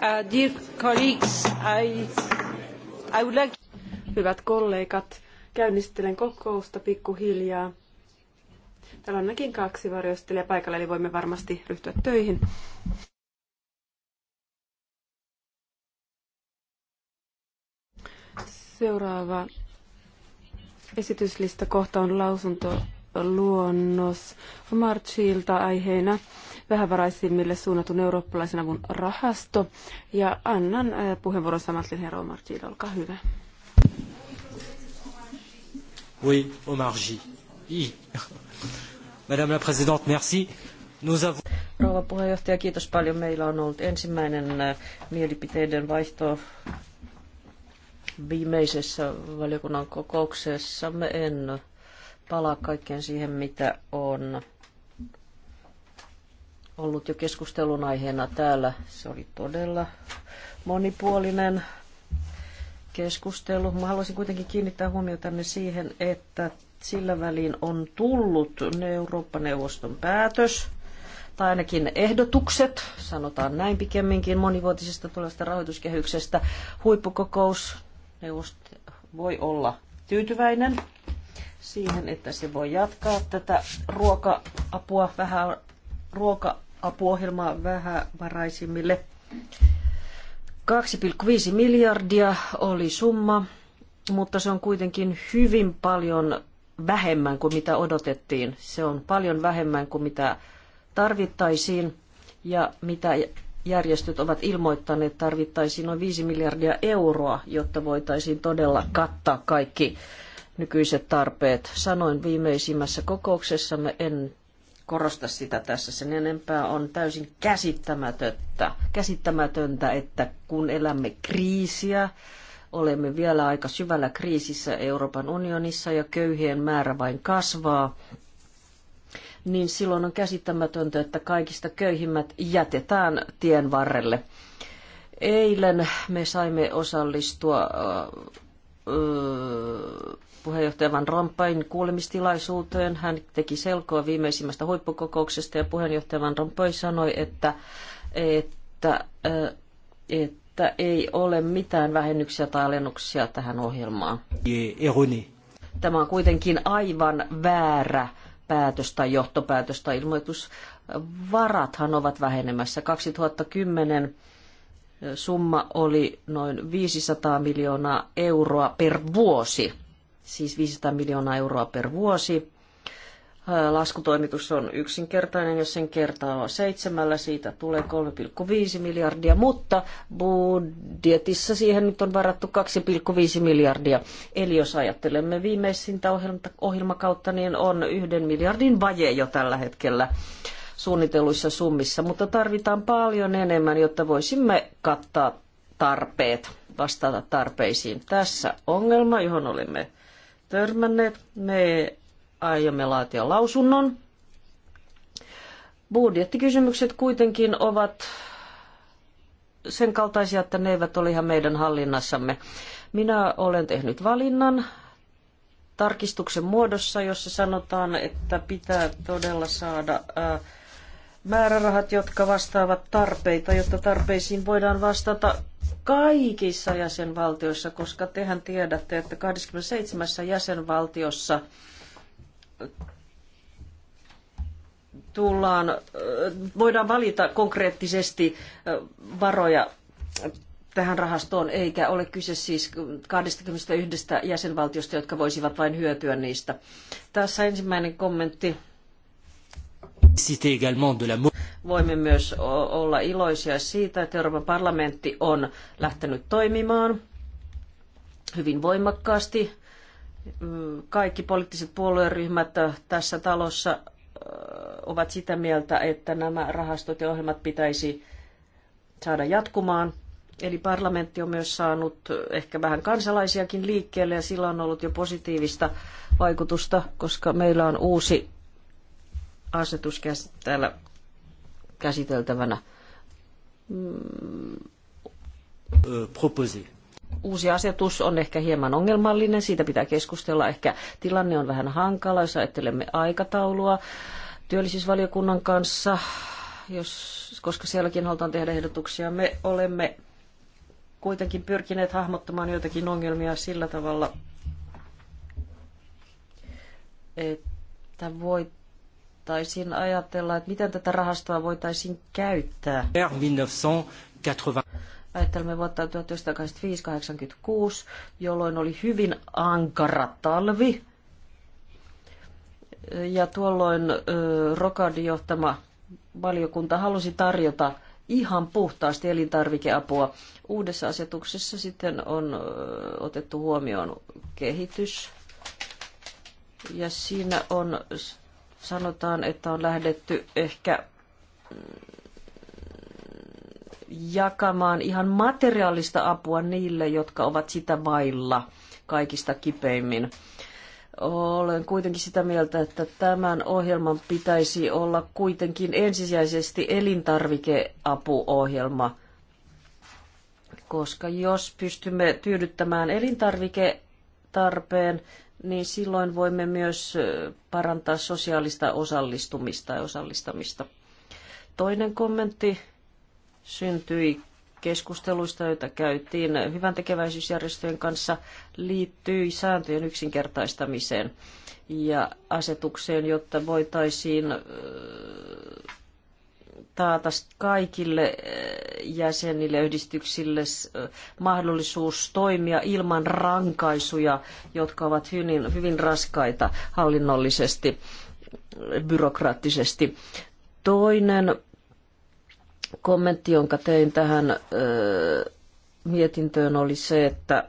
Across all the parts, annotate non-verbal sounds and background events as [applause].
Uh, Hyvät kollegat, käynnistelen kokousta pikkuhiljaa. Täällä on näkin kaksi varjostelijaa paikalla, eli voimme varmasti ryhtyä töihin. Seuraava esityslistakohta on lausunto luonnos Marchilta aiheena vähävaraisimmille suunnatun eurooppalaisen avun rahasto. Ja annan äh, puheenvuoron Samatlin herra Omarjille, olkaa hyvä. Oui, Omarji. [laughs] Madame la Présidente, merci. Nous avons... Rouva puheenjohtaja, kiitos paljon. Meillä on ollut ensimmäinen äh, mielipiteiden vaihto viimeisessä valiokunnan kokouksessa. Me en palaa kaikkeen siihen, mitä on ollut jo keskustelun aiheena täällä. Se oli todella monipuolinen keskustelu. Mä haluaisin kuitenkin kiinnittää huomiota siihen, että sillä välin on tullut Eurooppa-neuvoston päätös, tai ainakin ehdotukset, sanotaan näin pikemminkin, monivuotisesta tulevasta rahoituskehyksestä. Huippukokous neuvost voi olla tyytyväinen siihen, että se voi jatkaa tätä ruoka-apua, vähän, ruoka-apuohjelmaa vähävaraisimmille. 2,5 miljardia oli summa, mutta se on kuitenkin hyvin paljon vähemmän kuin mitä odotettiin. Se on paljon vähemmän kuin mitä tarvittaisiin ja mitä järjestöt ovat ilmoittaneet tarvittaisiin noin 5 miljardia euroa, jotta voitaisiin todella kattaa kaikki nykyiset tarpeet. Sanoin viimeisimmässä kokouksessamme, en korosta sitä tässä sen enempää, on täysin käsittämätöntä, käsittämätöntä että kun elämme kriisiä, olemme vielä aika syvällä kriisissä Euroopan unionissa ja köyhien määrä vain kasvaa, niin silloin on käsittämätöntä, että kaikista köyhimmät jätetään tien varrelle. Eilen me saimme osallistua puheenjohtaja Van Rompuyn kuulemistilaisuuteen. Hän teki selkoa viimeisimmästä huippukokouksesta ja puheenjohtaja Van Rompuy sanoi, että, että, että ei ole mitään vähennyksiä tai alennuksia tähän ohjelmaan. Tämä on kuitenkin aivan väärä päätös tai johtopäätös tai ilmoitus. Varathan ovat vähenemässä. 2010 summa oli noin 500 miljoonaa euroa per vuosi. Siis 500 miljoonaa euroa per vuosi. Laskutoimitus on yksinkertainen, jos sen kertaa on seitsemällä, siitä tulee 3,5 miljardia, mutta budjetissa siihen nyt on varattu 2,5 miljardia. Eli jos ajattelemme viimeisintä ohjelmakautta, niin on yhden miljardin vaje jo tällä hetkellä suunnitelluissa summissa, mutta tarvitaan paljon enemmän, jotta voisimme kattaa tarpeet, vastata tarpeisiin. Tässä ongelma, johon olemme törmänneet. Me aiomme laatia lausunnon. Budjettikysymykset kuitenkin ovat sen kaltaisia, että ne eivät ole ihan meidän hallinnassamme. Minä olen tehnyt valinnan tarkistuksen muodossa, jossa sanotaan, että pitää todella saada äh, määrärahat, jotka vastaavat tarpeita, jotta tarpeisiin voidaan vastata kaikissa jäsenvaltioissa, koska tehän tiedätte, että 27 jäsenvaltiossa tullaan, voidaan valita konkreettisesti varoja tähän rahastoon, eikä ole kyse siis 21 jäsenvaltiosta, jotka voisivat vain hyötyä niistä. Tässä ensimmäinen kommentti Voimme myös olla iloisia siitä, että Euroopan parlamentti on lähtenyt toimimaan hyvin voimakkaasti. Mm, kaikki poliittiset puolueryhmät tässä talossa ovat sitä mieltä, että nämä rahastot ja ohjelmat pitäisi saada jatkumaan. Eli parlamentti on myös saanut ehkä vähän kansalaisiakin liikkeelle ja sillä on ollut jo positiivista vaikutusta, koska meillä on uusi asetus täällä käsiteltävänä. Proposé. Uusi asetus on ehkä hieman ongelmallinen, siitä pitää keskustella. Ehkä tilanne on vähän hankala, jos ajattelemme aikataulua työllisyysvaliokunnan kanssa, jos, koska sielläkin halutaan tehdä ehdotuksia. Me olemme kuitenkin pyrkineet hahmottamaan joitakin ongelmia sillä tavalla, että voi voitaisiin ajatella, että miten tätä rahastoa voitaisiin käyttää. 1980. Ajattelemme vuotta 1985-86, jolloin oli hyvin ankara talvi. Ja tuolloin Rokadin johtama valiokunta halusi tarjota ihan puhtaasti elintarvikeapua. Uudessa asetuksessa sitten on otettu huomioon kehitys ja siinä on sanotaan, että on lähdetty ehkä jakamaan ihan materiaalista apua niille, jotka ovat sitä vailla kaikista kipeimmin. Olen kuitenkin sitä mieltä, että tämän ohjelman pitäisi olla kuitenkin ensisijaisesti elintarvikeapuohjelma, koska jos pystymme tyydyttämään elintarviketarpeen, niin silloin voimme myös parantaa sosiaalista osallistumista ja osallistamista. Toinen kommentti syntyi keskusteluista, joita käytiin hyvän tekeväisyysjärjestöjen kanssa, liittyy sääntöjen yksinkertaistamiseen ja asetukseen, jotta voitaisiin taata kaikille eh, jäsenille, yhdistyksille eh, mahdollisuus toimia ilman rankaisuja, jotka ovat hyvin, hyvin raskaita hallinnollisesti, eh, byrokraattisesti. Toinen kommentti, jonka tein tähän mietintöön, oli se, että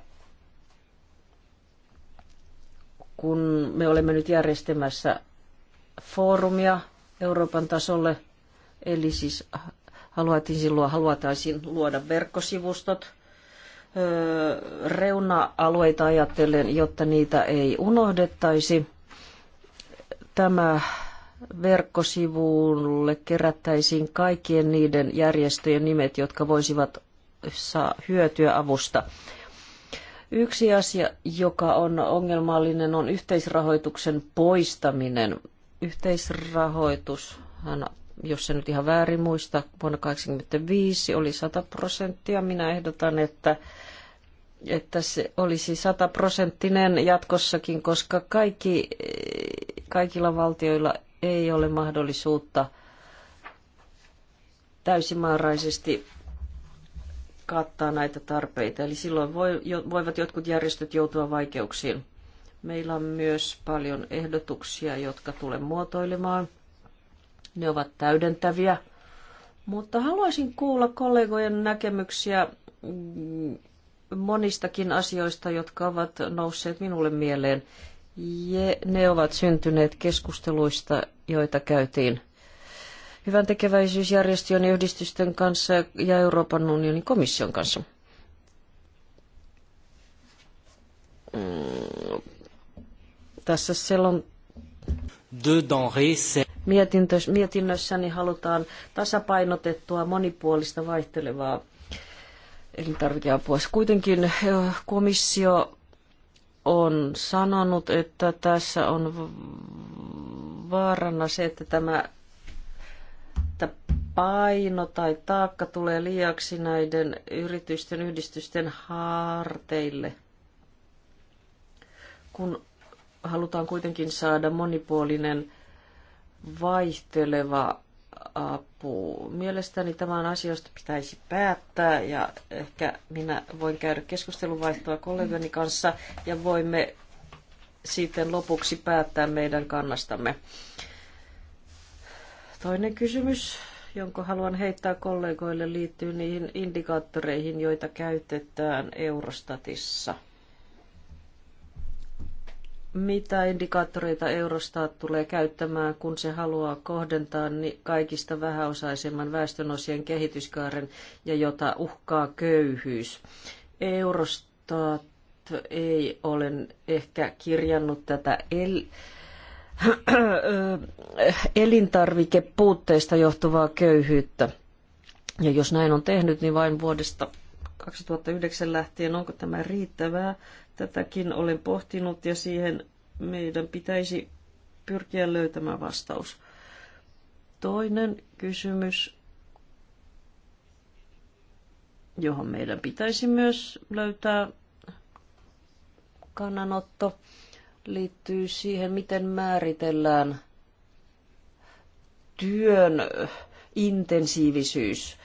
kun me olemme nyt järjestämässä foorumia Euroopan tasolle – Eli siis haluaisin, haluaisin luoda verkkosivustot reuna-alueita ajatellen, jotta niitä ei unohdettaisi. Tämä verkkosivulle kerättäisiin kaikkien niiden järjestöjen nimet, jotka voisivat saa hyötyä avusta. Yksi asia, joka on ongelmallinen, on yhteisrahoituksen poistaminen. Yhteisrahoitus jos se nyt ihan väärin muista, vuonna 1985 oli 100 prosenttia. Minä ehdotan, että, että se olisi 100 prosenttinen jatkossakin, koska kaikki, kaikilla valtioilla ei ole mahdollisuutta täysimääräisesti kattaa näitä tarpeita. Eli silloin voi, voivat jotkut järjestöt joutua vaikeuksiin. Meillä on myös paljon ehdotuksia, jotka tulee muotoilemaan – ne ovat täydentäviä. Mutta haluaisin kuulla kollegojen näkemyksiä mm, monistakin asioista, jotka ovat nousseet minulle mieleen. Je, ne ovat syntyneet keskusteluista, joita käytiin hyvän tekeväisyysjärjestöjen yhdistysten kanssa ja Euroopan unionin komission kanssa. Mm, tässä selon... De denrées, mietinnössäni halutaan tasapainotettua monipuolista vaihtelevaa elintarvikeapua. Kuitenkin komissio on sanonut, että tässä on vaarana se, että tämä että paino tai taakka tulee liiaksi näiden yritysten yhdistysten harteille, kun halutaan kuitenkin saada monipuolinen vaihteleva apu. Mielestäni tämän asioista pitäisi päättää ja ehkä minä voin käydä keskusteluvaihtoa kollegani kanssa ja voimme sitten lopuksi päättää meidän kannastamme. Toinen kysymys, jonka haluan heittää kollegoille, liittyy niihin indikaattoreihin, joita käytetään Eurostatissa – mitä indikaattoreita Eurostat tulee käyttämään, kun se haluaa kohdentaa kaikista vähäosaisemman väestönosien kehityskaaren ja jota uhkaa köyhyys. Eurostat ei ole ehkä kirjannut tätä el- [clears throat] elintarvikepuutteista johtuvaa köyhyyttä. Ja jos näin on tehnyt, niin vain vuodesta 2009 lähtien, onko tämä riittävää? Tätäkin olen pohtinut ja siihen meidän pitäisi pyrkiä löytämään vastaus. Toinen kysymys, johon meidän pitäisi myös löytää kannanotto, liittyy siihen, miten määritellään työn intensiivisyys.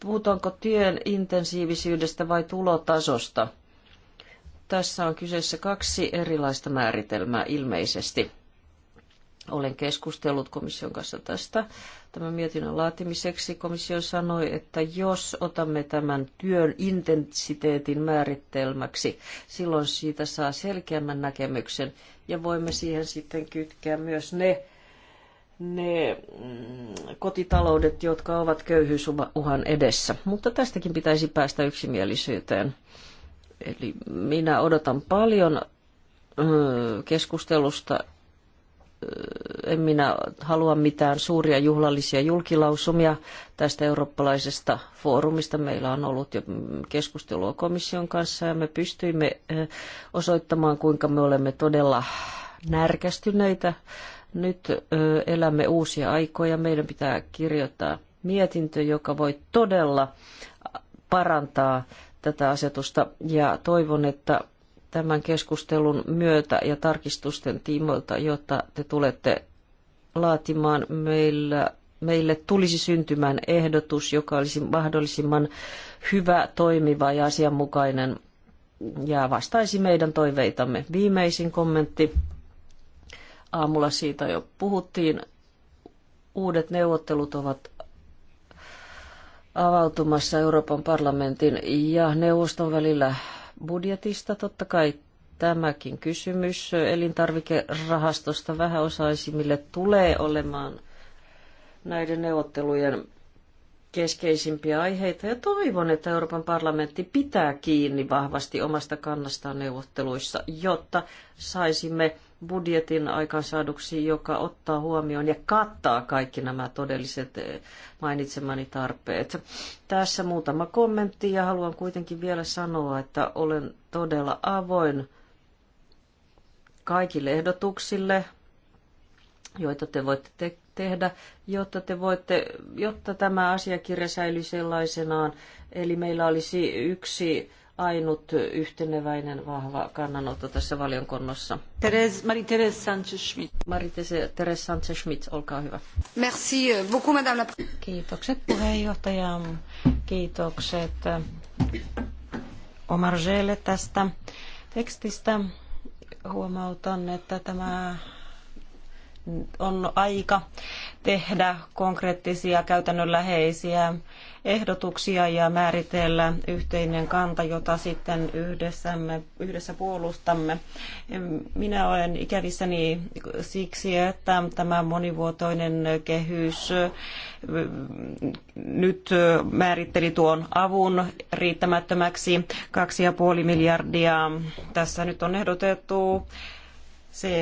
puhutaanko työn intensiivisyydestä vai tulotasosta? Tässä on kyseessä kaksi erilaista määritelmää ilmeisesti. Olen keskustellut komission kanssa tästä tämän mietinnön laatimiseksi. Komissio sanoi, että jos otamme tämän työn intensiteetin määritelmäksi, silloin siitä saa selkeämmän näkemyksen ja voimme siihen sitten kytkeä myös ne, ne mm, kotitaloudet, jotka ovat köyhyysuhan edessä. Mutta tästäkin pitäisi päästä yksimielisyyteen. Eli minä odotan paljon keskustelusta. En minä halua mitään suuria juhlallisia julkilausumia tästä eurooppalaisesta foorumista. Meillä on ollut jo keskustelua komission kanssa ja me pystyimme osoittamaan, kuinka me olemme todella närkästyneitä. Nyt elämme uusia aikoja. Meidän pitää kirjoittaa mietintö, joka voi todella parantaa tätä asetusta ja toivon, että tämän keskustelun myötä ja tarkistusten tiimoilta, jotta te tulette laatimaan meillä, meille tulisi syntymään ehdotus, joka olisi mahdollisimman hyvä, toimiva ja asianmukainen ja vastaisi meidän toiveitamme. Viimeisin kommentti. Aamulla siitä jo puhuttiin. Uudet neuvottelut ovat avautumassa Euroopan parlamentin ja neuvoston välillä budjetista. Totta kai tämäkin kysymys elintarvikerahastosta vähäosaisimmille tulee olemaan näiden neuvottelujen keskeisimpiä aiheita ja toivon, että Euroopan parlamentti pitää kiinni vahvasti omasta kannastaan neuvotteluissa, jotta saisimme budjetin aikaansaaduksi, joka ottaa huomioon ja kattaa kaikki nämä todelliset eh, mainitsemani tarpeet. Tässä muutama kommentti ja haluan kuitenkin vielä sanoa, että olen todella avoin kaikille ehdotuksille, joita te voitte te- tehdä, jotta, te voitte, jotta tämä asiakirja säilyy sellaisenaan. Eli meillä olisi yksi ainut yhteneväinen vahva kannanotto tässä valiokunnassa. Teres, Marie-Therese Sanchez-Schmidt. Marie-Therese Sanchez-Schmidt, olkaa hyvä. Merci euh, beaucoup, madame la... Kiitokset puheenjohtaja. Kiitokset äh, Omarjeelle tästä tekstistä. Huomautan, että tämä on aika tehdä konkreettisia käytännönläheisiä ehdotuksia ja määritellä yhteinen kanta, jota sitten yhdessämme, yhdessä puolustamme. Minä olen ikävissäni siksi, että tämä monivuotoinen kehys nyt määritteli tuon avun riittämättömäksi 2,5 miljardia. Tässä nyt on ehdotettu se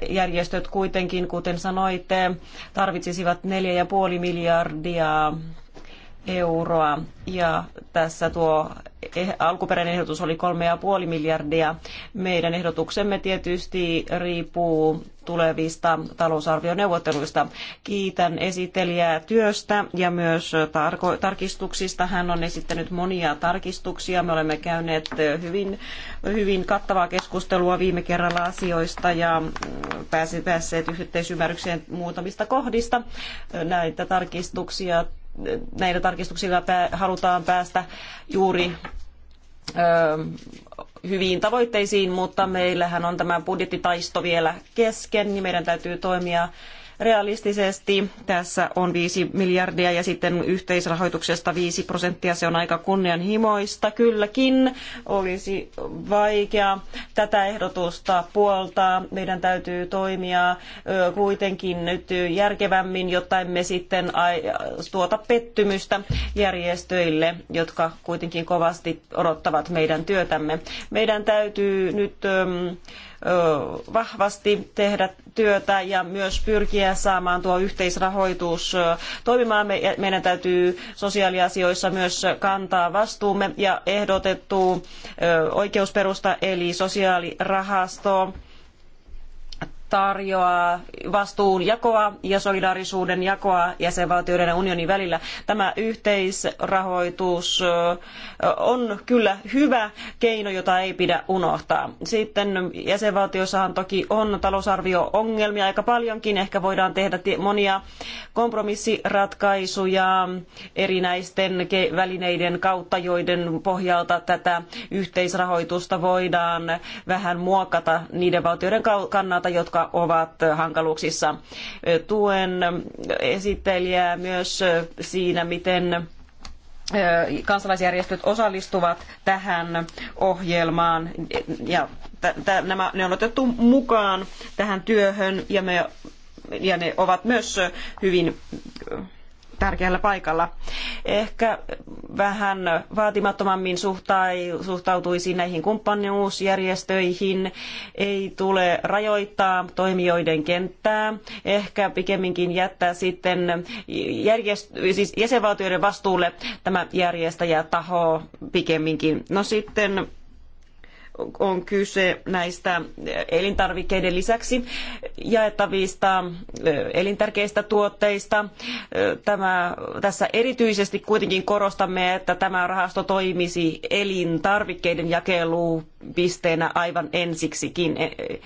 äh, järjestöt kuitenkin, kuten sanoitte, tarvitsisivat 4,5 miljardia euroa ja tässä tuo eh, alkuperäinen ehdotus oli 3,5 miljardia. Meidän ehdotuksemme tietysti riippuu tulevista talousarvioneuvotteluista. Kiitän esittelijää työstä ja myös tarkistuksista. Hän on esittänyt monia tarkistuksia. Me olemme käyneet hyvin, hyvin kattavaa keskustelua viime kerralla asioista ja päässeet yhteisymmärrykseen muutamista kohdista. Näitä tarkistuksia näillä tarkistuksilla halutaan päästä juuri hyviin tavoitteisiin, mutta meillähän on tämä budjettitaisto vielä kesken, niin meidän täytyy toimia realistisesti. Tässä on viisi miljardia ja sitten yhteisrahoituksesta viisi prosenttia. Se on aika kunnianhimoista kylläkin. Olisi vaikea tätä ehdotusta puoltaa. Meidän täytyy toimia kuitenkin nyt järkevämmin, jotta emme sitten tuota pettymystä järjestöille, jotka kuitenkin kovasti odottavat meidän työtämme. Meidän täytyy nyt vahvasti tehdä työtä ja myös pyrkiä saamaan tuo yhteisrahoitus toimimaan. Meidän täytyy sosiaaliasioissa myös kantaa vastuumme ja ehdotettu oikeusperusta eli sosiaalirahasto tarjoaa vastuun jakoa ja solidaarisuuden jakoa jäsenvaltioiden ja unionin välillä. Tämä yhteisrahoitus on kyllä hyvä keino, jota ei pidä unohtaa. Sitten jäsenvaltioissahan toki on talousarvio-ongelmia aika paljonkin. Ehkä voidaan tehdä monia kompromissiratkaisuja erinäisten välineiden kautta, joiden pohjalta tätä yhteisrahoitusta voidaan vähän muokata niiden valtioiden kannalta, jotka ovat hankaluuksissa. Tuen esittelijää myös siinä, miten kansalaisjärjestöt osallistuvat tähän ohjelmaan ja nämä, ne on otettu mukaan tähän työhön ja, me, ja ne ovat myös hyvin tärkeällä paikalla. Ehkä vähän vaatimattomammin suhtautuisi näihin kumppanuusjärjestöihin. Ei tule rajoittaa toimijoiden kenttää. Ehkä pikemminkin jättää sitten järjest- siis jäsenvaltioiden vastuulle tämä järjestäjätaho pikemminkin. No sitten on kyse näistä elintarvikkeiden lisäksi jaettavista elintärkeistä tuotteista. Tämä, tässä erityisesti kuitenkin korostamme, että tämä rahasto toimisi elintarvikkeiden jakelupisteenä aivan ensiksikin e, e,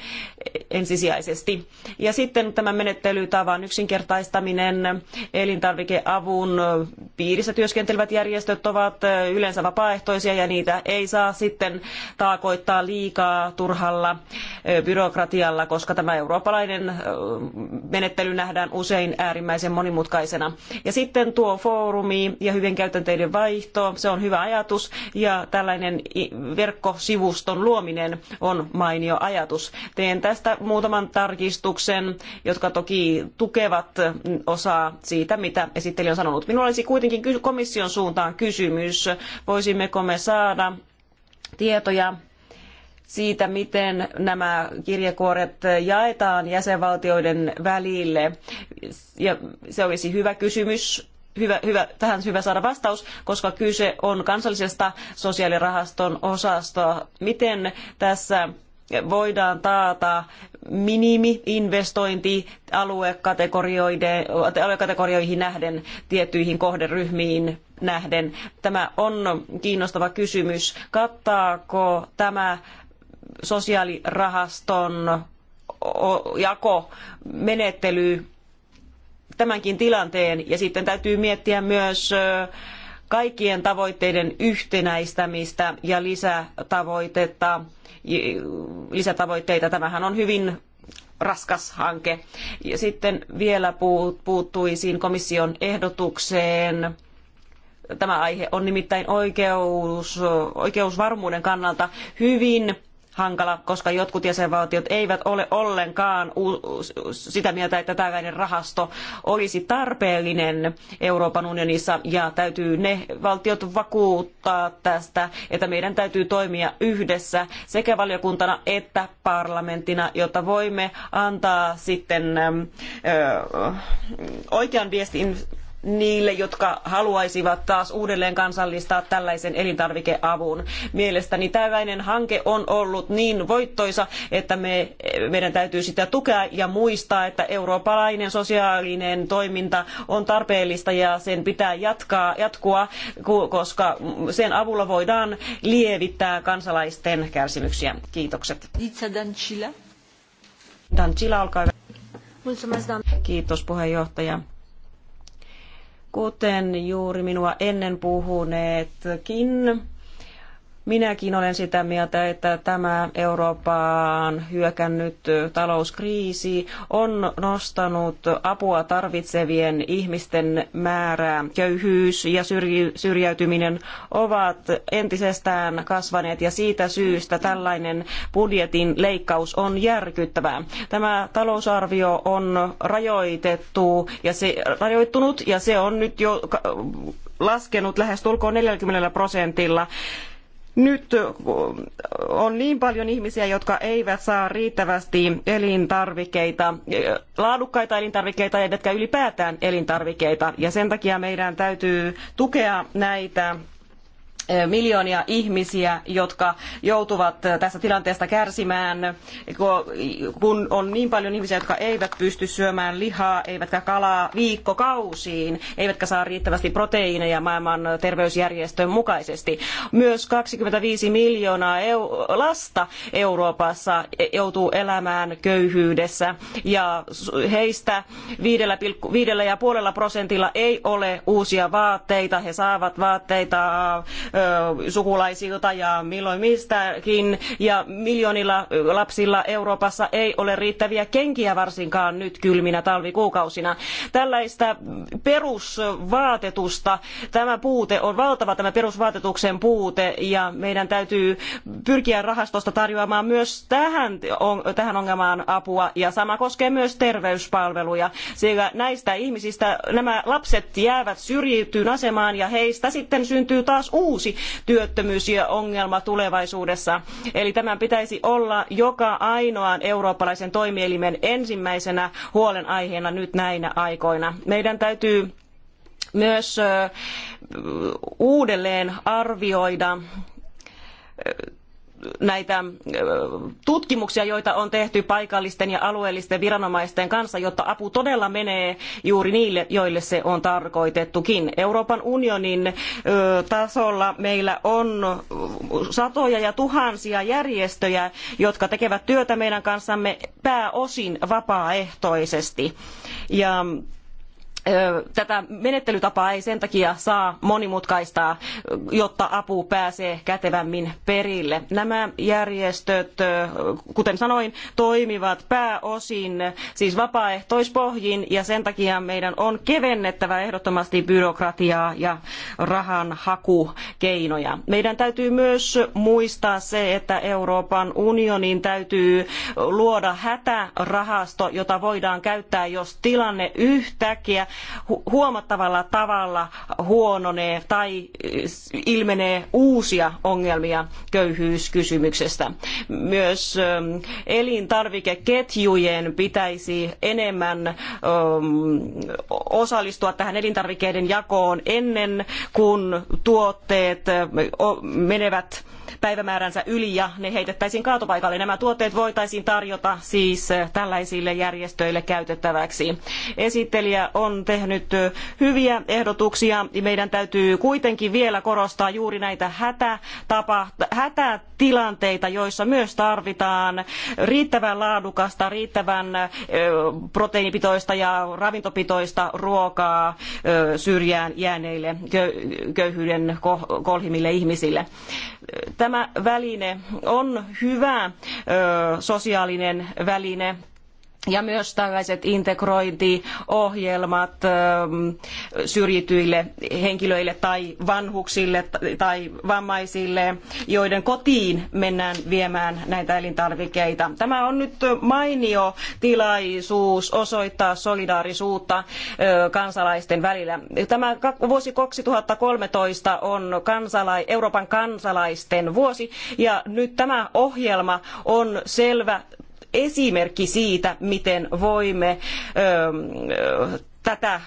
ensisijaisesti. Ja sitten tämä menettelytavan yksinkertaistaminen, elintarvikeavun piirissä työskentelevät järjestöt ovat yleensä vapaaehtoisia ja niitä ei saa sitten taakoittaa rajoittaa liikaa turhalla byrokratialla, koska tämä eurooppalainen menettely nähdään usein äärimmäisen monimutkaisena. Ja sitten tuo foorumi ja hyvien käytänteiden vaihto, se on hyvä ajatus ja tällainen verkkosivuston luominen on mainio ajatus. Teen tästä muutaman tarkistuksen, jotka toki tukevat osaa siitä, mitä esittelijä on sanonut. Minulla olisi kuitenkin komission suuntaan kysymys. Voisimmeko me saada tietoja siitä, miten nämä kirjekuoret jaetaan jäsenvaltioiden välille. Ja se olisi hyvä kysymys hyvä, hyvä, tähän hyvä saada vastaus, koska kyse on kansallisesta sosiaalirahaston osasta. Miten tässä voidaan taata minimi-investointi aluekategorioihin nähden, tiettyihin kohderyhmiin nähden. Tämä on kiinnostava kysymys. Kattaako tämä sosiaalirahaston jakomenettely tämänkin tilanteen ja sitten täytyy miettiä myös kaikkien tavoitteiden yhtenäistämistä ja lisätavoitetta, lisätavoitteita. Tämähän on hyvin raskas hanke. Ja sitten vielä puuttuisiin komission ehdotukseen. Tämä aihe on nimittäin oikeus, oikeusvarmuuden kannalta hyvin hankala, koska jotkut jäsenvaltiot eivät ole ollenkaan sitä mieltä, että tällainen rahasto olisi tarpeellinen Euroopan unionissa ja täytyy ne valtiot vakuuttaa tästä, että meidän täytyy toimia yhdessä sekä valiokuntana että parlamenttina, jotta voimme antaa sitten oikean viestin niille, jotka haluaisivat taas uudelleen kansallistaa tällaisen elintarvikeavun. Mielestäni tällainen hanke on ollut niin voittoisa, että me, meidän täytyy sitä tukea ja muistaa, että eurooppalainen sosiaalinen toiminta on tarpeellista ja sen pitää jatkaa, jatkua, koska sen avulla voidaan lievittää kansalaisten kärsimyksiä. Kiitokset. Dancila, olkaa hyvä. Kiitos puheenjohtaja kuten juuri minua ennen puhuneetkin Minäkin olen sitä mieltä, että tämä Eurooppaan hyökännyt talouskriisi on nostanut apua tarvitsevien ihmisten määrää. Köyhyys ja syrjäytyminen ovat entisestään kasvaneet ja siitä syystä tällainen budjetin leikkaus on järkyttävää. Tämä talousarvio on rajoitettu ja se, rajoittunut ja se on nyt jo laskenut lähes tulkoon 40 prosentilla nyt on niin paljon ihmisiä, jotka eivät saa riittävästi elintarvikkeita, laadukkaita elintarvikkeita, eivätkä ylipäätään elintarvikkeita. Ja sen takia meidän täytyy tukea näitä miljoonia ihmisiä, jotka joutuvat tässä tilanteesta kärsimään, kun on niin paljon ihmisiä, jotka eivät pysty syömään lihaa, eivätkä kalaa viikkokausiin, eivätkä saa riittävästi proteiineja maailman terveysjärjestön mukaisesti. Myös 25 miljoonaa lasta Euroopassa e, joutuu elämään köyhyydessä, ja heistä 5,5 prosentilla ei ole uusia vaatteita, he saavat vaatteita sukulaisilta ja milloin mistäkin. Ja miljoonilla lapsilla Euroopassa ei ole riittäviä kenkiä varsinkaan nyt kylminä talvikuukausina. Tällaista perusvaatetusta, tämä puute on valtava tämä perusvaatetuksen puute ja meidän täytyy pyrkiä rahastosta tarjoamaan myös tähän, tähän ongelmaan apua ja sama koskee myös terveyspalveluja, sillä näistä ihmisistä nämä lapset jäävät syrjittyyn asemaan ja heistä sitten syntyy taas uusi uusi työttömyys ja ongelma tulevaisuudessa. Eli tämän pitäisi olla joka ainoan eurooppalaisen toimielimen ensimmäisenä huolenaiheena nyt näinä aikoina. Meidän täytyy myös uudelleen arvioida näitä tutkimuksia, joita on tehty paikallisten ja alueellisten viranomaisten kanssa, jotta apu todella menee juuri niille, joille se on tarkoitettukin. Euroopan unionin tasolla meillä on satoja ja tuhansia järjestöjä, jotka tekevät työtä meidän kanssamme pääosin vapaaehtoisesti. Ja tätä menettelytapaa ei sen takia saa monimutkaistaa, jotta apu pääsee kätevämmin perille. Nämä järjestöt, kuten sanoin, toimivat pääosin siis vapaaehtoispohjin ja sen takia meidän on kevennettävä ehdottomasti byrokratiaa ja rahan hakukeinoja. Meidän täytyy myös muistaa se, että Euroopan unionin täytyy luoda hätärahasto, jota voidaan käyttää, jos tilanne yhtäkkiä huomattavalla tavalla huononee tai eh, ilmenee uusia ongelmia köyhyyskysymyksestä. Myös eh, elintarvikeketjujen pitäisi enemmän eh, osallistua tähän elintarvikkeiden jakoon ennen kuin tuotteet menevät päivämääränsä yli ja ne heitettäisiin kaatopaikalle. Nämä tuotteet voitaisiin tarjota siis eh, tällaisille järjestöille käytettäväksi. Esittelijä on tehnyt eh, hyviä ehdotuksia. Meidän täytyy kuitenkin vielä korostaa juuri näitä hätätilanteita, joissa myös tarvitaan riittävän laadukasta, riittävän eh, proteiinipitoista ja ravintopitoista ruokaa syrjään jääneille köyhyyden kolhimille ihmisille. Tämä väline on hyvä sosiaalinen väline ja myös tällaiset integrointiohjelmat ähm, syrjityille henkilöille tai vanhuksille tai vammaisille, joiden kotiin mennään viemään näitä elintarvikkeita. Tämä on nyt mainio tilaisuus osoittaa solidaarisuutta äh, kansalaisten välillä. Tämä vuosi 2013 on kansala- Euroopan kansalaisten vuosi ja nyt tämä ohjelma on selvä esimerkki siitä, miten voimme tätä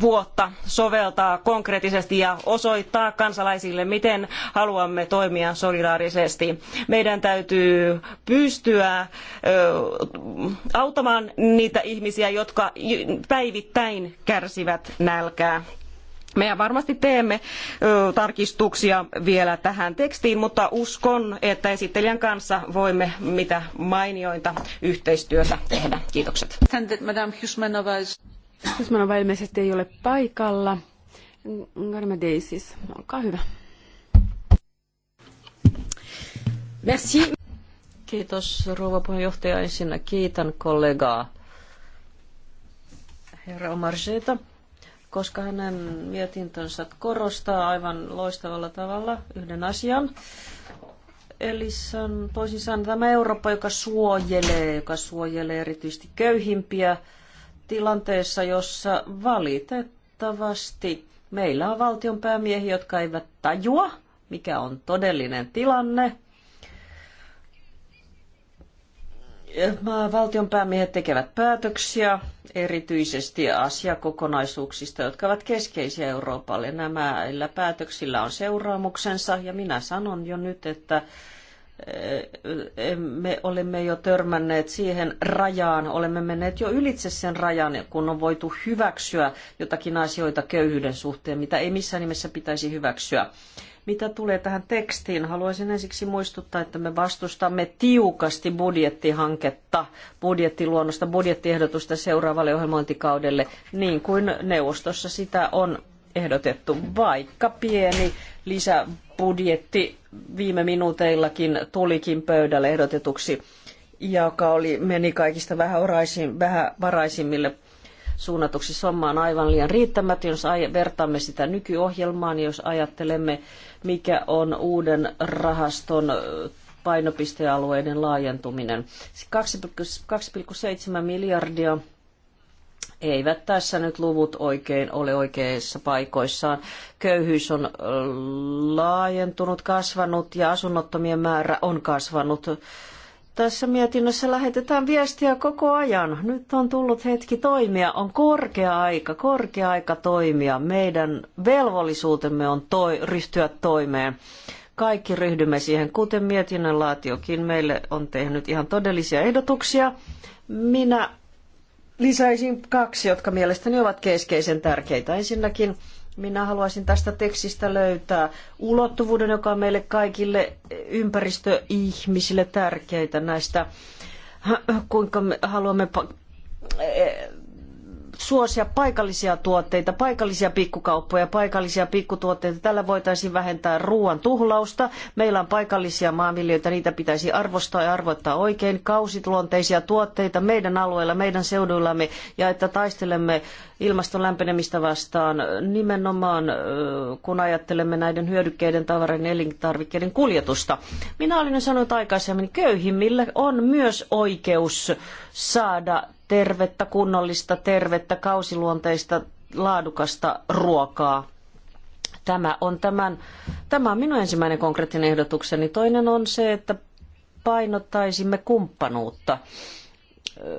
vuotta soveltaa konkreettisesti ja osoittaa kansalaisille, miten haluamme toimia solidaarisesti. Meidän täytyy pystyä auttamaan niitä ihmisiä, jotka päivittäin kärsivät nälkää me varmasti teemme tarkistuksia vielä tähän tekstiin, mutta uskon, että esittelijän kanssa voimme mitä mainiointa yhteistyötä tehdä. Kiitokset. Madame Husmanova ilmeisesti ei ole paikalla. Garmadeisis, olkaa hyvä. Merci. Kiitos rouva puheenjohtaja. Ensinnä kiitän kollegaa herra Omarseta koska hänen mietintönsä korostaa aivan loistavalla tavalla yhden asian. Eli se on toisin sanoen tämä Eurooppa, joka suojelee, joka suojelee erityisesti köyhimpiä tilanteessa, jossa valitettavasti meillä on valtion päämiehiä, jotka eivät tajua, mikä on todellinen tilanne, valtionpäämiehet päämiehet tekevät päätöksiä erityisesti asiakokonaisuuksista, jotka ovat keskeisiä Euroopalle. Nämä päätöksillä on seuraamuksensa ja minä sanon jo nyt, että me olemme jo törmänneet siihen rajaan, olemme menneet jo ylitse sen rajan, kun on voitu hyväksyä jotakin asioita köyhyyden suhteen, mitä ei missään nimessä pitäisi hyväksyä. Mitä tulee tähän tekstiin, haluaisin ensiksi muistuttaa, että me vastustamme tiukasti budjettihanketta, budjettiluonnosta, budjettiehdotusta seuraavalle ohjelmointikaudelle, niin kuin neuvostossa sitä on ehdotettu, vaikka pieni lisäbudjetti viime minuuteillakin tulikin pöydälle ehdotetuksi, joka oli, meni kaikista vähävaraisimmille vähävaraisimmille suunnatuksi on aivan liian riittämätön, jos vertaamme sitä nykyohjelmaan, jos ajattelemme, mikä on uuden rahaston painopistealueiden laajentuminen. 2,7 miljardia eivät tässä nyt luvut oikein ole oikeissa paikoissaan. Köyhyys on laajentunut, kasvanut ja asunnottomien määrä on kasvanut. Tässä mietinnössä lähetetään viestiä koko ajan. Nyt on tullut hetki toimia. On korkea aika, korkea aika toimia. Meidän velvollisuutemme on toi, ryhtyä toimeen kaikki ryhdymme siihen, kuten mietinnön laatiokin meille on tehnyt ihan todellisia ehdotuksia. Minä Lisäisin kaksi, jotka mielestäni ovat keskeisen tärkeitä. Ensinnäkin minä haluaisin tästä tekstistä löytää ulottuvuuden, joka on meille kaikille ympäristöihmisille tärkeitä näistä, kuinka me haluamme suosia paikallisia tuotteita, paikallisia pikkukauppoja, paikallisia pikkutuotteita. Tällä voitaisiin vähentää ruoan tuhlausta. Meillä on paikallisia maanviljelijöitä, niitä pitäisi arvostaa ja arvottaa oikein. Kausiluonteisia tuotteita meidän alueella, meidän seuduillamme ja että taistelemme ilmaston lämpenemistä vastaan nimenomaan, kun ajattelemme näiden hyödykkeiden, tavaroiden ja elintarvikkeiden kuljetusta. Minä olin jo sanonut aikaisemmin, köyhimmille on myös oikeus saada tervettä, kunnollista, tervettä, kausiluonteista, laadukasta ruokaa. Tämä on, tämän, tämä on minun ensimmäinen konkreettinen ehdotukseni. Toinen on se, että painottaisimme kumppanuutta.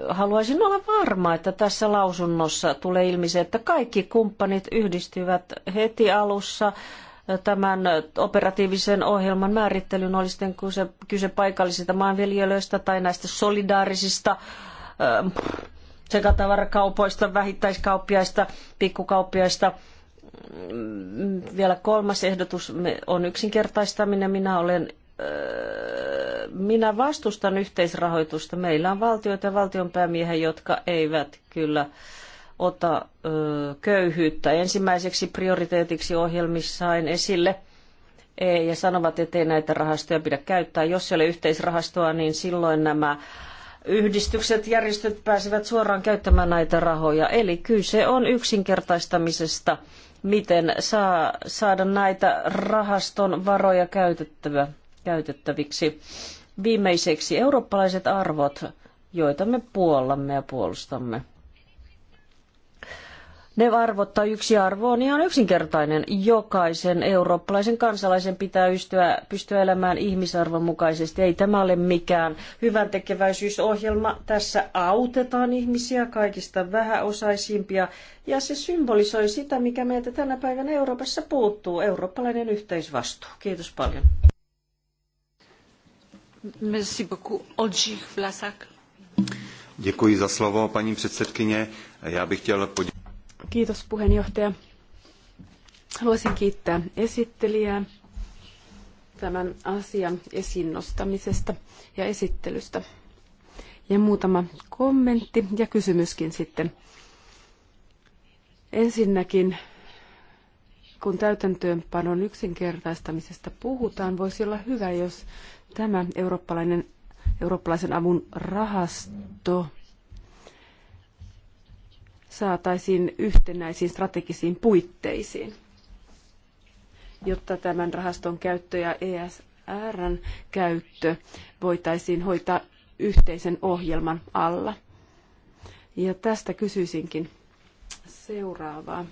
Haluaisin olla varma, että tässä lausunnossa tulee ilmi se, että kaikki kumppanit yhdistyvät heti alussa tämän operatiivisen ohjelman määrittelyn, oli sitten kyse, kyse paikallisista maanviljelijöistä tai näistä solidaarisista äh, sekatavarakaupoista, vähittäiskauppiaista, pikkukauppiaista. Mm, vielä kolmas ehdotus on yksinkertaistaminen. Minä olen minä vastustan yhteisrahoitusta. Meillä on valtioita ja valtionpäämiehiä, jotka eivät kyllä ota ö, köyhyyttä ensimmäiseksi prioriteetiksi ohjelmissain esille e, ja sanovat, ettei näitä rahastoja pidä käyttää. Jos ei ole yhteisrahastoa, niin silloin nämä yhdistykset, järjestöt pääsevät suoraan käyttämään näitä rahoja. Eli kyse on yksinkertaistamisesta, miten saa, saada näitä rahaston varoja käytettävä, käytettäviksi. Viimeiseksi eurooppalaiset arvot, joita me puollamme ja puolustamme ne arvot tai yksi arvo on ihan yksinkertainen. Jokaisen eurooppalaisen kansalaisen pitää ystyä, pystyä elämään ihmisarvon mukaisesti. Ei tämä ole mikään hyvän tekeväisyysohjelma. Tässä autetaan ihmisiä, kaikista vähäosaisimpia. Ja se symbolisoi sitä, mikä meiltä tänä päivänä Euroopassa puuttuu, eurooppalainen yhteisvastuu. Kiitos paljon. Merci beaucoup. Děkuji za slovo, paní předsedkyně. Já bych chtěl poděkovat Kiitos puheenjohtaja. Haluaisin kiittää esittelijää tämän asian esiin nostamisesta ja esittelystä. Ja muutama kommentti ja kysymyskin sitten. Ensinnäkin, kun täytäntöönpanon yksinkertaistamisesta puhutaan, voisi olla hyvä, jos tämä eurooppalainen, eurooppalaisen avun rahasto saataisiin yhtenäisiin strategisiin puitteisiin, jotta tämän rahaston käyttö ja ESRn käyttö voitaisiin hoitaa yhteisen ohjelman alla. Ja tästä kysyisinkin seuraavaa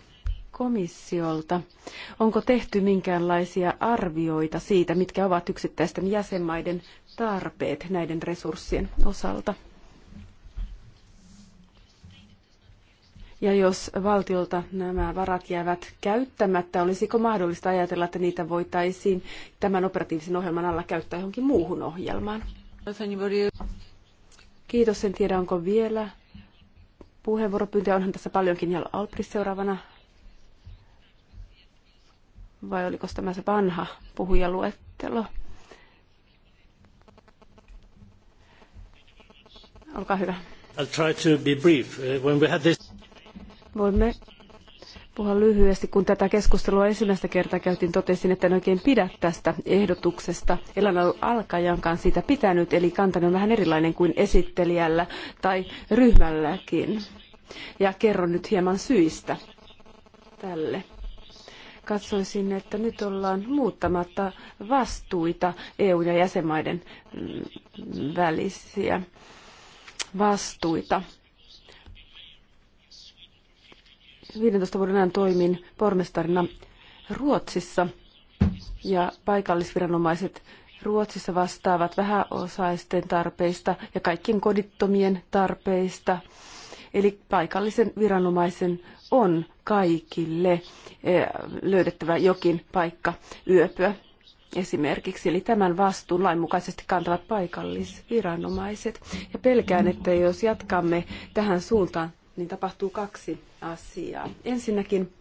komissiolta. Onko tehty minkäänlaisia arvioita siitä, mitkä ovat yksittäisten jäsenmaiden tarpeet näiden resurssien osalta? Ja jos valtiolta nämä varat jäävät käyttämättä, olisiko mahdollista ajatella, että niitä voitaisiin tämän operatiivisen ohjelman alla käyttää johonkin muuhun ohjelmaan? Kiitos, en tiedä onko vielä puheenvuoropyyntöjä. Onhan tässä paljonkin Jalo Alpris seuraavana. Vai oliko tämä se vanha puhujaluettelo? Olkaa hyvä. I'll try to be brief. Uh, when we had this... Voimme puhua lyhyesti. Kun tätä keskustelua ensimmäistä kertaa käytiin, totesin, että en oikein pidä tästä ehdotuksesta. En ole alkajankaan siitä pitänyt, eli kantani on vähän erilainen kuin esittelijällä tai ryhmälläkin. Ja kerron nyt hieman syistä tälle katsoisin, että nyt ollaan muuttamatta vastuita EU- ja jäsenmaiden mm, välisiä vastuita. 15 vuoden ajan toimin pormestarina Ruotsissa ja paikallisviranomaiset Ruotsissa vastaavat vähäosaisten tarpeista ja kaikkien kodittomien tarpeista. Eli paikallisen viranomaisen on kaikille eh, löydettävä jokin paikka yöpyä esimerkiksi. Eli tämän vastuun lainmukaisesti kantavat paikallisviranomaiset. Ja pelkään, että jos jatkamme tähän suuntaan, niin tapahtuu kaksi asiaa. Ensinnäkin,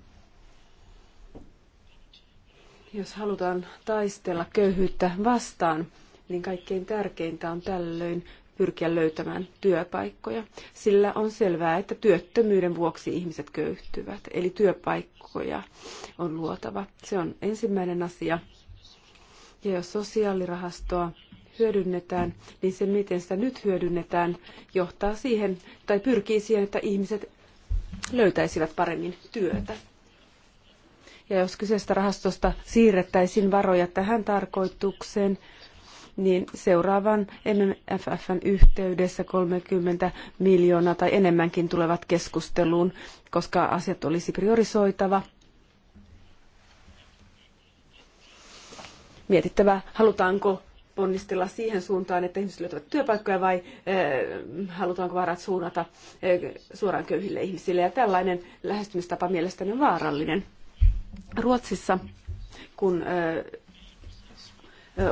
jos halutaan taistella köyhyyttä vastaan, niin kaikkein tärkeintä on tällöin pyrkiä löytämään työpaikkoja, sillä on selvää, että työttömyyden vuoksi ihmiset köyhtyvät. Eli työpaikkoja on luotava. Se on ensimmäinen asia. Ja jos sosiaalirahastoa hyödynnetään, niin se miten sitä nyt hyödynnetään johtaa siihen tai pyrkii siihen, että ihmiset löytäisivät paremmin työtä. Ja jos kyseistä rahastosta siirrettäisiin varoja tähän tarkoitukseen, niin seuraavan MFFn yhteydessä 30 miljoonaa tai enemmänkin tulevat keskusteluun, koska asiat olisi priorisoitava. Mietittävä, halutaanko ponnistella siihen suuntaan, että ihmiset löytävät työpaikkoja vai eh, halutaanko varat suunnata eh, suoraan köyhille ihmisille. Ja tällainen lähestymistapa mielestäni on vaarallinen. Ruotsissa, kun eh,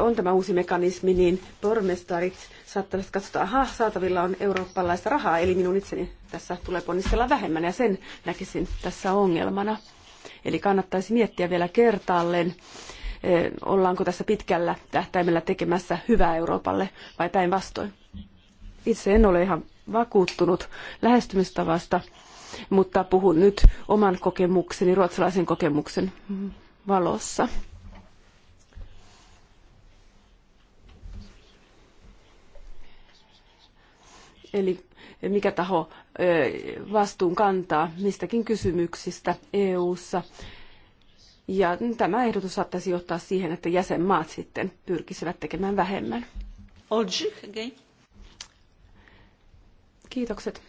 on tämä uusi mekanismi, niin pormestarit saattavat katsoa, että saatavilla on eurooppalaista rahaa, eli minun itseni tässä tulee ponnistella vähemmän, ja sen näkisin tässä ongelmana. Eli kannattaisi miettiä vielä kertaalleen ollaanko tässä pitkällä tähtäimellä tekemässä hyvää Euroopalle vai päinvastoin. Itse en ole ihan vakuuttunut lähestymistavasta, mutta puhun nyt oman kokemukseni, ruotsalaisen kokemuksen valossa. Eli mikä taho vastuun kantaa mistäkin kysymyksistä EU-ssa ja tämä ehdotus saattaisi johtaa siihen, että jäsenmaat sitten pyrkisivät tekemään vähemmän. Kiitokset.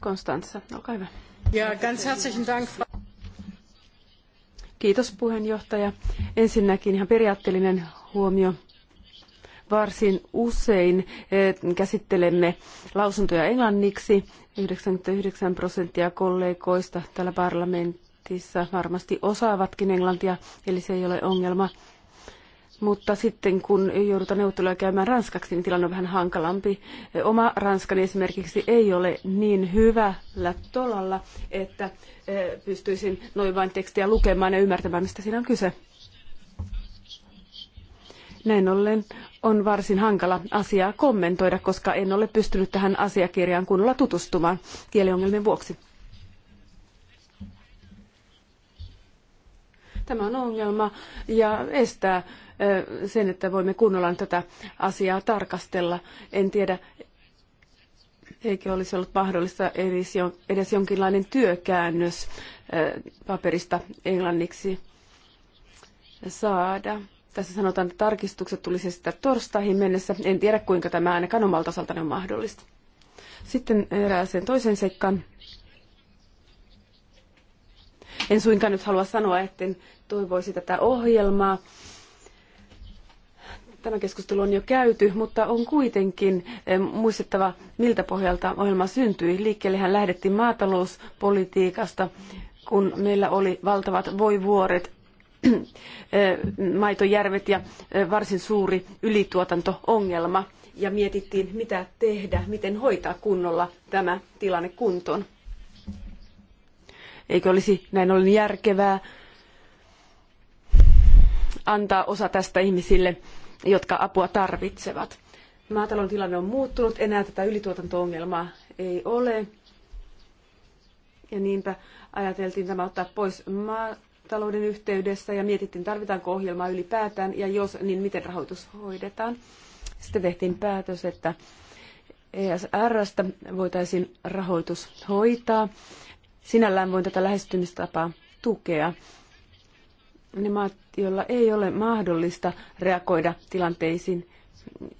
Konstanza, olkaa hyvä. Ja, ganz herzlichen Dank. Kiitos puheenjohtaja. Ensinnäkin ihan periaatteellinen huomio varsin usein eh, käsittelemme lausuntoja englanniksi. 99 prosenttia kollegoista täällä parlamentissa varmasti osaavatkin englantia, eli se ei ole ongelma. Mutta sitten kun joudutaan neuvotteluja käymään ranskaksi, niin tilanne on vähän hankalampi. Eh, oma ranskani esimerkiksi ei ole niin hyvällä tolalla, että eh, pystyisin noin vain tekstiä lukemaan ja ymmärtämään, mistä siinä on kyse. Näin ollen on varsin hankala asiaa kommentoida, koska en ole pystynyt tähän asiakirjaan kunnolla tutustumaan kieliongelmien vuoksi. Tämä on ongelma ja estää sen, että voimme kunnolla tätä asiaa tarkastella. En tiedä, eikö olisi ollut mahdollista edes jonkinlainen työkäännös paperista englanniksi saada. Tässä sanotaan, että tarkistukset tulisi sitä torstaihin mennessä. En tiedä, kuinka tämä ainakaan omalta osaltani on mahdollista. Sitten erääseen toiseen seikkaan. En suinkaan nyt halua sanoa, etten toivoisi tätä ohjelmaa. Tämä keskustelu on jo käyty, mutta on kuitenkin eh, muistettava, miltä pohjalta ohjelma syntyi. Liikkeellehän lähdettiin maatalouspolitiikasta, kun meillä oli valtavat voivuoret maitojärvet ja varsin suuri ylituotanto-ongelma. Ja mietittiin, mitä tehdä, miten hoitaa kunnolla tämä tilanne kuntoon. Eikö olisi näin ollen järkevää antaa osa tästä ihmisille, jotka apua tarvitsevat? Maatalon tilanne on muuttunut, enää tätä ylituotanto-ongelmaa ei ole. Ja niinpä ajateltiin tämä ottaa pois maa talouden yhteydessä ja mietittiin, tarvitaanko ohjelmaa ylipäätään ja jos, niin miten rahoitus hoidetaan. Sitten tehtiin päätös, että ESRstä voitaisiin rahoitus hoitaa. Sinällään voin tätä lähestymistapaa tukea. Ne maat, joilla ei ole mahdollista reagoida tilanteisiin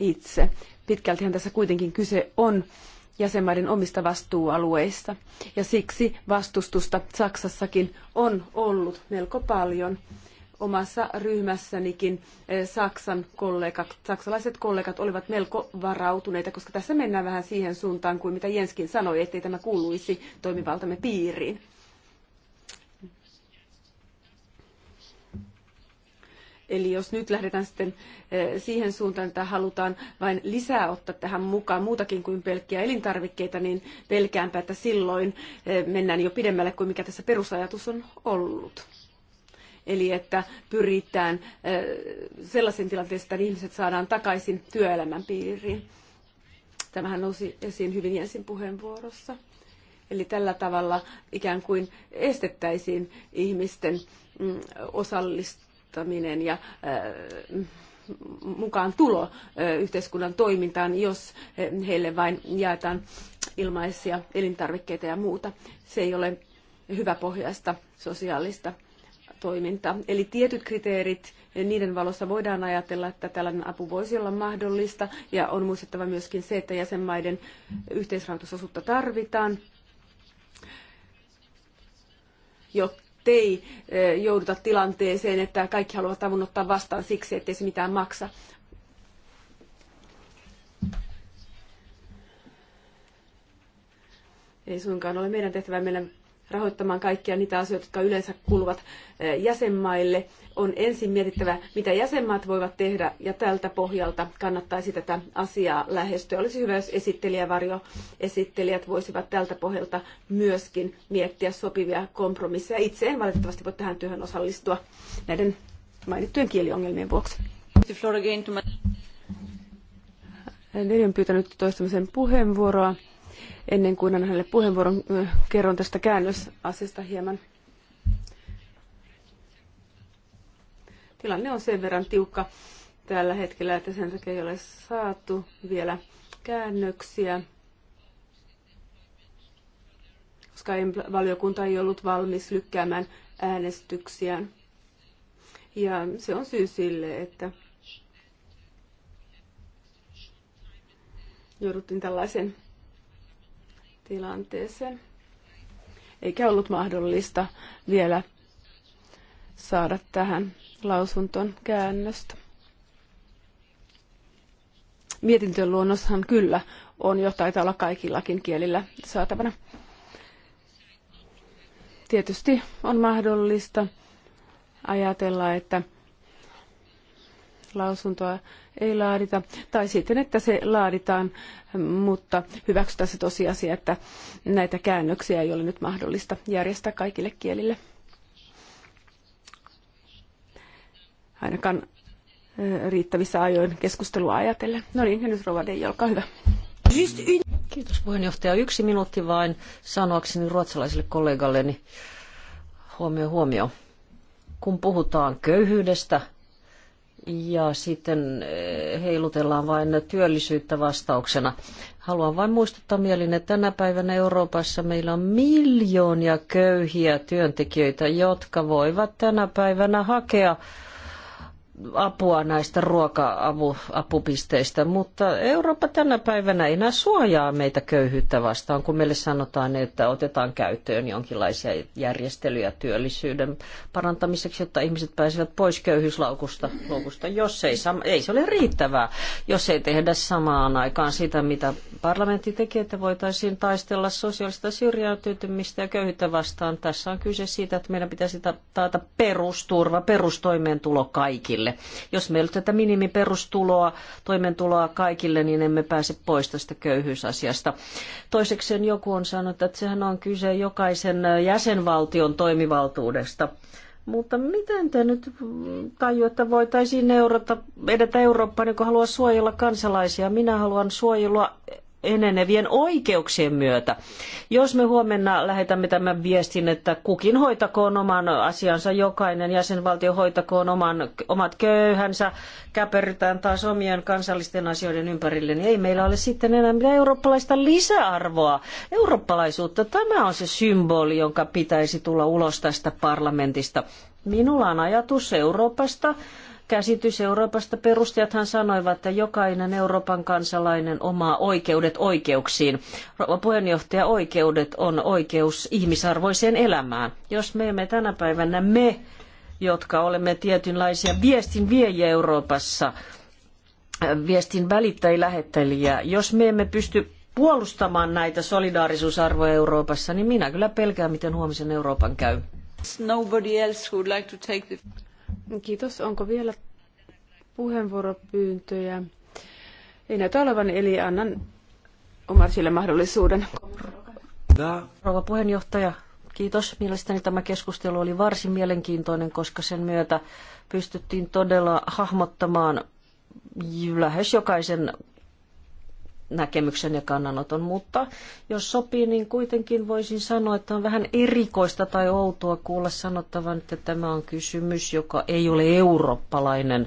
itse. Pitkältihän tässä kuitenkin kyse on jäsenmaiden omista vastuualueista. Ja siksi vastustusta Saksassakin on ollut melko paljon. Omassa ryhmässänikin eh, Saksan kollegat, saksalaiset kollegat olivat melko varautuneita, koska tässä mennään vähän siihen suuntaan kuin mitä Jenskin sanoi, ettei tämä kuuluisi toimivaltamme piiriin. Eli jos nyt lähdetään sitten eh, siihen suuntaan, että halutaan vain lisää ottaa tähän mukaan muutakin kuin pelkkiä elintarvikkeita, niin pelkäänpä, että silloin eh, mennään jo pidemmälle kuin mikä tässä perusajatus on ollut. Eli että pyritään eh, sellaisen tilanteeseen, että ihmiset saadaan takaisin työelämän piiriin. Tämähän nousi esiin hyvin Jensin puheenvuorossa. Eli tällä tavalla ikään kuin estettäisiin ihmisten mm, osallistumista vaikuttaminen ja äh, mukaan tulo äh, yhteiskunnan toimintaan, jos äh, heille vain jaetaan ilmaisia elintarvikkeita ja muuta. Se ei ole hyvä pohjaista sosiaalista toimintaa. Eli tietyt kriteerit, niiden valossa voidaan ajatella, että tällainen apu voisi olla mahdollista. Ja on muistettava myöskin se, että jäsenmaiden yhteisrahoitusosuutta tarvitaan, jotta ettei eh, jouduta tilanteeseen, että kaikki haluavat avun ottaa vastaan siksi, ettei se mitään maksa. Ei suinkaan ole meidän tehtävä. Meidän rahoittamaan kaikkia niitä asioita, jotka yleensä kuuluvat e, jäsenmaille. On ensin mietittävä, mitä jäsenmaat voivat tehdä, ja tältä pohjalta kannattaisi tätä asiaa lähestyä. Olisi hyvä, jos esittelijä, varjoesittelijät voisivat tältä pohjalta myöskin miettiä sopivia kompromisseja. Itse en valitettavasti voi tähän työhön osallistua näiden mainittujen kieliongelmien vuoksi. en on pyytänyt toistamisen puheenvuoroa. Ennen kuin annan hänelle puheenvuoron, kerron tästä käännösasiasta hieman. Tilanne on sen verran tiukka tällä hetkellä, että sen takia ei ole saatu vielä käännöksiä, koska valiokunta ei ollut valmis lykkäämään äänestyksiään. Ja se on syy sille, että jouduttiin tällaisen tilanteeseen. Eikä ollut mahdollista vielä saada tähän lausunton käännöstä. Mietintön luonnoshan kyllä on jo taitaa olla kaikillakin kielillä saatavana. Tietysti on mahdollista ajatella, että lausuntoa ei laadita, tai sitten, että se laaditaan, mutta hyväksytään se tosiasia, että näitä käännöksiä ei ole nyt mahdollista järjestää kaikille kielille. Ainakaan eh, riittävissä ajoin keskustelua ajatellen. No niin, ja nyt Rova Dei, olkaa hyvä. Kiitos puheenjohtaja. Yksi minuutti vain sanoakseni ruotsalaiselle kollegalleni huomio huomio. Kun puhutaan köyhyydestä, ja sitten eh, heilutellaan vain työllisyyttä vastauksena. Haluan vain muistuttaa mielin, että tänä päivänä Euroopassa meillä on miljoonia köyhiä työntekijöitä, jotka voivat tänä päivänä hakea apua näistä ruoka-apupisteistä, mutta Eurooppa tänä päivänä ei enää suojaa meitä köyhyyttä vastaan, kun meille sanotaan, että otetaan käyttöön jonkinlaisia järjestelyjä työllisyyden parantamiseksi, jotta ihmiset pääsevät pois köyhyysloukusta, jos ei, ei se ole riittävää, jos ei tehdä samaan aikaan sitä, mitä parlamentti tekee, että voitaisiin taistella sosiaalista syrjäytymistä ja köyhyyttä vastaan. Tässä on kyse siitä, että meidän pitäisi taata perusturva, perustoimeentulo kaikille kaikille. Jos meillä on tätä minimiperustuloa, toimeentuloa kaikille, niin emme pääse pois tästä köyhyysasiasta. Toiseksi joku on sanonut, että sehän on kyse jokaisen jäsenvaltion toimivaltuudesta. Mutta miten te nyt tajua, että voitaisiin eurota, edetä Eurooppaan, joka haluaa suojella kansalaisia? Minä haluan suojella enenevien oikeuksien myötä. Jos me huomenna lähetämme tämän viestin, että kukin hoitakoon oman asiansa, jokainen jäsenvaltio hoitakoon oman, omat köyhänsä, käperrytään taas omien kansallisten asioiden ympärille, niin ei meillä ole sitten enää mitään eurooppalaista lisäarvoa. Eurooppalaisuutta, tämä on se symboli, jonka pitäisi tulla ulos tästä parlamentista. Minulla on ajatus Euroopasta, käsitys Euroopasta. Perustajathan sanoivat, että jokainen Euroopan kansalainen omaa oikeudet oikeuksiin. Puheenjohtaja, oikeudet on oikeus ihmisarvoiseen elämään. Jos me emme tänä päivänä me, jotka olemme tietynlaisia viestin viejiä Euroopassa, viestin välittäjiä, lähettäjiä, jos me emme pysty puolustamaan näitä solidaarisuusarvoja Euroopassa, niin minä kyllä pelkään, miten huomisen Euroopan käy. Kiitos. Onko vielä puheenvuoropyyntöjä? Ei näytä olevan, eli annan Omarsille mahdollisuuden. Rouva puheenjohtaja, kiitos. Mielestäni tämä keskustelu oli varsin mielenkiintoinen, koska sen myötä pystyttiin todella hahmottamaan lähes jokaisen näkemyksen ja kannanoton, mutta jos sopii, niin kuitenkin voisin sanoa, että on vähän erikoista tai outoa kuulla sanottavan, että tämä on kysymys, joka ei ole eurooppalainen.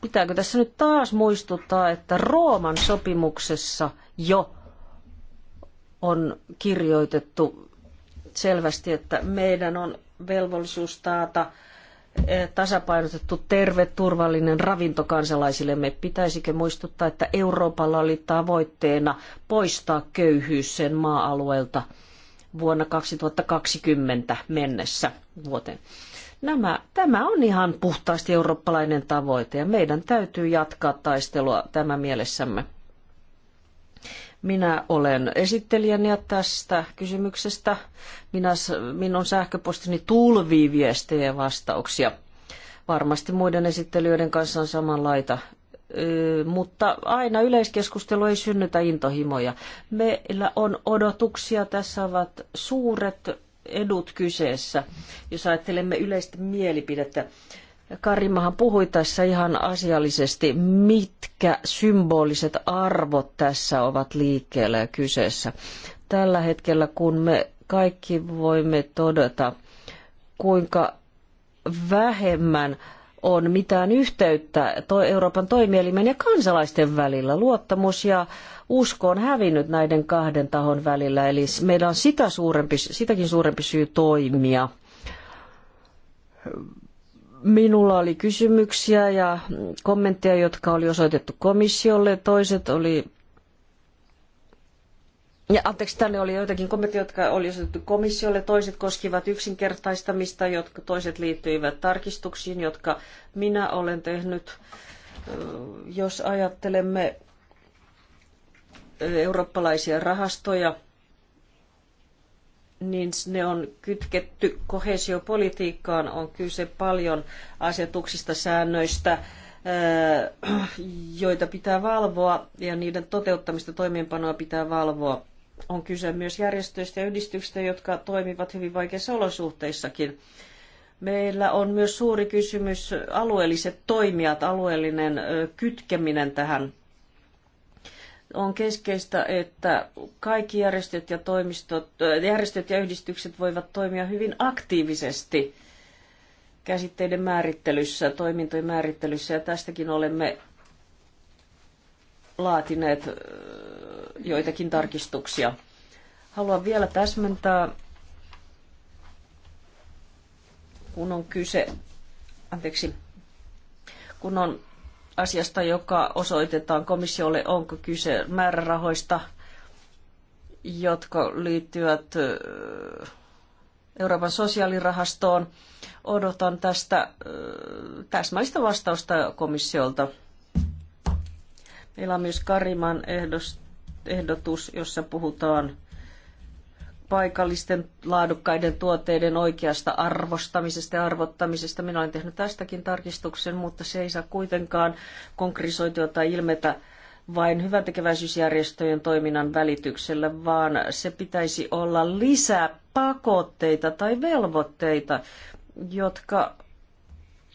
Pitääkö tässä nyt taas muistuttaa, että Rooman sopimuksessa jo on kirjoitettu selvästi, että meidän on velvollisuus taata tasapainotettu, terve, turvallinen ravinto kansalaisillemme. Pitäisikö muistuttaa, että Euroopalla oli tavoitteena poistaa köyhyys sen maa-alueelta vuonna 2020 mennessä vuoteen. Nämä, tämä on ihan puhtaasti eurooppalainen tavoite ja meidän täytyy jatkaa taistelua tämä mielessämme. Minä olen esittelijänä tästä kysymyksestä. Minä, minun sähköpostini tulvii viestejä ja vastauksia. Varmasti muiden esittelijöiden kanssa on samanlaita mutta aina yleiskeskustelu ei synnytä intohimoja. Meillä on odotuksia, tässä ovat suuret edut kyseessä, jos ajattelemme yleistä mielipidettä. Karimahan puhui tässä ihan asiallisesti, mitkä symboliset arvot tässä ovat liikkeellä ja kyseessä. Tällä hetkellä, kun me kaikki voimme todeta, kuinka vähemmän on mitään yhteyttä Euroopan toimielimen ja kansalaisten välillä. Luottamus ja usko on hävinnyt näiden kahden tahon välillä, eli meidän on sitä suurempi, sitäkin suurempi syy toimia Minulla oli kysymyksiä ja kommentteja, jotka oli osoitettu komissiolle. Toiset oli ja anteeksi, tänne oli joitakin kommentteja, jotka oli osoitettu komissiolle. Toiset koskivat yksinkertaistamista, jotka toiset liittyivät tarkistuksiin, jotka minä olen tehnyt. Jos ajattelemme eurooppalaisia rahastoja, niin ne on kytketty kohesiopolitiikkaan. On kyse paljon asetuksista, säännöistä, öö, joita pitää valvoa ja niiden toteuttamista toimeenpanoa pitää valvoa. On kyse myös järjestöistä ja yhdistyksistä, jotka toimivat hyvin vaikeissa olosuhteissakin. Meillä on myös suuri kysymys alueelliset toimijat, alueellinen kytkeminen tähän on keskeistä, että kaikki järjestöt ja, toimistot, äh, järjestöt ja yhdistykset voivat toimia hyvin aktiivisesti käsitteiden määrittelyssä, toimintojen määrittelyssä, ja tästäkin olemme laatineet äh, joitakin tarkistuksia. Haluan vielä täsmentää, kun on kyse, anteeksi, kun on asiasta, joka osoitetaan komissiolle, onko kyse määrärahoista, jotka liittyvät Euroopan sosiaalirahastoon. Odotan tästä täsmällistä vastausta komissiolta. Meillä on myös Kariman ehdotus, jossa puhutaan paikallisten laadukkaiden tuotteiden oikeasta arvostamisesta ja arvottamisesta. Minä olen tehnyt tästäkin tarkistuksen, mutta se ei saa kuitenkaan konkretisoitua tai ilmetä vain hyväntekeväisyysjärjestöjen toiminnan välityksellä, vaan se pitäisi olla lisää pakotteita tai velvoitteita, jotka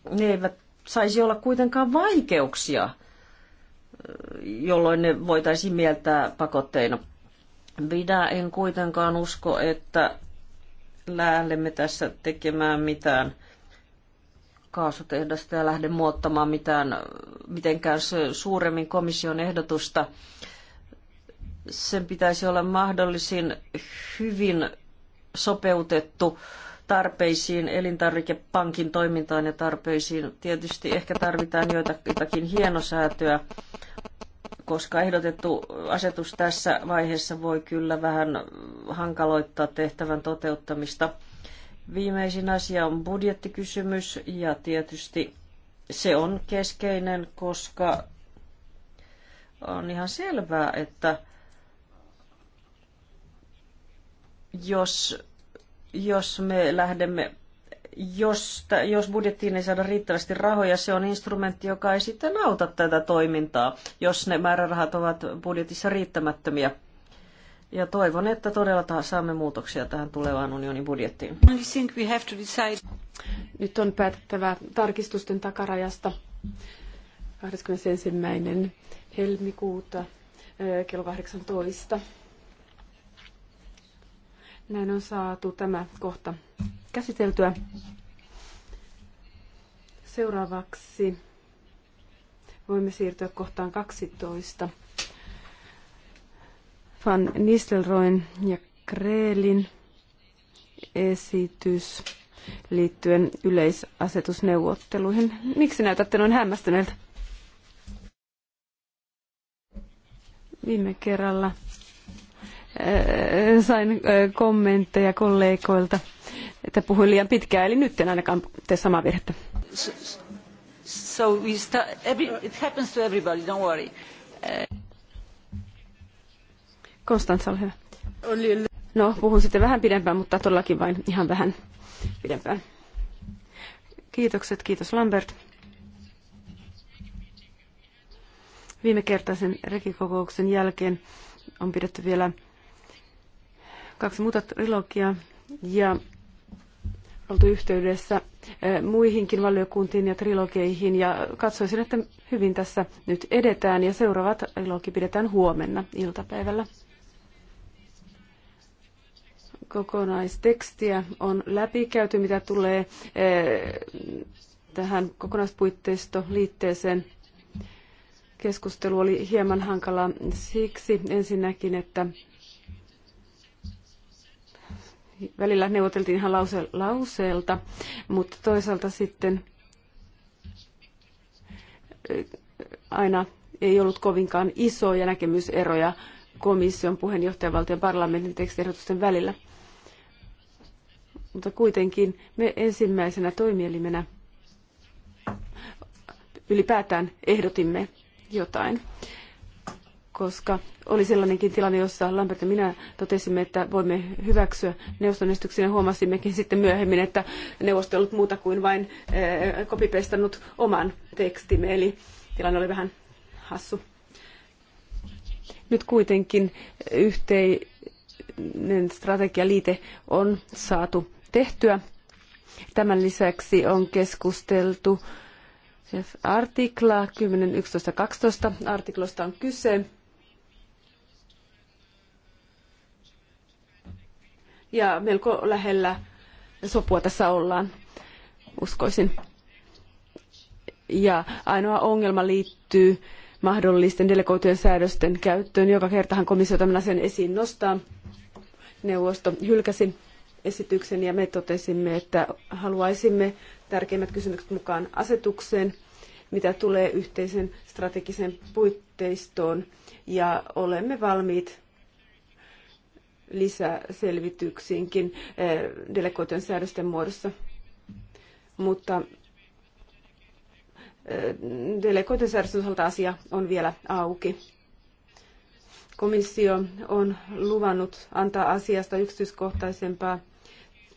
ne eivät saisi olla kuitenkaan vaikeuksia, jolloin ne voitaisiin mieltää pakotteina minä en kuitenkaan usko, että lähdemme tässä tekemään mitään kaasutehdasta ja lähde muottamaan mitään, mitenkään suuremmin komission ehdotusta. Sen pitäisi olla mahdollisin hyvin sopeutettu tarpeisiin, elintarvikepankin toimintaan ja tarpeisiin. Tietysti ehkä tarvitaan joitakin hienosäätöä, koska ehdotettu asetus tässä vaiheessa voi kyllä vähän hankaloittaa tehtävän toteuttamista. Viimeisin asia on budjettikysymys ja tietysti se on keskeinen, koska on ihan selvää, että jos, jos me lähdemme jos, jos budjettiin ei saada riittävästi rahoja, se on instrumentti, joka ei sitten auta tätä toimintaa, jos ne määrärahat ovat budjetissa riittämättömiä. Ja toivon, että todella saamme muutoksia tähän tulevaan unionin budjettiin. Nyt on päätettävä tarkistusten takarajasta 21. helmikuuta kello 18. Näin on saatu tämä kohta käsiteltyä. Seuraavaksi voimme siirtyä kohtaan 12. Van Nistelroin ja Kreelin esitys liittyen yleisasetusneuvotteluihin. Miksi näytätte noin hämmästyneeltä? Viime kerralla äh, sain äh, kommentteja kollegoilta että puhuin liian pitkään, eli nyt en ainakaan tee samaa virhettä. So we start, every, it happens to everybody, don't worry. Eh, Konstantsa, ole hyvä. No, puhun sitten vähän pidempään, mutta todellakin vain ihan vähän pidempään. Kiitokset, kiitos Lambert. Viime kertaisen rekikokouksen jälkeen on pidetty vielä kaksi muuta trilogiaa ja oltu yhteydessä muihinkin valiokuntiin ja trilogeihin ja katsoisin, että hyvin tässä nyt edetään ja seuraava trilogi pidetään huomenna iltapäivällä. Kokonaistekstiä on läpikäyty, mitä tulee tähän kokonaispuitteistoliitteeseen. Keskustelu oli hieman hankala siksi ensinnäkin, että välillä neuvoteltiin ihan lause, lauseelta, mutta toisaalta sitten aina ei ollut kovinkaan isoja näkemyseroja komission puheenjohtajavaltion parlamentin tekstiehdotusten välillä. Mutta kuitenkin me ensimmäisenä toimielimenä ylipäätään ehdotimme jotain koska oli sellainenkin tilanne, jossa Lambert ja minä totesimme, että voimme hyväksyä neuvoston esityksen ja huomasimmekin sitten myöhemmin, että neuvosto ei ollut muuta kuin vain kopipestannut eh, oman tekstimme, eli tilanne oli vähän hassu. Nyt kuitenkin yhteinen strategialiite on saatu tehtyä. Tämän lisäksi on keskusteltu artikla 10, 11, 12 artiklosta on kyse. ja melko lähellä sopua tässä ollaan, uskoisin. Ja ainoa ongelma liittyy mahdollisten delegoitujen säädösten käyttöön. Joka kertahan komissio tämän asian esiin nostaa. Neuvosto hylkäsi esityksen ja me totesimme, että haluaisimme tärkeimmät kysymykset mukaan asetukseen, mitä tulee yhteisen strategisen puitteistoon ja olemme valmiit lisäselvityksiinkin eh, delegoitujen säädösten muodossa. Mutta eh, delegoitujen säädösten osalta asia on vielä auki. Komissio on luvannut antaa asiasta yksityiskohtaisempaa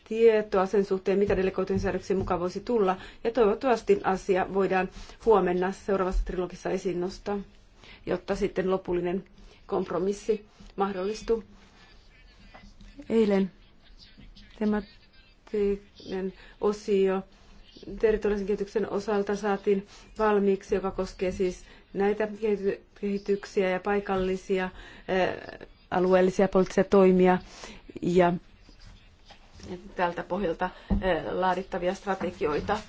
tietoa sen suhteen, mitä delegoitujen säädöksiin mukaan voisi tulla, ja toivottavasti asia voidaan huomenna seuraavassa trilogissa esiin nostaa, jotta sitten lopullinen kompromissi mahdollistuu. Eilen temaattinen osio territoriallisen kehityksen osalta saatiin valmiiksi, joka koskee siis näitä kehityksiä ja paikallisia eh, alueellisia poliittisia toimia ja tältä pohjalta eh, laadittavia strategioita.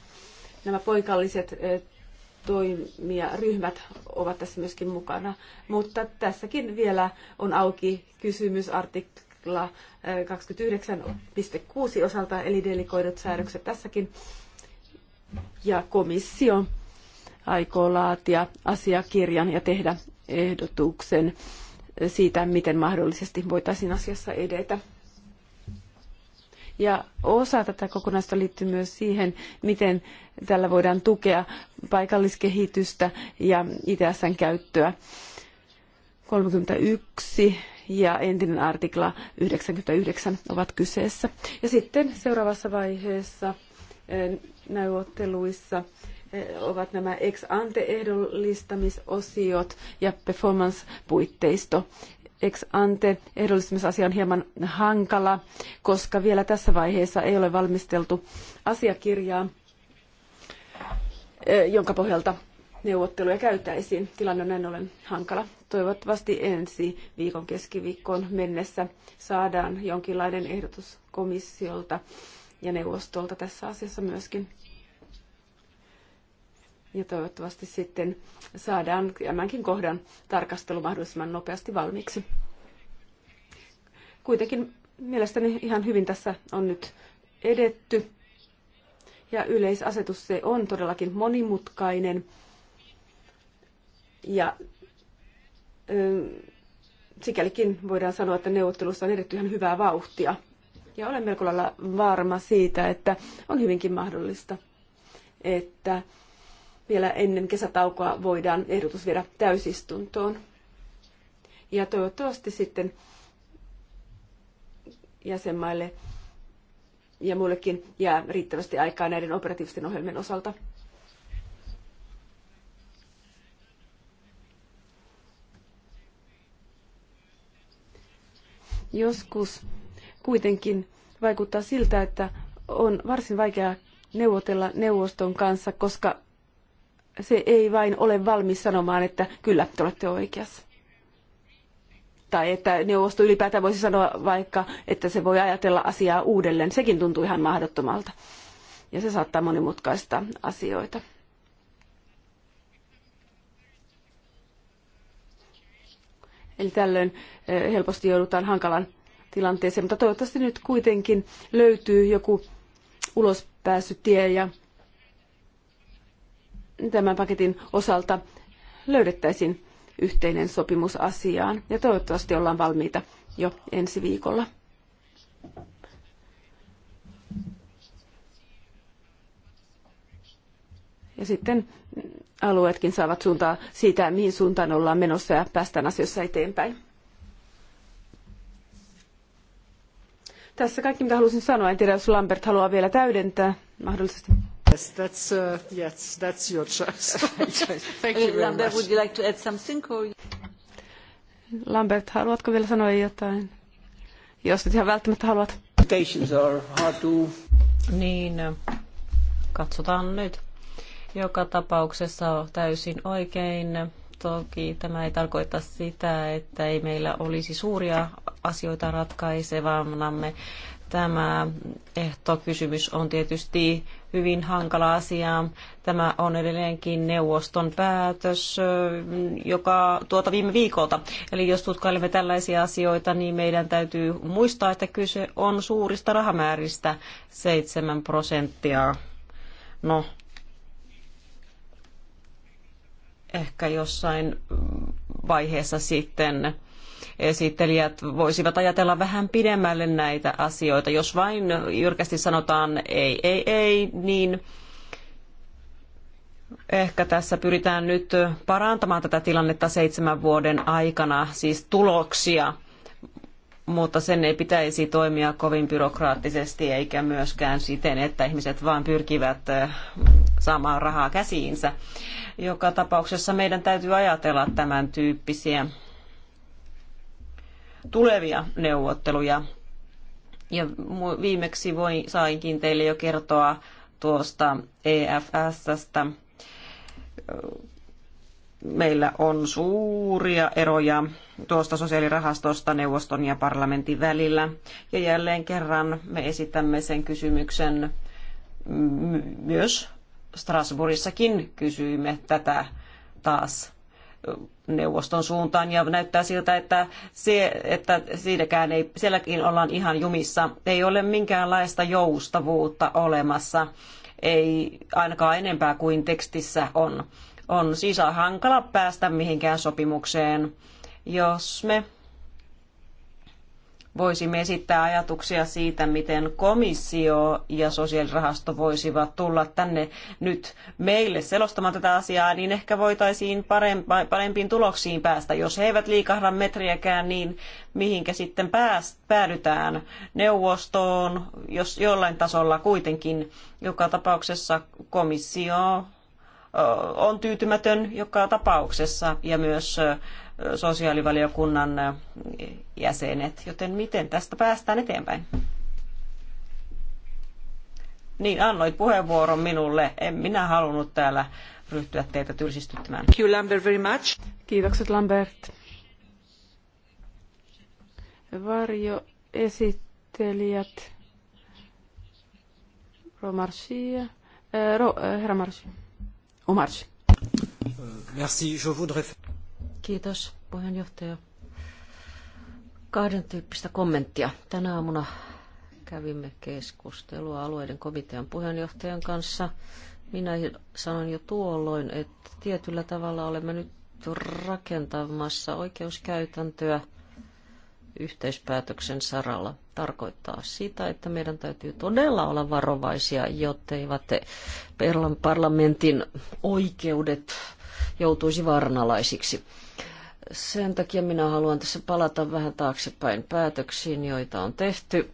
Nämä poikalliset eh, toimijaryhmät ovat tässä myöskin mukana, mutta tässäkin vielä on auki kysymys artikla artikla 29.6 osalta, eli delikoidut säädökset tässäkin. Ja komissio aikoo laatia asiakirjan ja tehdä ehdotuksen siitä, miten mahdollisesti voitaisiin asiassa edetä. Ja osa tätä kokonaista liittyy myös siihen, miten tällä voidaan tukea paikalliskehitystä ja ITSn käyttöä. 31 ja entinen artikla 99 ovat kyseessä. Ja sitten seuraavassa vaiheessa eh, neuvotteluissa eh, ovat nämä ex ante ehdollistamisosiot ja performance puitteisto. Ex ante ehdollistamisasia on hieman hankala, koska vielä tässä vaiheessa ei ole valmisteltu asiakirjaa eh, jonka pohjalta neuvotteluja käytäisiin. Tilanne on näin ollen hankala. Toivottavasti ensi viikon keskiviikkoon mennessä saadaan jonkinlainen ehdotus komissiolta ja neuvostolta tässä asiassa myöskin. Ja toivottavasti sitten saadaan tämänkin kohdan tarkastelu mahdollisimman nopeasti valmiiksi. Kuitenkin mielestäni ihan hyvin tässä on nyt edetty. Ja yleisasetus se on todellakin monimutkainen ja sikälikin voidaan sanoa, että neuvottelussa on edetty ihan hyvää vauhtia. Ja olen melko lailla varma siitä, että on hyvinkin mahdollista, että vielä ennen kesätaukoa voidaan ehdotus viedä täysistuntoon. Ja toivottavasti sitten jäsenmaille ja muillekin jää riittävästi aikaa näiden operatiivisten ohjelmien osalta Joskus kuitenkin vaikuttaa siltä, että on varsin vaikea neuvotella neuvoston kanssa, koska se ei vain ole valmis sanomaan, että kyllä, te olette oikeassa. Tai että neuvosto ylipäätään voisi sanoa vaikka, että se voi ajatella asiaa uudelleen. Sekin tuntuu ihan mahdottomalta. Ja se saattaa monimutkaistaa asioita. Eli tällöin eh, helposti joudutaan hankalan tilanteeseen, mutta toivottavasti nyt kuitenkin löytyy joku ulospääsytie ja tämän paketin osalta löydettäisiin yhteinen sopimus asiaan ja toivottavasti ollaan valmiita jo ensi viikolla. Ja sitten alueetkin saavat suuntaa siitä, mihin suuntaan ollaan menossa ja päästään asioissa eteenpäin. Tässä kaikki, mitä halusin sanoa. En tiedä, jos Lambert haluaa vielä täydentää mahdollisesti. Yes, that's, uh, yes, that's your choice. [laughs] Thank you very Lambert, would you like to add something? Or... Lambert, haluatko vielä sanoa jotain? Jos et ihan välttämättä haluat. Are hard to... Niin, katsotaan nyt. Joka tapauksessa on täysin oikein. Toki tämä ei tarkoita sitä, että ei meillä olisi suuria asioita ratkaisevanamme. Tämä ehtokysymys on tietysti hyvin hankala asia. Tämä on edelleenkin neuvoston päätös, joka tuota viime viikolta. Eli jos tutkailemme tällaisia asioita, niin meidän täytyy muistaa, että kyse on suurista rahamääristä, 7 prosenttia. No, ehkä jossain vaiheessa sitten esittelijät voisivat ajatella vähän pidemmälle näitä asioita. Jos vain jyrkästi sanotaan ei, ei, ei, niin ehkä tässä pyritään nyt parantamaan tätä tilannetta seitsemän vuoden aikana, siis tuloksia – mutta sen ei pitäisi toimia kovin byrokraattisesti eikä myöskään siten, että ihmiset vain pyrkivät saamaan rahaa käsiinsä. Joka tapauksessa meidän täytyy ajatella tämän tyyppisiä tulevia neuvotteluja. Ja viimeksi voin, sainkin teille jo kertoa tuosta EFSstä meillä on suuria eroja tuosta sosiaalirahastosta neuvoston ja parlamentin välillä. Ja jälleen kerran me esitämme sen kysymyksen myös Strasbourgissakin kysyimme tätä taas neuvoston suuntaan ja näyttää siltä, että, se, että siinäkään ei, sielläkin ollaan ihan jumissa. Ei ole minkäänlaista joustavuutta olemassa, ei ainakaan enempää kuin tekstissä on on siis hankala päästä mihinkään sopimukseen. Jos me voisimme esittää ajatuksia siitä, miten komissio ja sosiaalirahasto voisivat tulla tänne nyt meille selostamaan tätä asiaa, niin ehkä voitaisiin parempiin tuloksiin päästä. Jos he eivät liikahda metriäkään, niin mihinkä sitten päädytään neuvostoon, jos jollain tasolla kuitenkin joka tapauksessa komissio on tyytymätön joka tapauksessa ja myös sosiaalivaliokunnan jäsenet. Joten miten tästä päästään eteenpäin? Niin, annoit puheenvuoron minulle. En minä halunnut täällä ryhtyä teitä tylsistyttämään. Thank you, Lambert, very much. Kiitokset, Lambert. esittelijät. Romarsia. Ro, äh, äh, herra Marsia. Omar. Merci, je voudrais... Kiitos, puheenjohtaja. Kahden tyyppistä kommenttia. Tänä aamuna kävimme keskustelua alueiden komitean puheenjohtajan kanssa. Minä sanoin jo tuolloin, että tietyllä tavalla olemme nyt rakentamassa oikeuskäytäntöä – yhteispäätöksen saralla tarkoittaa sitä, että meidän täytyy todella olla varovaisia, eivät parlamentin oikeudet joutuisi varnalaisiksi. Sen takia minä haluan tässä palata vähän taaksepäin päätöksiin, joita on tehty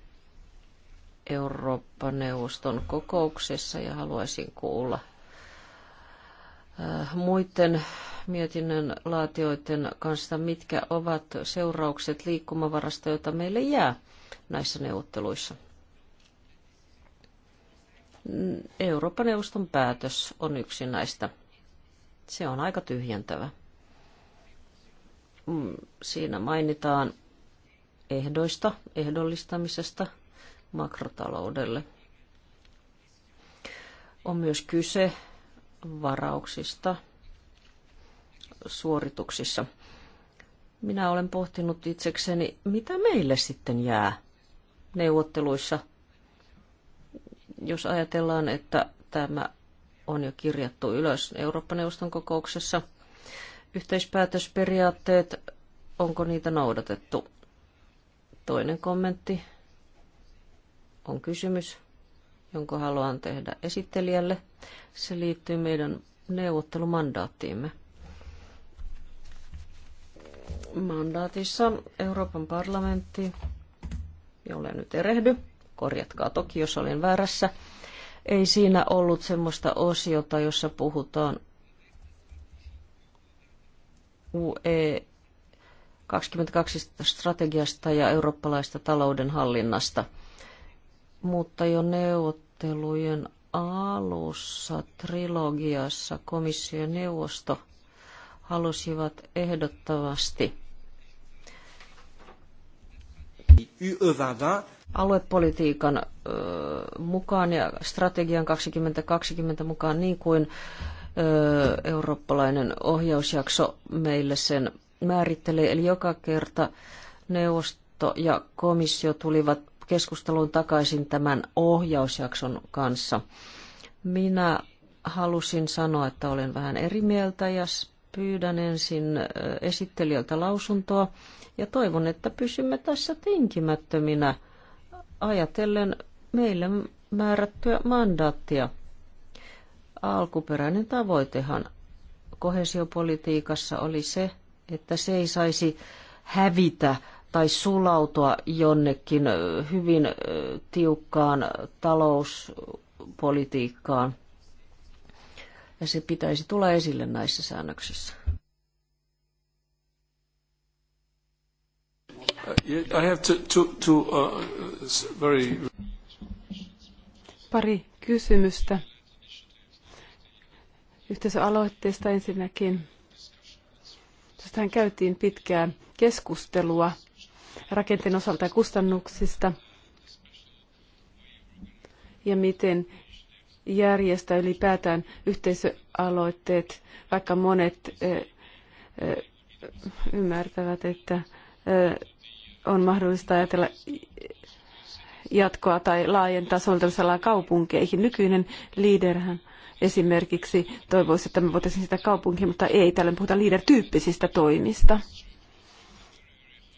Eurooppa-neuvoston kokouksessa ja haluaisin kuulla äh, muiden mietinnön laatioiden kanssa, mitkä ovat seuraukset liikkumavarasta, jota meille jää näissä neuvotteluissa. Euroopan neuvoston päätös on yksi näistä. Se on aika tyhjentävä. Mm, siinä mainitaan ehdoista, ehdollistamisesta makrotaloudelle. On myös kyse varauksista, suorituksissa. Minä olen pohtinut itsekseni, mitä meille sitten jää neuvotteluissa, jos ajatellaan, että tämä on jo kirjattu ylös Eurooppa-neuvoston kokouksessa. Yhteispäätösperiaatteet, onko niitä noudatettu? Toinen kommentti on kysymys, jonka haluan tehdä esittelijälle. Se liittyy meidän neuvottelumandaattiimme mandaatissa Euroopan parlamentti, jolle nyt erehdy, korjatkaa toki, jos olen väärässä, ei siinä ollut semmoista osiota, jossa puhutaan UE 22 strategiasta ja eurooppalaista talouden hallinnasta. Mutta jo neuvottelujen alussa trilogiassa ja neuvosto halusivat ehdottomasti aluepolitiikan ö, mukaan ja strategian 2020 mukaan niin kuin eurooppalainen ohjausjakso meille sen määrittelee. Eli joka kerta neuvosto ja komissio tulivat keskusteluun takaisin tämän ohjausjakson kanssa. Minä halusin sanoa, että olen vähän eri mieltä ja Pyydän ensin esittelijältä lausuntoa ja toivon, että pysymme tässä tinkimättöminä ajatellen meille määrättyä mandaattia. Alkuperäinen tavoitehan kohesiopolitiikassa oli se, että se ei saisi hävitä tai sulautua jonnekin hyvin tiukkaan talouspolitiikkaan ja se pitäisi tulla esille näissä säännöksissä. Uh, I have to, to, to, uh, very... Pari kysymystä yhteisöaloitteesta ensinnäkin. Tästähän käytiin pitkää keskustelua rakenteen osalta ja kustannuksista ja miten järjestää ylipäätään yhteisöaloitteet, vaikka monet ymmärtävät, että on mahdollista ajatella jatkoa tai laajentaa soveltamisalaa kaupunkeihin. Nykyinen liiderhän esimerkiksi toivoisi, että me voitaisiin sitä kaupunkiin, mutta ei, tällöin puhutaan liider-tyyppisistä toimista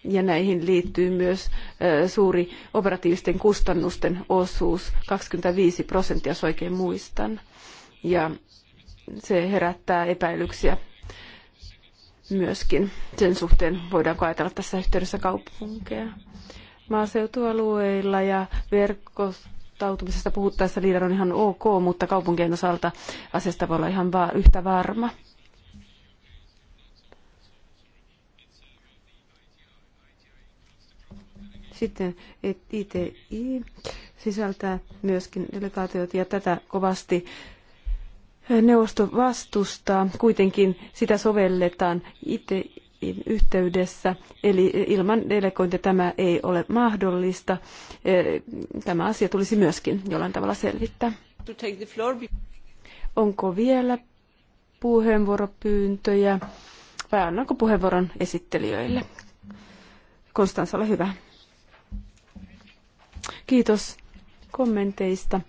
ja näihin liittyy myös suuri operatiivisten kustannusten osuus, 25 prosenttia, jos oikein muistan. Ja se herättää epäilyksiä myöskin sen suhteen, voidaanko ajatella tässä yhteydessä kaupunkeja. Maaseutualueilla ja verkostautumisesta puhuttaessa liidan on ihan ok, mutta kaupunkien osalta asiasta voi olla ihan va- yhtä varma. Sitten ITI sisältää myöskin delegaatiot ja tätä kovasti neuvosto vastustaa. Kuitenkin sitä sovelletaan ITIin yhteydessä, eli ilman delegointia tämä ei ole mahdollista. E, tämä asia tulisi myöskin jollain tavalla selvittää. Onko vielä puheenvuoropyyntöjä vai annanko puheenvuoron esittelijöille? Konstans, ole hyvä. Kiitos kommenteista.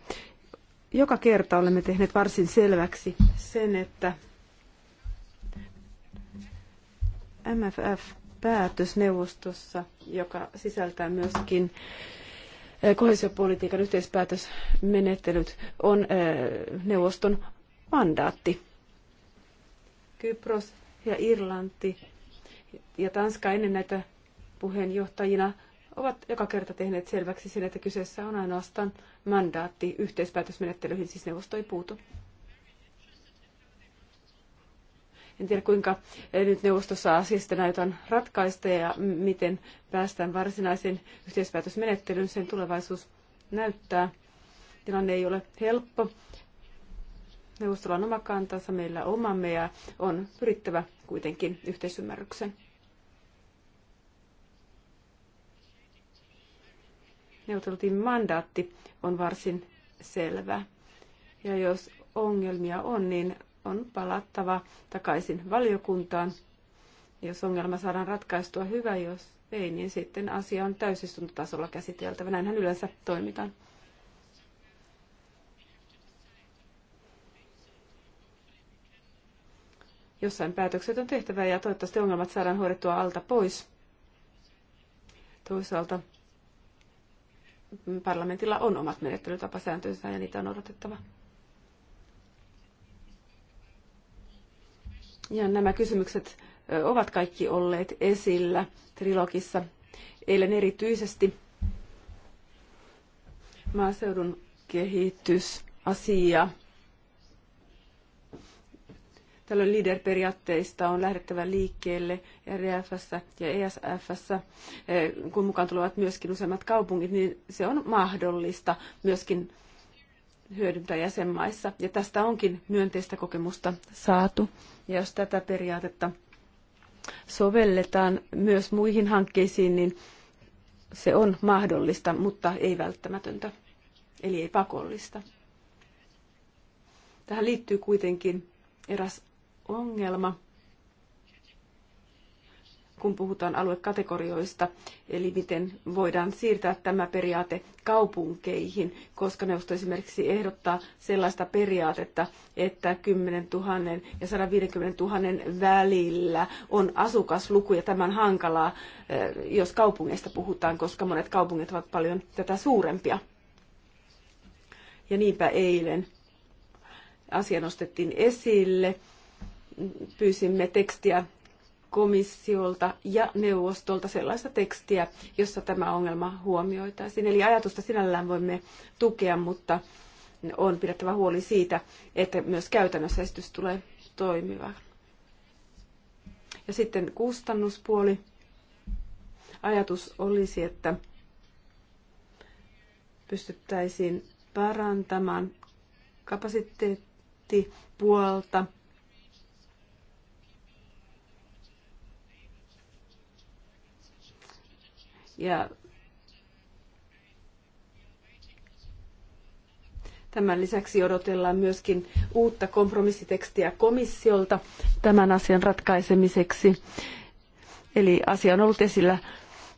Joka kerta olemme tehneet varsin selväksi sen, että MFF-päätösneuvostossa, joka sisältää myöskin eh, kohesiopolitiikan yhteispäätösmenettelyt, on eh, neuvoston mandaatti. Kypros ja Irlanti ja Tanska ennen näitä puheenjohtajina – ovat joka kerta tehneet selväksi sen, että kyseessä on ainoastaan mandaatti yhteispäätösmenettelyihin, siis neuvosto ei puutu. En tiedä, kuinka eh, nyt neuvostossa asiasta näytän ratkaista ja miten päästään varsinaiseen yhteispäätösmenettelyyn. Sen tulevaisuus näyttää. Tilanne ei ole helppo. Neuvostolla on oma kantansa, meillä omamme ja on pyrittävä kuitenkin yhteisymmärrykseen. neuvoteltiin mandaatti on varsin selvä. Ja jos ongelmia on, niin on palattava takaisin valiokuntaan. Jos ongelma saadaan ratkaistua, hyvä. Jos ei, niin sitten asia on täysistuntotasolla käsiteltävä. Näinhän yleensä toimitaan. Jossain päätökset on tehtävä ja toivottavasti ongelmat saadaan hoidettua alta pois. Toisaalta parlamentilla on omat menettelytapasääntönsä ja niitä on odotettava. Ja nämä kysymykset ovat kaikki olleet esillä trilogissa eilen erityisesti maaseudun kehitysasia Tällöin leader-periaatteista on lähdettävä liikkeelle RDFssä ja ESFssä, eh, kun mukaan tulevat myöskin useimmat kaupungit, niin se on mahdollista myöskin hyödyntää jäsenmaissa. Ja tästä onkin myönteistä kokemusta saatu. Ja jos tätä periaatetta sovelletaan myös muihin hankkeisiin, niin se on mahdollista, mutta ei välttämätöntä, eli ei pakollista. Tähän liittyy kuitenkin eräs ongelma, kun puhutaan aluekategorioista, eli miten voidaan siirtää tämä periaate kaupunkeihin, koska neuvosto esimerkiksi ehdottaa sellaista periaatetta, että 10 000 ja 150 000 välillä on asukasluku, ja tämä on hankalaa, eh, jos kaupungeista puhutaan, koska monet kaupungit ovat paljon tätä suurempia. Ja niinpä eilen asia nostettiin esille pyysimme tekstiä komissiolta ja neuvostolta sellaista tekstiä, jossa tämä ongelma huomioitaisiin. Eli ajatusta sinällään voimme tukea, mutta on pidettävä huoli siitä, että myös käytännössä esitys tulee toimiva. Ja sitten kustannuspuoli. Ajatus olisi, että pystyttäisiin parantamaan kapasiteettipuolta – Ja Tämän lisäksi odotellaan myöskin uutta kompromissitekstiä komissiolta tämän asian ratkaisemiseksi. Eli asia on ollut esillä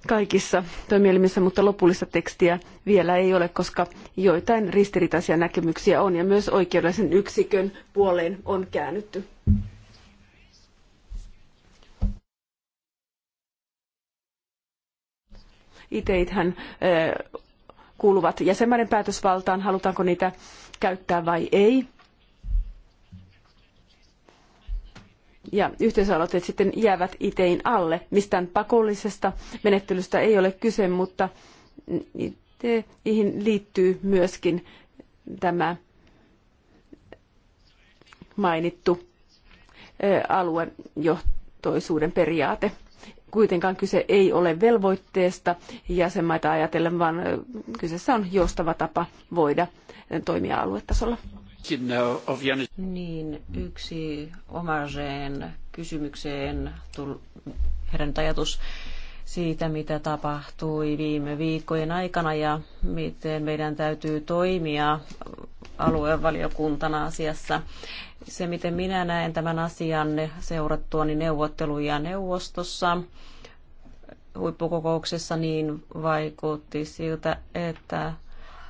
kaikissa toimielimissä, mutta lopullista tekstiä vielä ei ole, koska joitain ristiriitaisia näkemyksiä on ja myös oikeudellisen yksikön puoleen on käännytty. Iteithän kuuluvat jäsenmaiden päätösvaltaan, halutaanko niitä käyttää vai ei. ja yhteisöaloitteet sitten jäävät itein alle. Mistään pakollisesta menettelystä ei ole kyse, mutta niihin liittyy myöskin tämä mainittu aluejohtoisuuden periaate. Kuitenkaan kyse ei ole velvoitteesta jäsenmaita ajatellen, vaan kyseessä on joustava tapa voida toimia aluetasolla. Niin, yksi omaiseen kysymykseen herännyt ajatus siitä, mitä tapahtui viime viikkojen aikana ja miten meidän täytyy toimia aluevaliokuntana asiassa. Se, miten minä näen tämän asian seurattuani neuvotteluja neuvostossa, huippukokouksessa, niin vaikutti siltä, että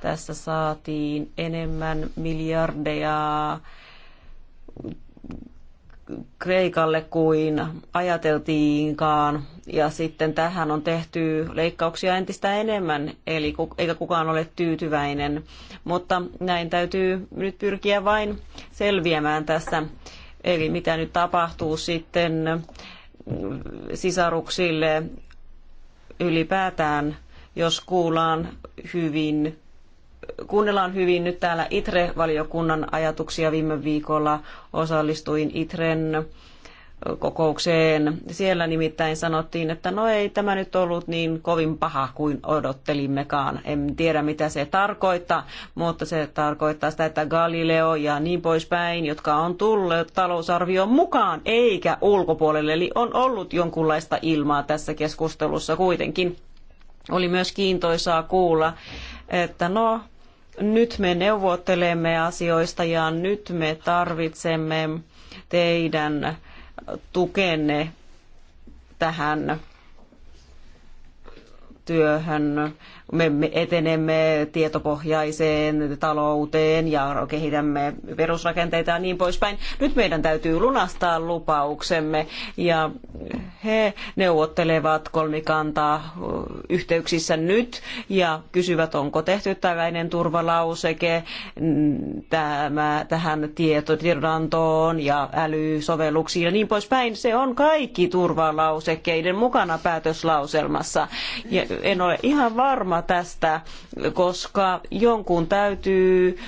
tässä saatiin enemmän miljardeja Kreikalle kuin ajateltiinkaan. Ja sitten tähän on tehty leikkauksia entistä enemmän, eli eikä kukaan ole tyytyväinen. Mutta näin täytyy nyt pyrkiä vain selviämään tässä. Eli mitä nyt tapahtuu sitten sisaruksille ylipäätään, jos kuullaan hyvin kuunnellaan hyvin nyt täällä ITRE-valiokunnan ajatuksia viime viikolla. Osallistuin ITREn kokoukseen. Siellä nimittäin sanottiin, että no ei tämä nyt ollut niin kovin paha kuin odottelimmekaan. En tiedä mitä se tarkoittaa, mutta se tarkoittaa sitä, että Galileo ja niin poispäin, jotka on tullut talousarvion mukaan eikä ulkopuolelle. Eli on ollut jonkunlaista ilmaa tässä keskustelussa kuitenkin. Oli myös kiintoisaa kuulla että no, nyt me neuvottelemme asioista ja nyt me tarvitsemme teidän tukenne tähän työhön me etenemme tietopohjaiseen talouteen ja kehitämme perusrakenteita ja niin poispäin. Nyt meidän täytyy lunastaa lupauksemme ja he neuvottelevat kolmikantaa yhteyksissä nyt ja kysyvät, onko tehty tällainen turvalauseke tämä, tähän tieto, tiedonantoon ja älysovelluksiin ja niin poispäin. Se on kaikki turvalausekkeiden mukana päätöslauselmassa. Ja en ole ihan varma, vastuuta tästä, koska jonkun täytyy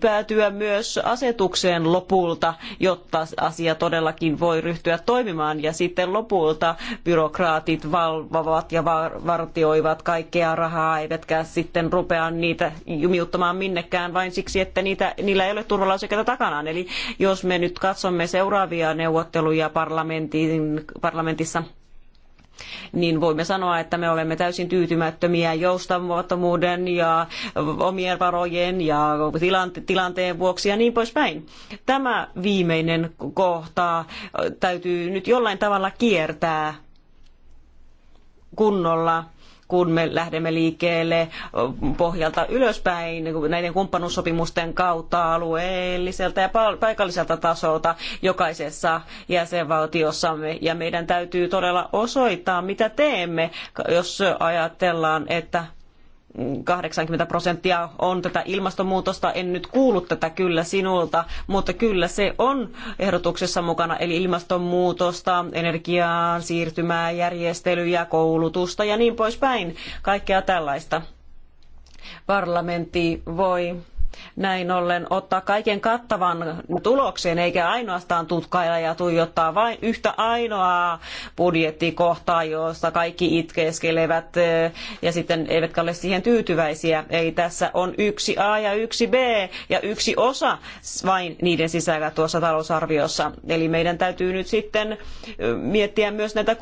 päätyä myös asetukseen lopulta, jotta asia todellakin voi ryhtyä toimimaan. Ja sitten lopulta byrokraatit valvovat ja vartioivat kaikkea rahaa, eivätkä sitten rupea niitä jumiuttamaan minnekään vain siksi, että niitä, niillä ei ole turvalausekkeita takanaan. Eli jos me nyt katsomme seuraavia neuvotteluja parlamentin, parlamentissa, niin voimme sanoa, että me olemme täysin tyytymättömiä joustamattomuuden ja omien varojen ja tilanteen vuoksi ja niin poispäin. Tämä viimeinen kohta täytyy nyt jollain tavalla kiertää kunnolla kun me lähdemme liikkeelle pohjalta ylöspäin näiden kumppanuussopimusten kautta alueelliselta ja paikalliselta tasolta jokaisessa jäsenvaltiossamme. Ja meidän täytyy todella osoittaa, mitä teemme, jos ajatellaan, että 80 prosenttia on tätä ilmastonmuutosta. En nyt kuullut tätä kyllä sinulta, mutta kyllä se on ehdotuksessa mukana. Eli ilmastonmuutosta, energiaan siirtymää, järjestelyjä, koulutusta ja niin poispäin. Kaikkea tällaista. Parlamentti voi näin ollen ottaa kaiken kattavan tuloksen, eikä ainoastaan tutkailla ja tuijottaa vain yhtä ainoaa budjettikohtaa, josta kaikki itkeskelevät ja sitten eivätkä ole siihen tyytyväisiä. Ei tässä on yksi A ja yksi B ja yksi osa vain niiden sisällä tuossa talousarviossa. Eli meidän täytyy nyt sitten miettiä myös näitä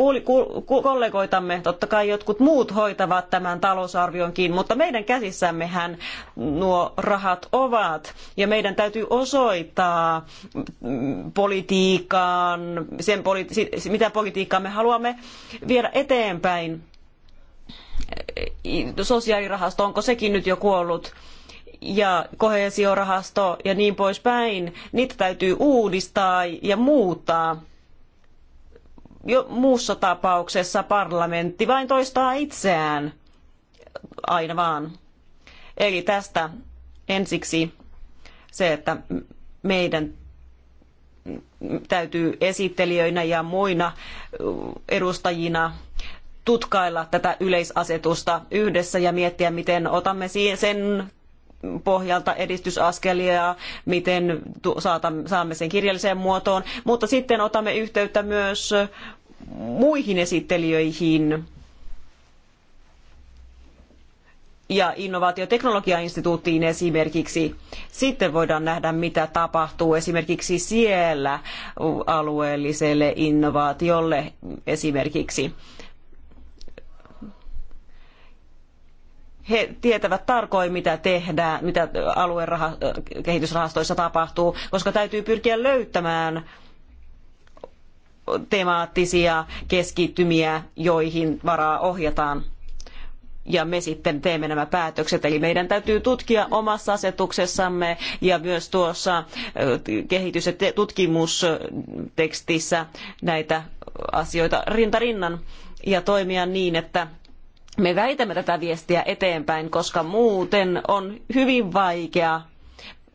kollegoitamme. Totta kai jotkut muut hoitavat tämän talousarvionkin, mutta meidän käsissämmehän nuo rahat ongelmat ovat. Ja meidän täytyy osoittaa mm, politiikkaan, sen politi- mitä politiikkaa me haluamme viedä eteenpäin. Sosiaalirahasto, onko sekin nyt jo kuollut? ja koheesiorahasto ja niin poispäin, niitä täytyy uudistaa ja muuttaa. Jo muussa tapauksessa parlamentti vain toistaa itseään aina vaan. Eli tästä Ensiksi se, että meidän täytyy esittelijöinä ja muina edustajina tutkailla tätä yleisasetusta yhdessä ja miettiä, miten otamme sen pohjalta edistysaskelia, miten saamme sen kirjalliseen muotoon, mutta sitten otamme yhteyttä myös muihin esittelijöihin ja innovaatioteknologiainstituuttiin esimerkiksi. Sitten voidaan nähdä, mitä tapahtuu esimerkiksi siellä alueelliselle innovaatiolle esimerkiksi. he tietävät tarkoin, mitä tehdään, mitä alueen kehitysrahastoissa tapahtuu, koska täytyy pyrkiä löytämään temaattisia keskittymiä, joihin varaa ohjataan ja me sitten teemme nämä päätökset. Eli meidän täytyy tutkia omassa asetuksessamme ja myös tuossa kehitys- ja tutkimustekstissä näitä asioita rintarinnan ja toimia niin, että me väitämme tätä viestiä eteenpäin, koska muuten on hyvin vaikea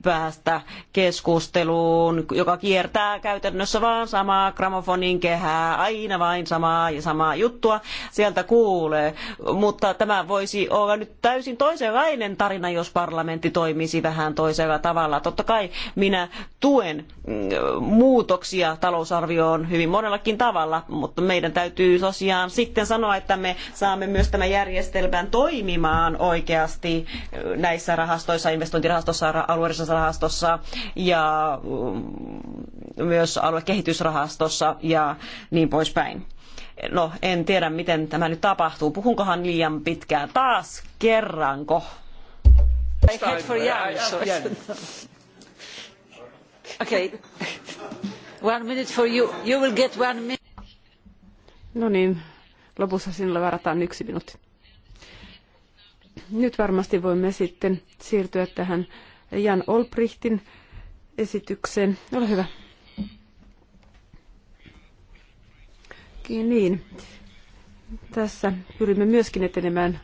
päästä keskusteluun, joka kiertää käytännössä vaan samaa gramofonin kehää, aina vain samaa ja samaa juttua sieltä kuulee. Mutta tämä voisi olla nyt täysin toisenlainen tarina, jos parlamentti toimisi vähän toisella tavalla. Totta kai minä tuen mm, muutoksia talousarvioon hyvin monellakin tavalla, mutta meidän täytyy tosiaan sitten sanoa, että me saamme myös tämän järjestelmän toimimaan oikeasti näissä rahastoissa, investointirahastossa, alueellisessa kehitysrahastossa ja mm, myös aluekehitysrahastossa ja niin poispäin. No, en tiedä miten tämä nyt tapahtuu. Puhunkohan liian pitkään taas kerranko? [laughs] Okay. One minute for you. You will get one minute. No niin, lopussa sinulle varataan yksi minuutti. Nyt varmasti voimme sitten siirtyä tähän Jan Olbrichtin esitykseen. Ole hyvä. Niin. Tässä pyrimme myöskin etenemään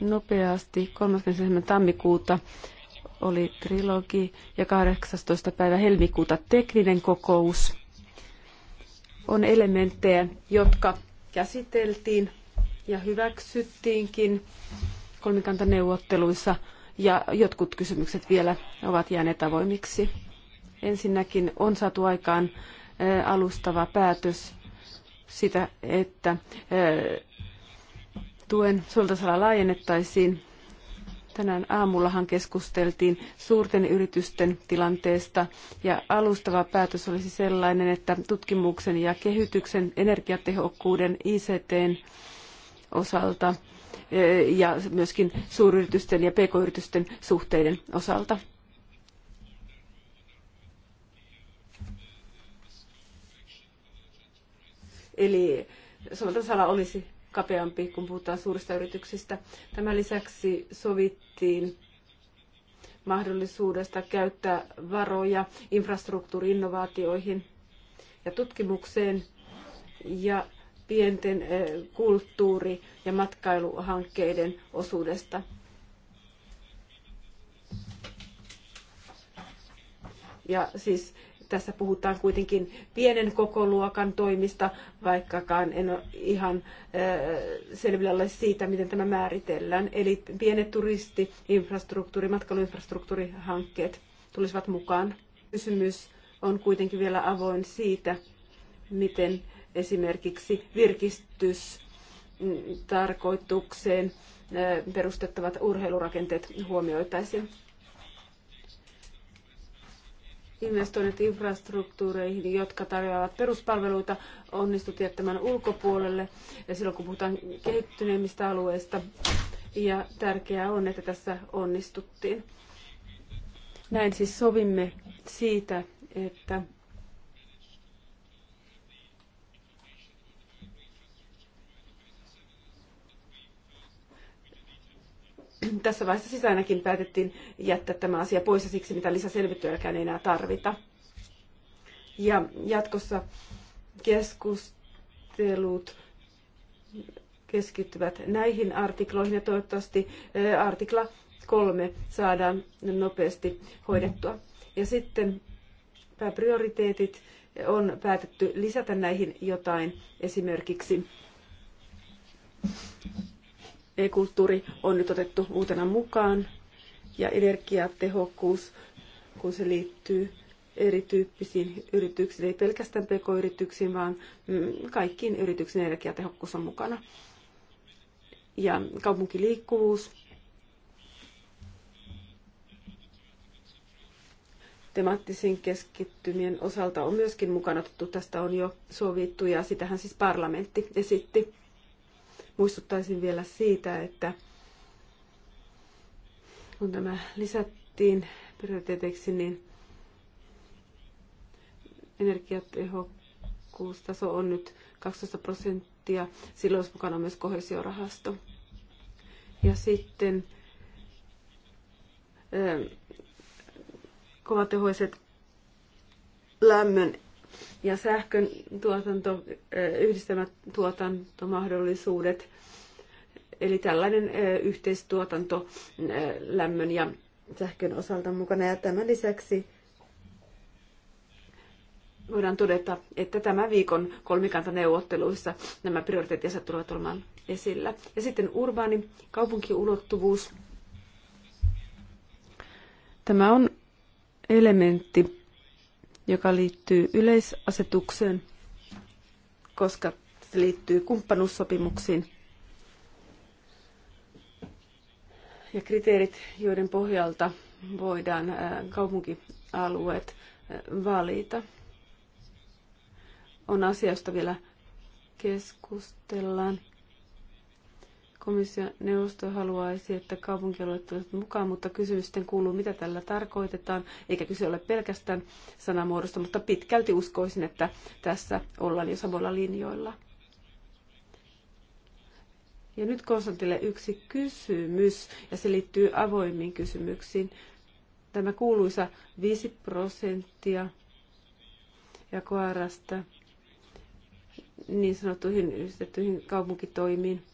nopeasti. 37. tammikuuta oli trilogi ja 18. päivä helmikuuta tekninen kokous. On elementtejä, jotka käsiteltiin ja hyväksyttiinkin kolmikantaneuvotteluissa ja jotkut kysymykset vielä ovat jääneet avoimiksi. Ensinnäkin on saatu aikaan alustava päätös sitä, että tuen soveltasala laajennettaisiin. Tänään aamullahan keskusteltiin suurten yritysten tilanteesta ja alustava päätös olisi sellainen, että tutkimuksen ja kehityksen energiatehokkuuden ICTn osalta – ja myöskin suuryritysten ja pk-yritysten suhteiden osalta. Eli soveltamisala olisi kapeampi, kun puhutaan suurista yrityksistä. Tämän lisäksi sovittiin mahdollisuudesta käyttää varoja infrastruktuuriinnovaatioihin ja tutkimukseen. Ja pienten eh, kulttuuri- ja matkailuhankkeiden osuudesta. Ja siis tässä puhutaan kuitenkin pienen kokoluokan toimista, vaikkakaan en ole ihan eh, selvillä ole siitä, miten tämä määritellään. Eli pienet turisti-, infrastruktuuri-, matkailuinfrastruktuurihankkeet tulisivat mukaan. Kysymys on kuitenkin vielä avoin siitä, miten esimerkiksi virkistystarkoitukseen mm, perustettavat urheilurakenteet huomioitaisiin. Investoinnit infrastruktuureihin, jotka tarjoavat peruspalveluita, onnistut jättämään ulkopuolelle ja silloin kun puhutaan kehittyneimmistä alueista. Ja tärkeää on, että tässä onnistuttiin. Näin siis sovimme siitä, että tässä vaiheessa siis ainakin päätettiin jättää tämä asia pois ja siksi mitä lisäselvittelyäkään ei enää tarvita. Ja jatkossa keskustelut keskittyvät näihin artikloihin ja toivottavasti artikla kolme saadaan nopeasti hoidettua. Ja sitten pääprioriteetit on päätetty lisätä näihin jotain esimerkiksi E-kulttuuri on nyt otettu uutena mukaan ja energiatehokkuus, kun se liittyy erityyppisiin yrityksiin, ei pelkästään pk-yrityksiin, vaan mm, kaikkiin yrityksiin energiatehokkuus on mukana. Ja kaupunkiliikkuvuus. Temaattisiin keskittymien osalta on myöskin mukana otettu, tästä on jo sovittu ja sitähän siis parlamentti esitti. Muistuttaisin vielä siitä, että kun tämä lisättiin prioriteeteiksi, niin energiatehokkuustaso on nyt 12 prosenttia. Silloin olisi mukana myös kohesiorahasto. Ja sitten kovatehoiset lämmön ja sähkön tuotanto, yhdistelmätuotantomahdollisuudet, eli tällainen yhteistuotanto lämmön ja sähkön osalta mukana. Ja tämän lisäksi voidaan todeta, että tämä viikon kolmikantaneuvotteluissa nämä prioriteettiasiat tulevat olemaan esillä. Ja sitten urbaani kaupunkiulottuvuus. Tämä on elementti, joka liittyy yleisasetukseen, koska se liittyy kumppanuussopimuksiin ja kriteerit, joiden pohjalta voidaan kaupunkialueet valita. On asia, josta vielä keskustellaan. Komission neuvosto haluaisi, että kaupunkialueet tulevat mukaan, mutta kysymys sitten kuuluu, mitä tällä tarkoitetaan. Eikä kyse ole pelkästään sanamuodosta, mutta pitkälti uskoisin, että tässä ollaan jo samoilla linjoilla. Ja nyt konsultille yksi kysymys, ja se liittyy avoimiin kysymyksiin. Tämä kuuluisa 5 prosenttia ja jakoarasta niin sanottuihin yhdistettyihin kaupunkitoimiin –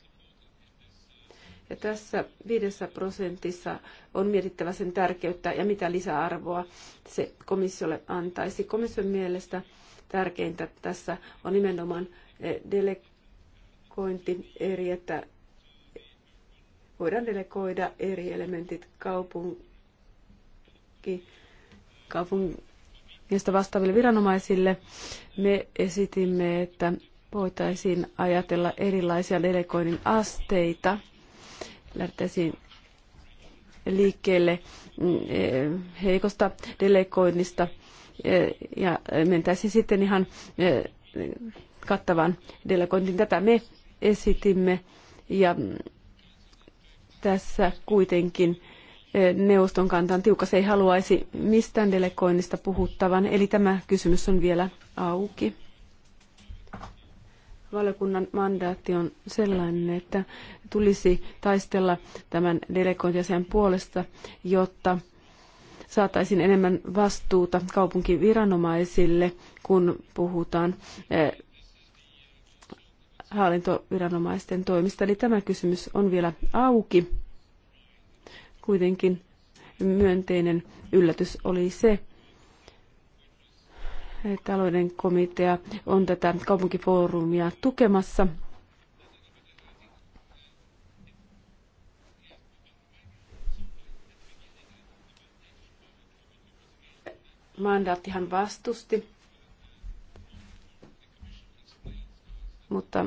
ja tässä viidessä prosentissa on mietittävä sen tärkeyttä ja mitä lisäarvoa se komissiolle antaisi. Komission mielestä tärkeintä tässä on nimenomaan eh, delegointi eri, että voidaan delegoida eri elementit kaupunki, kaupungista vastaaville viranomaisille. Me esitimme, että voitaisiin ajatella erilaisia delegoinnin asteita – lähdettäisiin liikkeelle mm, e, heikosta delegoinnista e, ja mentäisiin sitten ihan e, kattavan delegointiin. Tätä me esitimme ja tässä kuitenkin neuvoston kantaan tiukka. Se ei haluaisi mistään delegoinnista puhuttavan, eli tämä kysymys on vielä auki valiokunnan mandaatti on sellainen, että tulisi taistella tämän delegointiasian puolesta, jotta saataisiin enemmän vastuuta kaupunkiviranomaisille, kun puhutaan eh, hallintoviranomaisten toimista. Eli tämä kysymys on vielä auki. Kuitenkin myönteinen yllätys oli se, talouden komitea on tätä kaupunkifoorumia tukemassa. Mandaattihan vastusti, mutta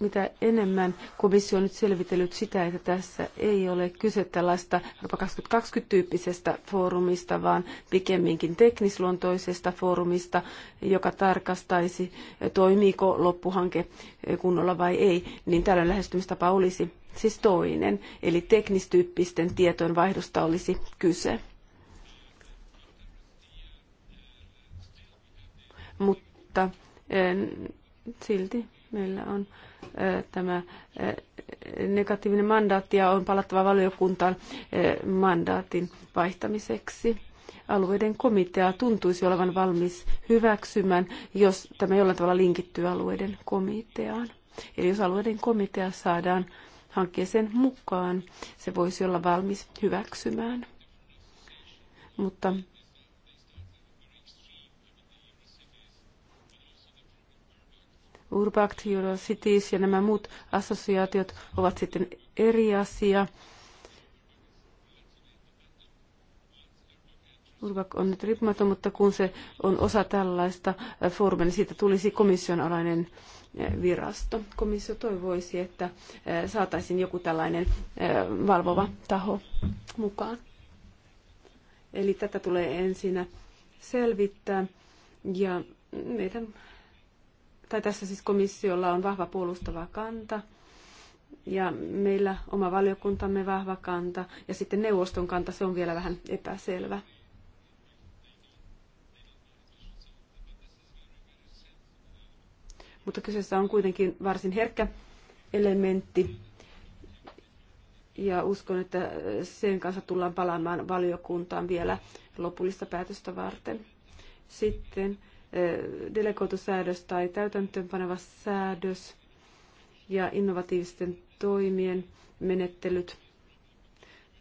mitä enemmän komissio on nyt selvitellyt sitä, että tässä ei ole kyse tällaista Euroopan 2020-tyyppisestä foorumista, vaan pikemminkin teknisluontoisesta foorumista, joka tarkastaisi, toimiiko loppuhanke kunnolla vai ei, niin tällöin lähestymistapa olisi siis toinen, eli teknistyyppisten tietojen vaihdosta olisi kyse. Mutta eh, silti meillä on tämä negatiivinen mandaatti ja on palattava valiokuntaan mandaatin vaihtamiseksi. Alueiden komitea tuntuisi olevan valmis hyväksymään, jos tämä jollain tavalla linkittyy alueiden komiteaan. Eli jos alueiden komitea saadaan hankkeeseen mukaan, se voisi olla valmis hyväksymään. Mutta Urbact, Cities ja nämä muut assosiaatiot ovat sitten eri asia. Urbak on nyt riippumaton, mutta kun se on osa tällaista foorumia, niin siitä tulisi komission alainen eh, virasto. Komissio toivoisi, että eh, saataisiin joku tällainen eh, valvova taho mukaan. Eli tätä tulee ensin selvittää ja meidän tai tässä siis komissiolla on vahva puolustava kanta ja meillä oma valiokuntamme vahva kanta ja sitten neuvoston kanta, se on vielä vähän epäselvä. Mutta kyseessä on kuitenkin varsin herkkä elementti ja uskon, että sen kanssa tullaan palaamaan valiokuntaan vielä lopullista päätöstä varten. Sitten delegoitu säädös tai täytäntöönpaneva säädös ja innovatiivisten toimien menettelyt.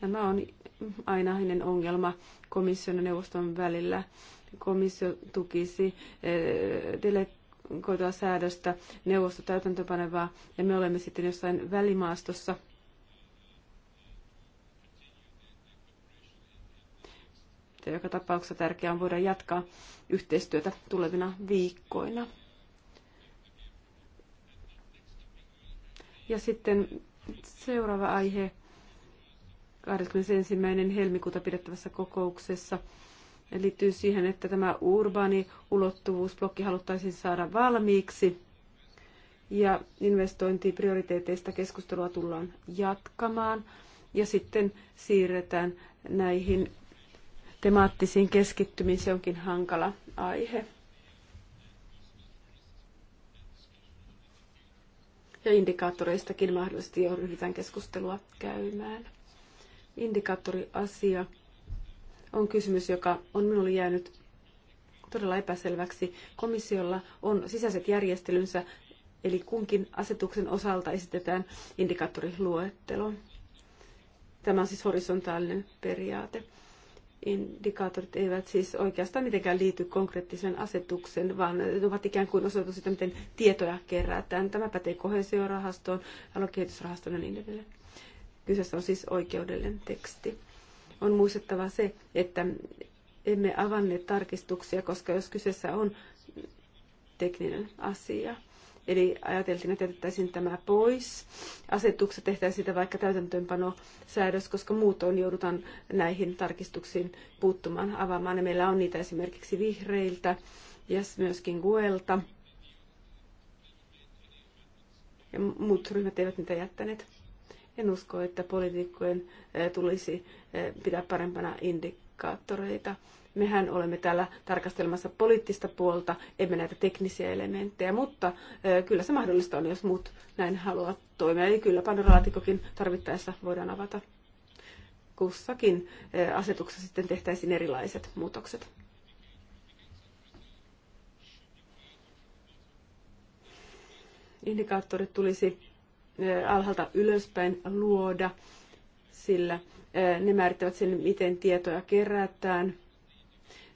Nämä on ainainen ongelma komission ja neuvoston välillä. Komissio tukisi delegoitua säädöstä, neuvosto täytäntöönpanevaa ja me olemme sitten jossain välimaastossa – Ja joka tapauksessa tärkeää on voida jatkaa yhteistyötä tulevina viikkoina. Ja sitten seuraava aihe 21. helmikuuta pidettävässä kokouksessa liittyy siihen, että tämä urbaani ulottuvuusblokki haluttaisiin saada valmiiksi. Ja investointiprioriteeteista keskustelua tullaan jatkamaan. Ja sitten siirretään näihin temaattisiin keskittymiin, se onkin hankala aihe. Ja indikaattoreistakin mahdollisesti jo ryhdytään keskustelua käymään. Indikaattoriasia on kysymys, joka on minulle jäänyt todella epäselväksi. Komissiolla on sisäiset järjestelynsä, eli kunkin asetuksen osalta esitetään indikaattoriluettelo. Tämä on siis horisontaalinen periaate indikaattorit eivät siis oikeastaan mitenkään liity konkreettiseen asetukseen, vaan ne ovat ikään kuin osoitus siitä, miten tietoja kerätään. Tämä pätee kohesiorahastoon, aluekehitysrahastoon ja niin edelleen. Kyseessä on siis oikeudellinen teksti. On muistettava se, että emme avanneet tarkistuksia, koska jos kyseessä on tekninen asia – Eli ajateltiin, että jätettäisiin tämä pois. asetukset tehtäisiin sitä vaikka täytäntöönpanosäädös, koska muutoin joudutaan näihin tarkistuksiin puuttumaan, avaamaan. Ja meillä on niitä esimerkiksi vihreiltä ja myöskin Guelta. Ja muut ryhmät eivät niitä jättäneet. En usko, että poliitikkojen eh, tulisi eh, pitää parempana indikaattoreita Mehän olemme täällä tarkastelemassa poliittista puolta, emme näitä teknisiä elementtejä, mutta kyllä se mahdollista on, jos muut näin haluavat toimia. Eli kyllä panoralaatikkokin tarvittaessa voidaan avata kussakin asetuksessa sitten tehtäisiin erilaiset muutokset. Indikaattorit tulisi alhaalta ylöspäin luoda, sillä ne määrittävät sen, miten tietoja kerätään –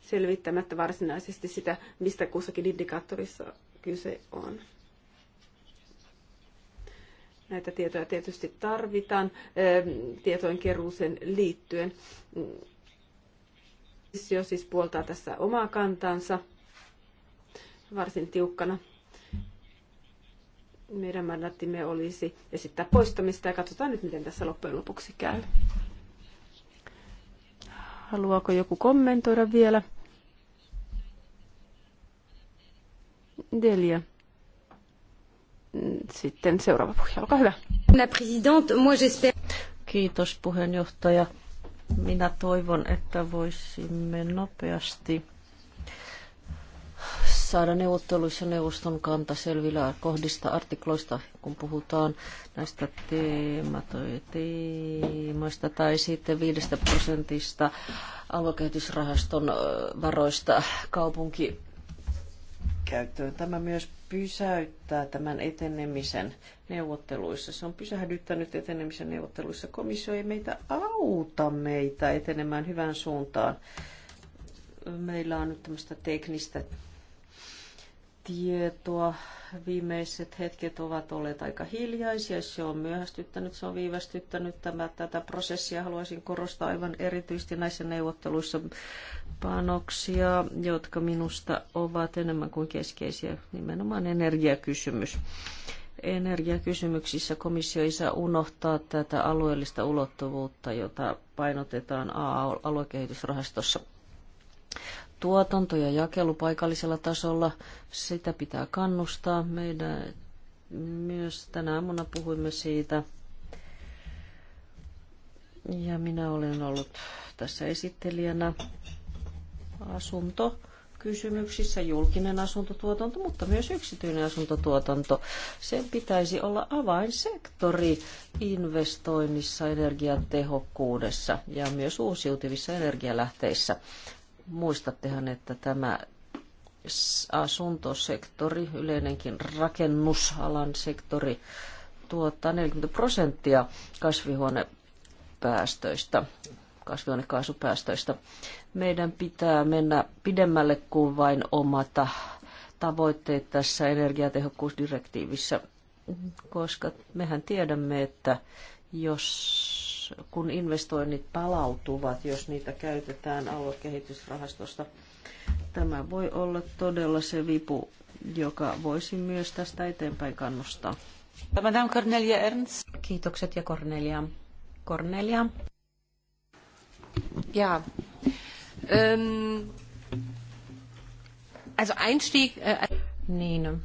selvittämättä varsinaisesti sitä, mistä kussakin indikaattorissa kyse on. Näitä tietoja tietysti tarvitaan ehm, tietojen keruuseen liittyen. Komissio siis puoltaa tässä omaa kantansa, varsin tiukkana. Meidän mandattimme olisi esittää poistamista ja katsotaan nyt, miten tässä loppujen lopuksi käy. Haluaako joku kommentoida vielä? Delia. Sitten seuraava puhuja, olkaa hyvä. Kiitos puheenjohtaja. Minä toivon, että voisimme nopeasti saada neuvotteluissa neuvoston kanta selvillä kohdista artikloista, kun puhutaan näistä teemoista tai sitten viidestä prosentista aluekehitysrahaston varoista kaupunki käyttöön. Tämä myös pysäyttää tämän etenemisen neuvotteluissa. Se on pysähdyttänyt etenemisen neuvotteluissa. Komissio ei meitä auta meitä etenemään hyvään suuntaan. Meillä on nyt tämmöistä teknistä tietoa. Viimeiset hetket ovat olleet aika hiljaisia. Se on myöhästyttänyt, se on viivästyttänyt tämä, tätä prosessia. Haluaisin korostaa aivan erityisesti näissä neuvotteluissa panoksia, jotka minusta ovat enemmän kuin keskeisiä, nimenomaan energiakysymys. Energiakysymyksissä komissio ei saa unohtaa tätä alueellista ulottuvuutta, jota painotetaan A-aluekehitysrahastossa tuotanto ja jakelu paikallisella tasolla, sitä pitää kannustaa. Meidän myös tänä aamuna puhuimme siitä. Ja minä olen ollut tässä esittelijänä asunto kysymyksissä julkinen asuntotuotanto, mutta myös yksityinen asuntotuotanto. Sen pitäisi olla avainsektori investoinnissa, energiatehokkuudessa ja myös uusiutuvissa energialähteissä. Muistattehan, että tämä asuntosektori, yleinenkin rakennusalan sektori, tuottaa 40 prosenttia kasvihuonepäästöistä, kasvihuonekaasupäästöistä. Meidän pitää mennä pidemmälle kuin vain omata tavoitteet tässä energiatehokkuusdirektiivissä, koska mehän tiedämme, että jos kun investoinnit palautuvat, jos niitä käytetään aluekehitysrahastosta. Tämä voi olla todella se vipu, joka voisi myös tästä eteenpäin kannustaa. Madame Cornelia Ernst. Kiitokset ja Cornelia. Cornelia. Ja. Ähm, also Einstieg... Äh, niin.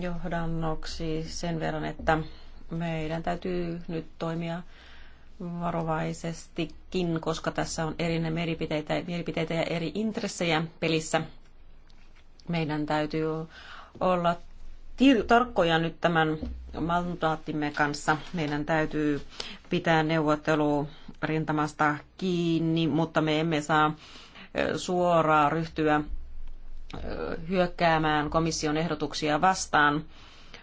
johdannoksi sen verran, että meidän täytyy nyt toimia varovaisestikin, koska tässä on eri mielipiteitä, mielipiteitä ja eri intressejä pelissä. Meidän täytyy olla tarkkoja nyt tämän mandaattimme kanssa. Meidän täytyy pitää neuvottelu rintamasta kiinni, mutta me emme saa suoraan ryhtyä hyökkäämään komission ehdotuksia vastaan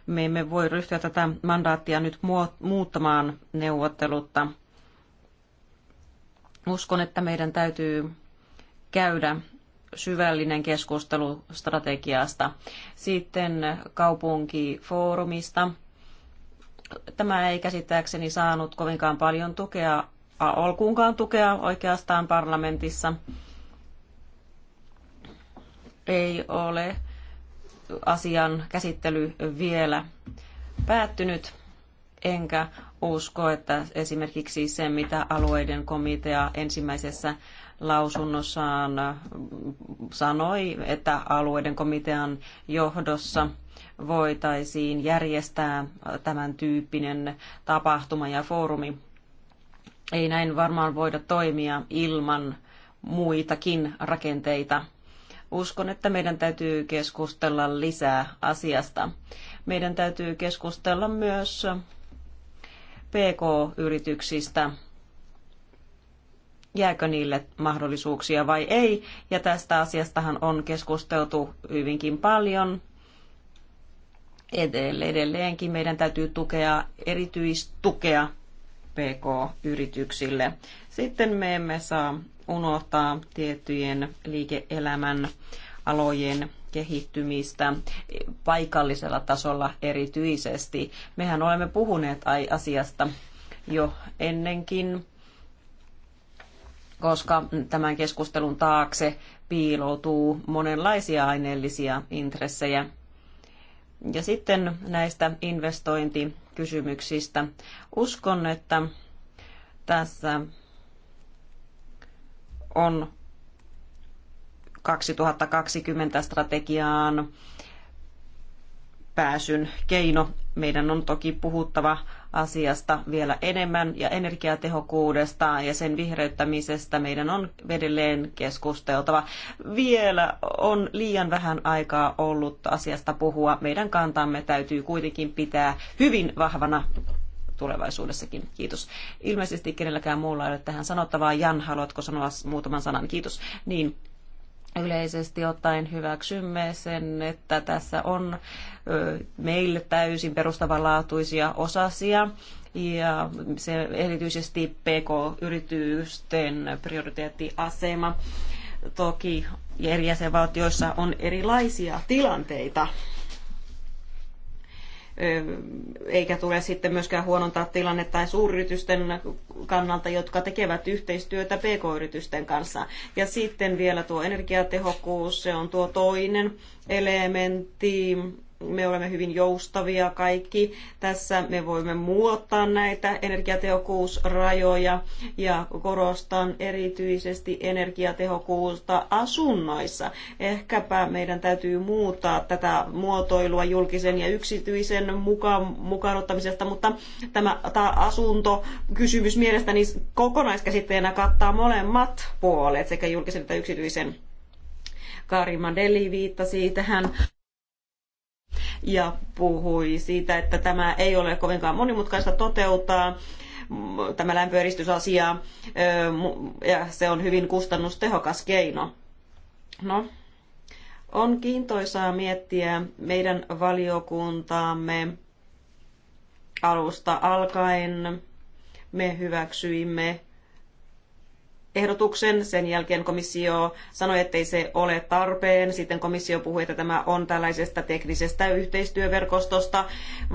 me emme voi ryhtyä tätä mandaattia nyt muuttamaan neuvottelutta. Uskon, että meidän täytyy käydä syvällinen keskustelu strategiasta. Sitten kaupunkifoorumista. Tämä ei käsittääkseni saanut kovinkaan paljon tukea, alkuunkaan tukea oikeastaan parlamentissa. Ei ole asian käsittely vielä päättynyt, enkä usko, että esimerkiksi se, mitä alueiden komitea ensimmäisessä lausunnossaan sanoi, että alueiden komitean johdossa voitaisiin järjestää tämän tyyppinen tapahtuma ja foorumi. Ei näin varmaan voida toimia ilman muitakin rakenteita Uskon, että meidän täytyy keskustella lisää asiasta. Meidän täytyy keskustella myös PK-yrityksistä, jääkö niille mahdollisuuksia vai ei. Ja tästä asiastahan on keskusteltu hyvinkin paljon. Edelleenkin meidän täytyy tukea erityistukea PK-yrityksille. Sitten me emme saa unohtaa tiettyjen liike-elämän alojen kehittymistä paikallisella tasolla erityisesti. Mehän olemme puhuneet asiasta jo ennenkin, koska tämän keskustelun taakse piiloutuu monenlaisia aineellisia intressejä. Ja sitten näistä investointikysymyksistä. Uskon, että tässä on 2020 strategiaan pääsyn keino. Meidän on toki puhuttava asiasta vielä enemmän ja energiatehokkuudesta ja sen vihreyttämisestä meidän on edelleen keskusteltava. Vielä on liian vähän aikaa ollut asiasta puhua. Meidän kantamme täytyy kuitenkin pitää hyvin vahvana tulevaisuudessakin. Kiitos. Ilmeisesti kenelläkään muulla ei ole tähän sanottavaa. Jan, haluatko sanoa muutaman sanan? Kiitos. Niin, yleisesti ottaen hyväksymme sen, että tässä on meille täysin perustavanlaatuisia osasia ja se erityisesti PK-yritysten prioriteettiasema. Toki eri jäsenvaltioissa on erilaisia tilanteita eikä tule sitten myöskään huonontaa tilannetta suuryritysten kannalta, jotka tekevät yhteistyötä pk-yritysten kanssa. Ja sitten vielä tuo energiatehokkuus, se on tuo toinen elementti me olemme hyvin joustavia kaikki. Tässä me voimme muuttaa näitä energiatehokkuusrajoja ja korostan erityisesti energiatehokkuutta asunnoissa. Ehkäpä meidän täytyy muuttaa tätä muotoilua julkisen ja yksityisen mukaan, mukaan ottamisesta, mutta tämä, tämä asuntokysymys mielestäni kokonaiskäsitteenä kattaa molemmat puolet, sekä julkisen että yksityisen. Kari Mandeli viittasi tähän ja puhui siitä, että tämä ei ole kovinkaan monimutkaista toteuttaa mm, tämä lämpöeristysasia ja se on hyvin kustannustehokas keino. No, on kiintoisaa miettiä meidän valiokuntaamme alusta alkaen. Me hyväksyimme ehdotuksen. Sen jälkeen komissio sanoi, ettei se ole tarpeen. Sitten komissio puhui, että tämä on tällaisesta teknisestä yhteistyöverkostosta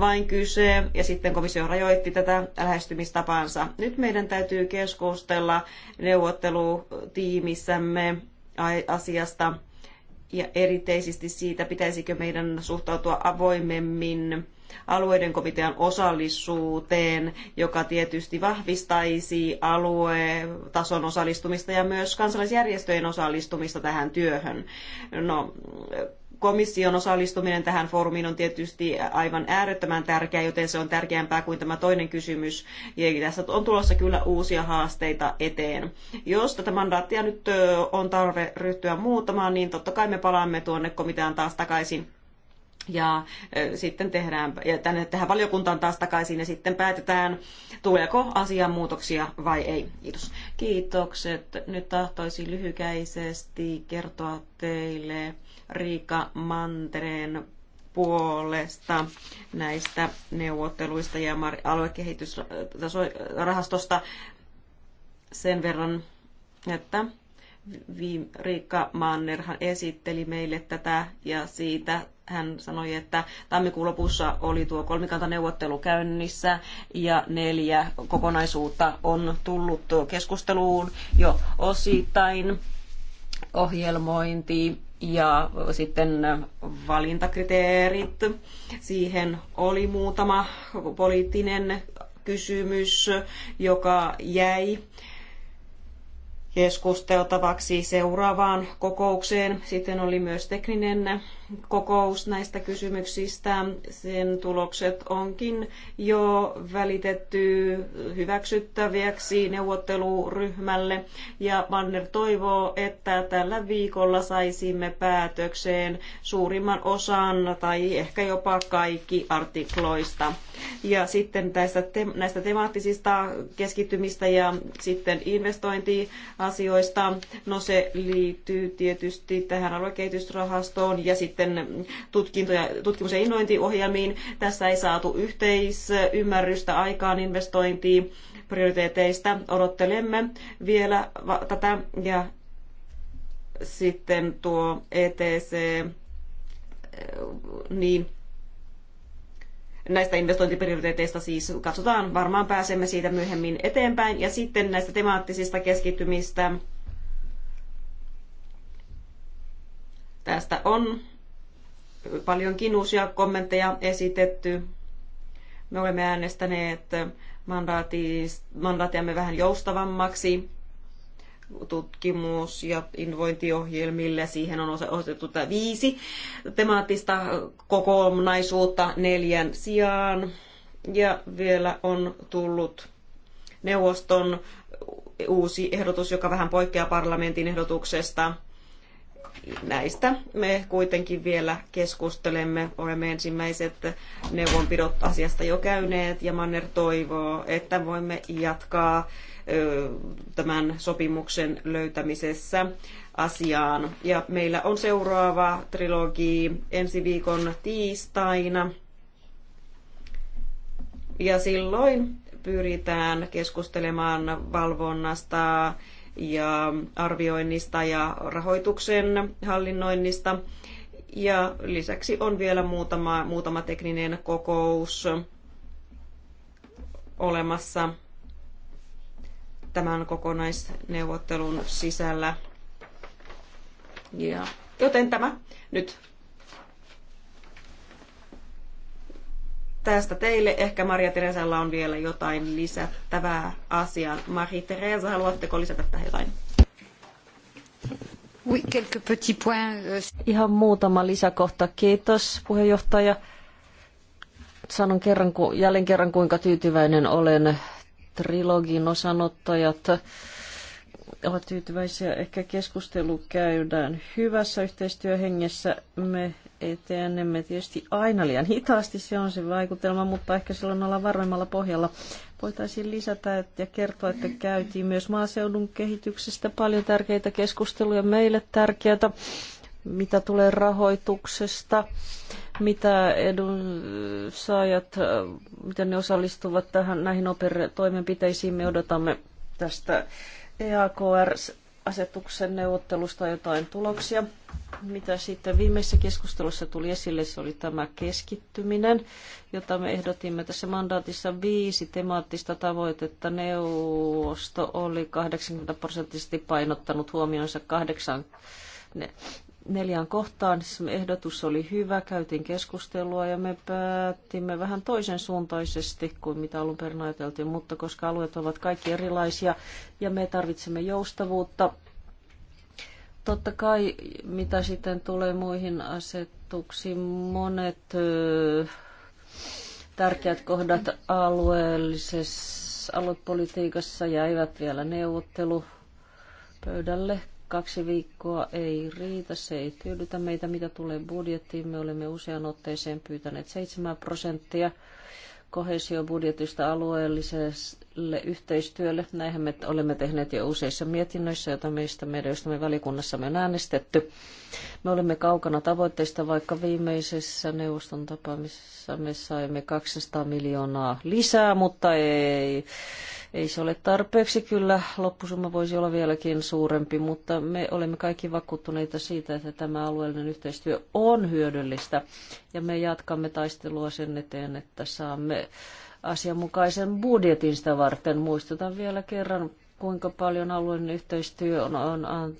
vain kyse. Ja sitten komissio rajoitti tätä lähestymistapaansa. Nyt meidän täytyy keskustella neuvottelutiimissämme asiasta ja erityisesti siitä, pitäisikö meidän suhtautua avoimemmin alueiden komitean osallisuuteen, joka tietysti vahvistaisi aluetason osallistumista ja myös kansalaisjärjestöjen osallistumista tähän työhön. No, komission osallistuminen tähän foorumiin on tietysti aivan äärettömän tärkeää, joten se on tärkeämpää kuin tämä toinen kysymys. Ja tässä on tulossa kyllä uusia haasteita eteen. Jos tätä mandaattia nyt on tarve ryhtyä muuttamaan, niin totta kai me palaamme tuonne komitean taas takaisin ja sitten tehdään ja tänne, tähän valiokuntaan taas takaisin ja sitten päätetään, tuleeko asian muutoksia vai ei. Kiitos. Kiitokset. Nyt tahtoisin lyhykäisesti kertoa teille Riika Mantereen puolesta näistä neuvotteluista ja aluekehitysrahastosta sen verran, että Riikka Mannerhan esitteli meille tätä ja siitä hän sanoi, että tammikuun lopussa oli tuo kolmikantaneuvottelu käynnissä ja neljä kokonaisuutta on tullut keskusteluun jo osittain ohjelmointi ja sitten valintakriteerit. Siihen oli muutama poliittinen kysymys, joka jäi keskusteltavaksi seuraavaan kokoukseen. Sitten oli myös tekninen kokous näistä kysymyksistä. Sen tulokset onkin jo välitetty hyväksyttäväksi neuvotteluryhmälle ja Manner toivoo, että tällä viikolla saisimme päätökseen suurimman osan tai ehkä jopa kaikki artikloista. Ja sitten näistä, te- näistä temaattisista keskittymistä ja sitten investointiasioista, no se liittyy tietysti tähän aluekehitysrahastoon ja sitten sitten tutkimus- ja innointiohjelmiin. Tässä ei saatu yhteisymmärrystä aikaan investointiin prioriteeteista. Odottelemme vielä tätä ja sitten tuo ETC, eh, niin näistä investointiprioriteeteista siis katsotaan, varmaan pääsemme siitä myöhemmin eteenpäin. Ja sitten näistä temaattisista keskittymistä. Tästä on paljonkin uusia kommentteja esitetty. Me olemme äänestäneet mandaatiamme vähän joustavammaksi tutkimus- ja invointiohjelmille. Siihen on osoitettu viisi temaattista kokonaisuutta neljän sijaan. Ja vielä on tullut neuvoston uusi ehdotus, joka vähän poikkeaa parlamentin ehdotuksesta – Näistä me kuitenkin vielä keskustelemme. Olemme ensimmäiset neuvonpidot asiasta jo käyneet ja Manner toivoo, että voimme jatkaa tämän sopimuksen löytämisessä asiaan. Ja meillä on seuraava trilogi ensi viikon tiistaina. Ja silloin pyritään keskustelemaan valvonnasta, ja arvioinnista ja rahoituksen hallinnoinnista. Ja lisäksi on vielä muutama, muutama tekninen kokous olemassa tämän kokonaisneuvottelun sisällä. Ja, joten tämä nyt tästä teille. Ehkä Maria Teresalla on vielä jotain lisättävää asiaa. Maria Teresa, haluatteko lisätä tähän jotain? Oui, quelques petits points. Euh, Ihan muutama lisäkohta. Kiitos puheenjohtaja. Sanon kerran, jälleen kerran kuinka tyytyväinen olen trilogin osanottajat ovat tyytyväisiä. Ehkä keskustelu käydään hyvässä yhteistyöhengessä. Me etenemme tietysti aina liian hitaasti, se on se vaikutelma, mutta ehkä silloin ollaan varmemmalla pohjalla. Voitaisiin lisätä ja kertoa, että käytiin myös maaseudun kehityksestä paljon tärkeitä keskusteluja meille tärkeitä. mitä tulee rahoituksesta, mitä edunsaajat, miten ne osallistuvat tähän, näihin toimenpiteisiin. Me odotamme tästä EAKR asetuksen neuvottelusta jotain tuloksia. Mitä sitten viimeisessä keskustelussa tuli esille, se oli tämä keskittyminen, jota me ehdotimme tässä mandaatissa viisi temaattista tavoitetta. Neuvosto oli 80 prosenttisesti painottanut huomionsa kahdeksan neljään kohtaan. Siis ehdotus oli hyvä, käytiin keskustelua ja me päätimme vähän toisen suuntaisesti kuin mitä alun perin ajateltiin, mutta koska alueet ovat kaikki erilaisia ja me tarvitsemme joustavuutta, totta kai mitä sitten tulee muihin asetuksiin, monet ö, tärkeät kohdat alueellisessa aluepolitiikassa jäivät vielä neuvottelu pöydälle Kaksi viikkoa ei riitä, se ei tyydytä meitä, mitä tulee budjettiin. Me olemme usean otteeseen pyytäneet 7 prosenttia kohesiobudjetista alueellisesti yhteistyölle. Näinhän me olemme tehneet jo useissa mietinnöissä, joita meistä meidän, josta me valikunnassamme on äänestetty. Me olemme kaukana tavoitteista, vaikka viimeisessä neuvoston tapaamisessa me saimme 200 miljoonaa lisää, mutta ei, ei se ole tarpeeksi. Kyllä loppusumma voisi olla vieläkin suurempi, mutta me olemme kaikki vakuuttuneita siitä, että tämä alueellinen yhteistyö on hyödyllistä ja me jatkamme taistelua sen eteen, että saamme asianmukaisen budjetin sitä varten. Muistutan vielä kerran, kuinka paljon alueen yhteistyö on, on, on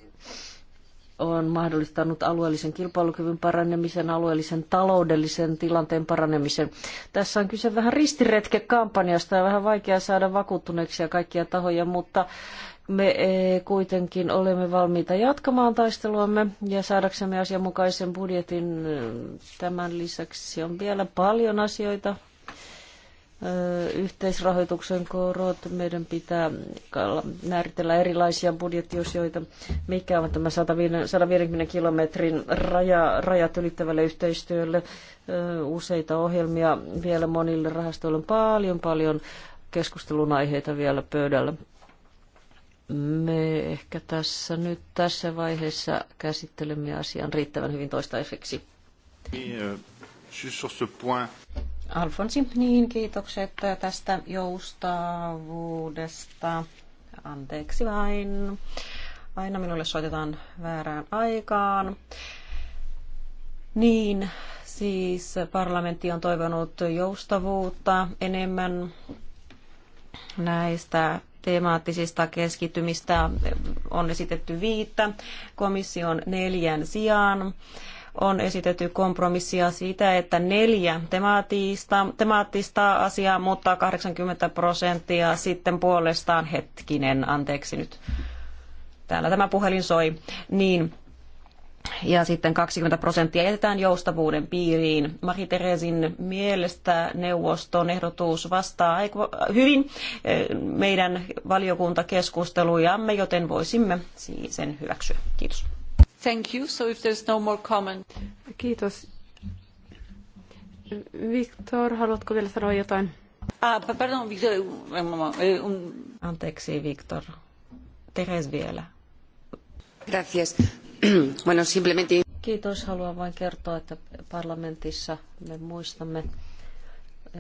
on mahdollistanut alueellisen kilpailukyvyn paranemisen, alueellisen taloudellisen tilanteen paranemisen. Tässä on kyse vähän ristiretkekampanjasta ja vähän vaikea saada vakuuttuneeksi ja kaikkia tahoja, mutta me eh, kuitenkin olemme valmiita jatkamaan taisteluamme ja saadaksemme asianmukaisen budjetin. Eh, tämän lisäksi on vielä paljon asioita, yhteisrahoituksen korot. Meidän pitää määritellä erilaisia budjettiosioita, mikä on tämä 150 kilometrin raja, rajat ylittävälle yhteistyölle. Useita ohjelmia vielä monille rahastoille on paljon, paljon keskustelun aiheita vielä pöydällä. Me ehkä tässä nyt tässä vaiheessa käsittelemme asian riittävän hyvin toistaiseksi. Euh, Alfonsi, niin kiitokset tästä joustavuudesta. Anteeksi vain. Aina minulle soitetaan väärään aikaan. Niin, siis parlamentti on toivonut joustavuutta enemmän näistä temaattisista keskittymistä on esitetty viittä komission neljän sijaan on esitetty kompromissia siitä, että neljä temaattista, temaattista asiaa, mutta 80 prosenttia sitten puolestaan hetkinen, anteeksi nyt. Täällä tämä puhelin soi. Niin, ja sitten 20 prosenttia jätetään joustavuuden piiriin. Marie-Theresin mielestä neuvoston ehdotus vastaa hyvin eh, meidän valiokuntakeskustelujamme, joten voisimme sen hyväksyä. Kiitos. Thank you. So if there's no more comment. Kiitos. Viktor, haluatko vielä sanoa jotain? Ah, pardon, Victor. Eh, Anteeksi, Viktor. Teres vielä. Gracias. [clears throat] bueno, simplemente... Kiitos. Haluan vain kertoa, että parlamentissa me muistamme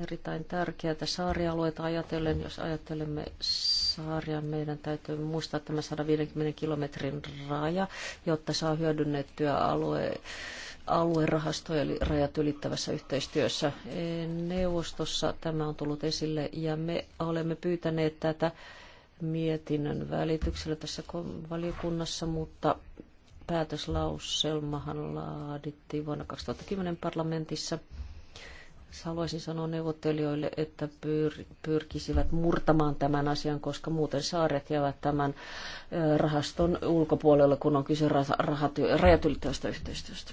erittäin tärkeää saarialueita ajatellen. Jos ajattelemme saaria, meidän täytyy muistaa tämä 150 kilometrin raja, jotta saa hyödynnettyä alue, aluerahastoja eli rajat ylittävässä yhteistyössä. E, neuvostossa tämä on tullut esille ja me olemme pyytäneet tätä mietinnön välityksellä tässä valiokunnassa, mutta päätöslauselmahan laadittiin vuonna 2010 parlamentissa – haluaisin sanoa neuvottelijoille, että pyr- pyrkisivät murtamaan tämän asian, koska muuten saaret jäävät tämän rahaston ulkopuolelle, kun on kyse ra- rahaty- rajat ylittävästä yhteistyöstä.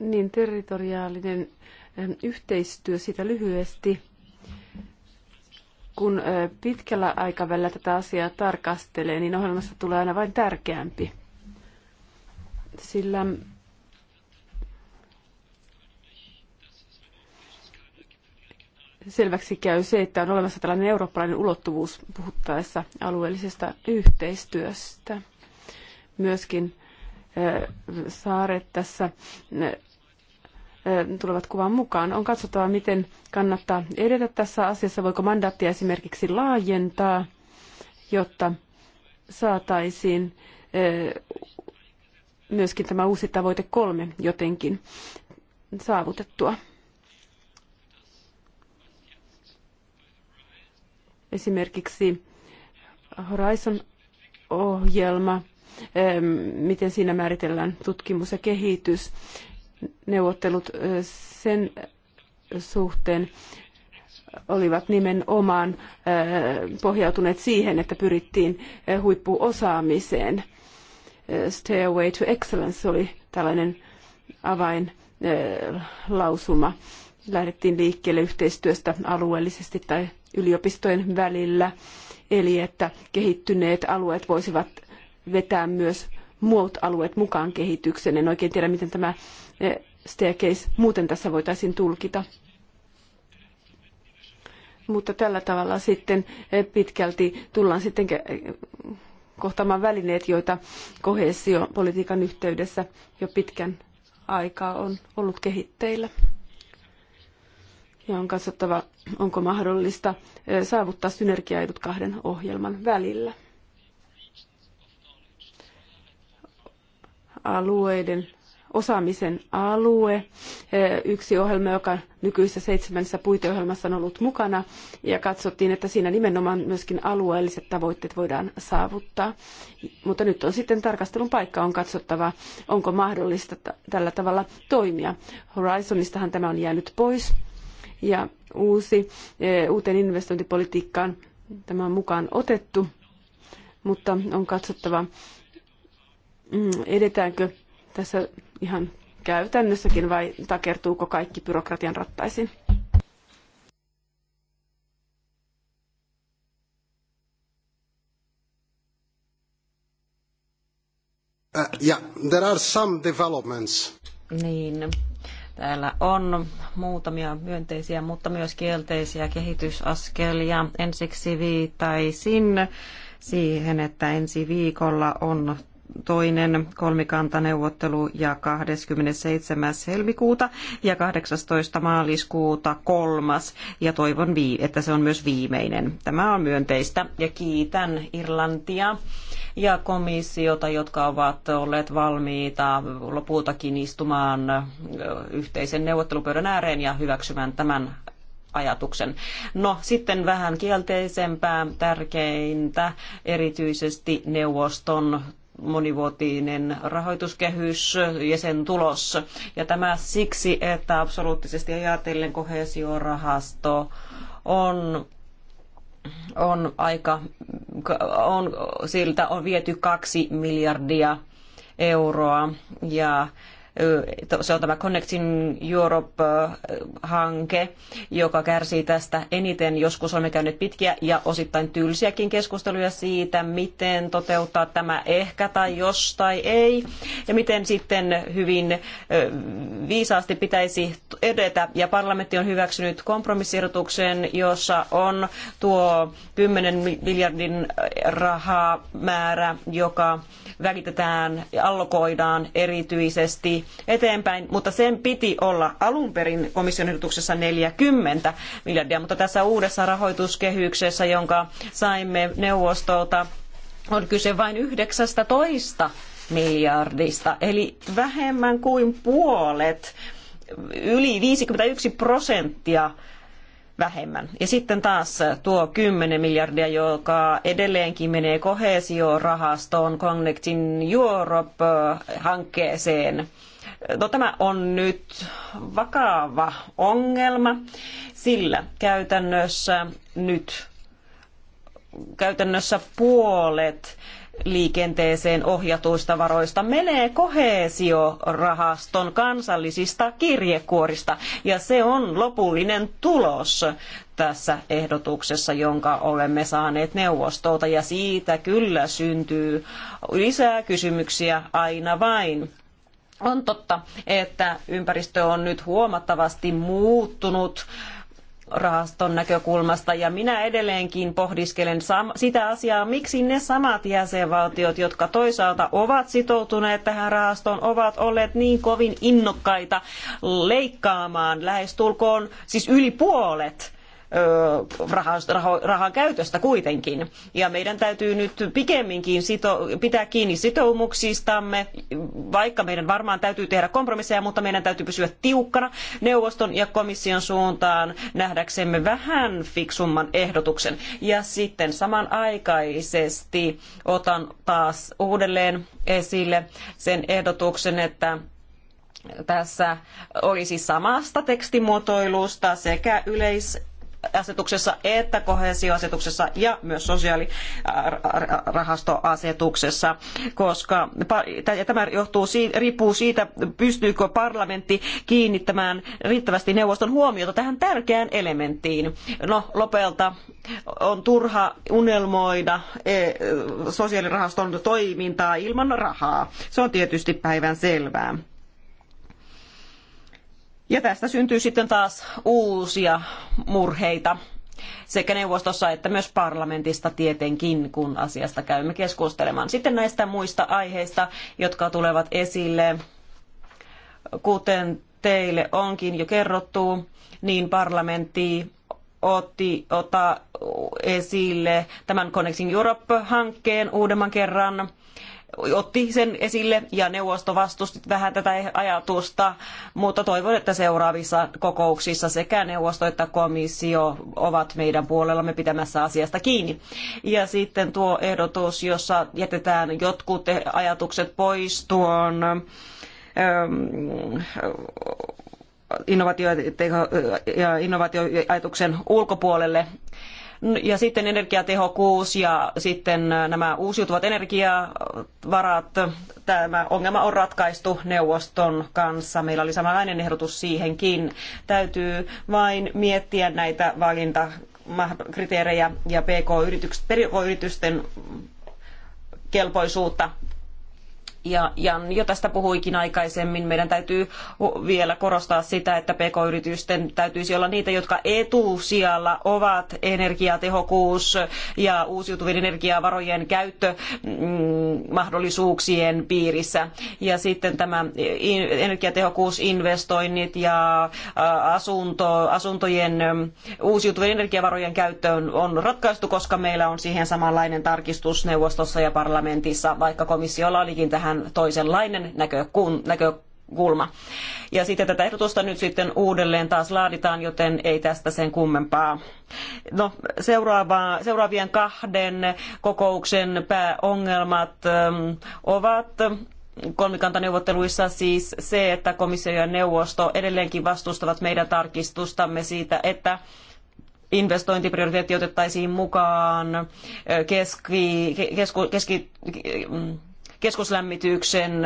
Niin, territoriaalinen yhteistyö, sitä lyhyesti kun pitkällä aikavälillä tätä asiaa tarkastelee, niin ohjelmassa tulee aina vain tärkeämpi. Sillä selväksi käy se, että on olemassa tällainen eurooppalainen ulottuvuus puhuttaessa alueellisesta yhteistyöstä. Myöskin saaret tässä tulevat kuvan mukaan. On katsottava, miten kannattaa edetä tässä asiassa, voiko mandaattia esimerkiksi laajentaa, jotta saataisiin myöskin tämä uusi tavoite kolme jotenkin saavutettua. Esimerkiksi Horizon-ohjelma, miten siinä määritellään tutkimus ja kehitys neuvottelut sen suhteen olivat nimenomaan pohjautuneet siihen, että pyrittiin huippuosaamiseen. Stairway to Excellence oli tällainen avainlausuma. Lähdettiin liikkeelle yhteistyöstä alueellisesti tai yliopistojen välillä, eli että kehittyneet alueet voisivat vetää myös muut alueet mukaan kehitykseen. En oikein tiedä, miten tämä eh, staircase muuten tässä voitaisiin tulkita. Mutta tällä tavalla sitten eh, pitkälti tullaan sitten eh, kohtaamaan välineet, joita kohesiopolitiikan yhteydessä jo pitkän aikaa on ollut kehitteillä. Ja on katsottava, onko mahdollista saavuttaa synergiaedut kahden ohjelman välillä. alueiden osaamisen alue, yksi ohjelma, joka nykyisessä seitsemännessä puiteohjelmassa on ollut mukana, ja katsottiin, että siinä nimenomaan myöskin alueelliset tavoitteet voidaan saavuttaa. Mutta nyt on sitten tarkastelun paikka, on katsottava, onko mahdollista tällä tavalla toimia. Horizonistahan tämä on jäänyt pois, ja uusi, uuteen investointipolitiikkaan tämä on mukaan otettu, mutta on katsottava, Mm, edetäänkö tässä ihan käytännössäkin vai takertuuko kaikki byrokratian rattaisiin? Uh, äh, yeah, there are some developments. Niin, täällä on muutamia myönteisiä, mutta myös kielteisiä kehitysaskelia. Ensiksi viitaisin siihen, että ensi viikolla on toinen kolmikantaneuvottelu ja 27. helmikuuta ja 18. maaliskuuta kolmas ja toivon, että se on myös viimeinen. Tämä on myönteistä ja kiitän Irlantia ja komissiota, jotka ovat olleet valmiita lopultakin istumaan yhteisen neuvottelupöydän ääreen ja hyväksymään tämän ajatuksen. No sitten vähän kielteisempää, tärkeintä, erityisesti neuvoston monivuotinen rahoituskehys ja sen tulos. Ja tämä siksi, että absoluuttisesti ajatellen kohesiorahasto on on aika, on, siltä on viety kaksi miljardia euroa ja se on tämä Connecting Europe-hanke, joka kärsii tästä eniten. Joskus olemme käyneet pitkiä ja osittain tylsiäkin keskusteluja siitä, miten toteuttaa tämä ehkä tai jos tai ei, ja miten sitten hyvin viisaasti pitäisi edetä. Ja parlamentti on hyväksynyt kompromissiehdotuksen, jossa on tuo 10 miljardin rahamäärä, joka välitetään ja allokoidaan erityisesti eteenpäin, mutta sen piti olla alun perin komission ehdotuksessa 40 miljardia, mutta tässä uudessa rahoituskehyksessä, jonka saimme neuvostolta, on kyse vain 19 miljardista, eli vähemmän kuin puolet, yli 51 prosenttia vähemmän. Ja sitten taas tuo 10 miljardia, joka edelleenkin menee kohesiorahastoon Connecting Europe-hankkeeseen No tämä on nyt vakava ongelma, sillä käytännössä nyt käytännössä puolet liikenteeseen ohjatuista varoista menee kohesiorahaston kansallisista kirjekuorista. Ja se on lopullinen tulos tässä ehdotuksessa, jonka olemme saaneet neuvostolta. Ja siitä kyllä syntyy lisää kysymyksiä aina vain. On totta, että ympäristö on nyt huomattavasti muuttunut rahaston näkökulmasta ja minä edelleenkin pohdiskelen sitä asiaa, miksi ne samat jäsenvaltiot, jotka toisaalta ovat sitoutuneet tähän rahastoon, ovat olleet niin kovin innokkaita leikkaamaan lähestulkoon siis yli puolet rahan käytöstä kuitenkin. Ja meidän täytyy nyt pikemminkin sito, pitää kiinni sitoumuksistamme, vaikka meidän varmaan täytyy tehdä kompromisseja, mutta meidän täytyy pysyä tiukkana neuvoston ja komission suuntaan nähdäksemme vähän fiksumman ehdotuksen. Ja sitten samanaikaisesti otan taas uudelleen esille sen ehdotuksen, että tässä olisi samasta tekstimuotoilusta sekä yleis asetuksessa että kohesioasetuksessa ja myös sosiaalirahastoasetuksessa, koska tämä johtuu, riippuu siitä, pystyykö parlamentti kiinnittämään riittävästi neuvoston huomiota tähän tärkeään elementtiin. No, lopelta on turha unelmoida e, sosiaalirahaston toimintaa ilman rahaa. Se on tietysti päivän selvää. Ja tästä syntyy sitten taas uusia murheita sekä neuvostossa että myös parlamentista tietenkin, kun asiasta käymme keskustelemaan. Sitten näistä muista aiheista, jotka tulevat esille, kuten teille onkin jo kerrottu, niin parlamentti otti ota esille tämän Connecting Europe-hankkeen uudemman kerran otti sen esille ja neuvosto vastusti vähän tätä ajatusta, mutta toivon, että seuraavissa kokouksissa sekä neuvosto että komissio ovat meidän puolellamme pitämässä asiasta kiinni. Ja sitten tuo ehdotus, jossa jätetään jotkut ajatukset pois tuon ähm, innovaatioajatuksen ulkopuolelle, ja sitten energiatehokkuus ja sitten nämä uusiutuvat energiavarat. Tämä ongelma on ratkaistu neuvoston kanssa. Meillä oli samanlainen ehdotus siihenkin. Täytyy vain miettiä näitä valintakriteerejä ja PK-yritysten kelpoisuutta ja Jan jo tästä puhuikin aikaisemmin. Meidän täytyy vielä korostaa sitä, että pk-yritysten täytyisi olla niitä, jotka etusijalla ovat energiatehokkuus ja uusiutuvien energiavarojen käyttömahdollisuuksien mm, piirissä. Ja sitten tämä energiatehokkuusinvestoinnit ja asunto, asuntojen mm, uusiutuvien energiavarojen käyttöön on ratkaistu, koska meillä on siihen samanlainen tarkistus neuvostossa ja parlamentissa, vaikka komissiolla olikin tähän vähän toisenlainen näkökulma. Ja sitten tätä ehdotusta nyt sitten uudelleen taas laaditaan, joten ei tästä sen kummempaa. No, seuraavien kahden kokouksen pääongelmat ähm, ovat kolmikantaneuvotteluissa siis se, että komissio ja neuvosto edelleenkin vastustavat meidän tarkistustamme siitä, että investointiprioriteetti otettaisiin mukaan äh, keski, kesku, keski, keskuslämmityksen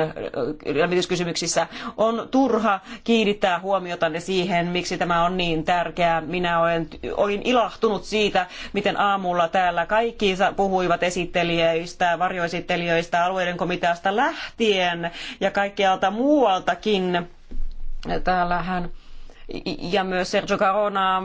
lämmityskysymyksissä on turha kiinnittää huomiota siihen, miksi tämä on niin tärkeää. Minä olen, olin ilahtunut siitä, miten aamulla täällä kaikki puhuivat esittelijöistä, varjoesittelijöistä, alueiden komiteasta lähtien ja kaikkialta muualtakin. Täällähän ja myös Sergio Carona,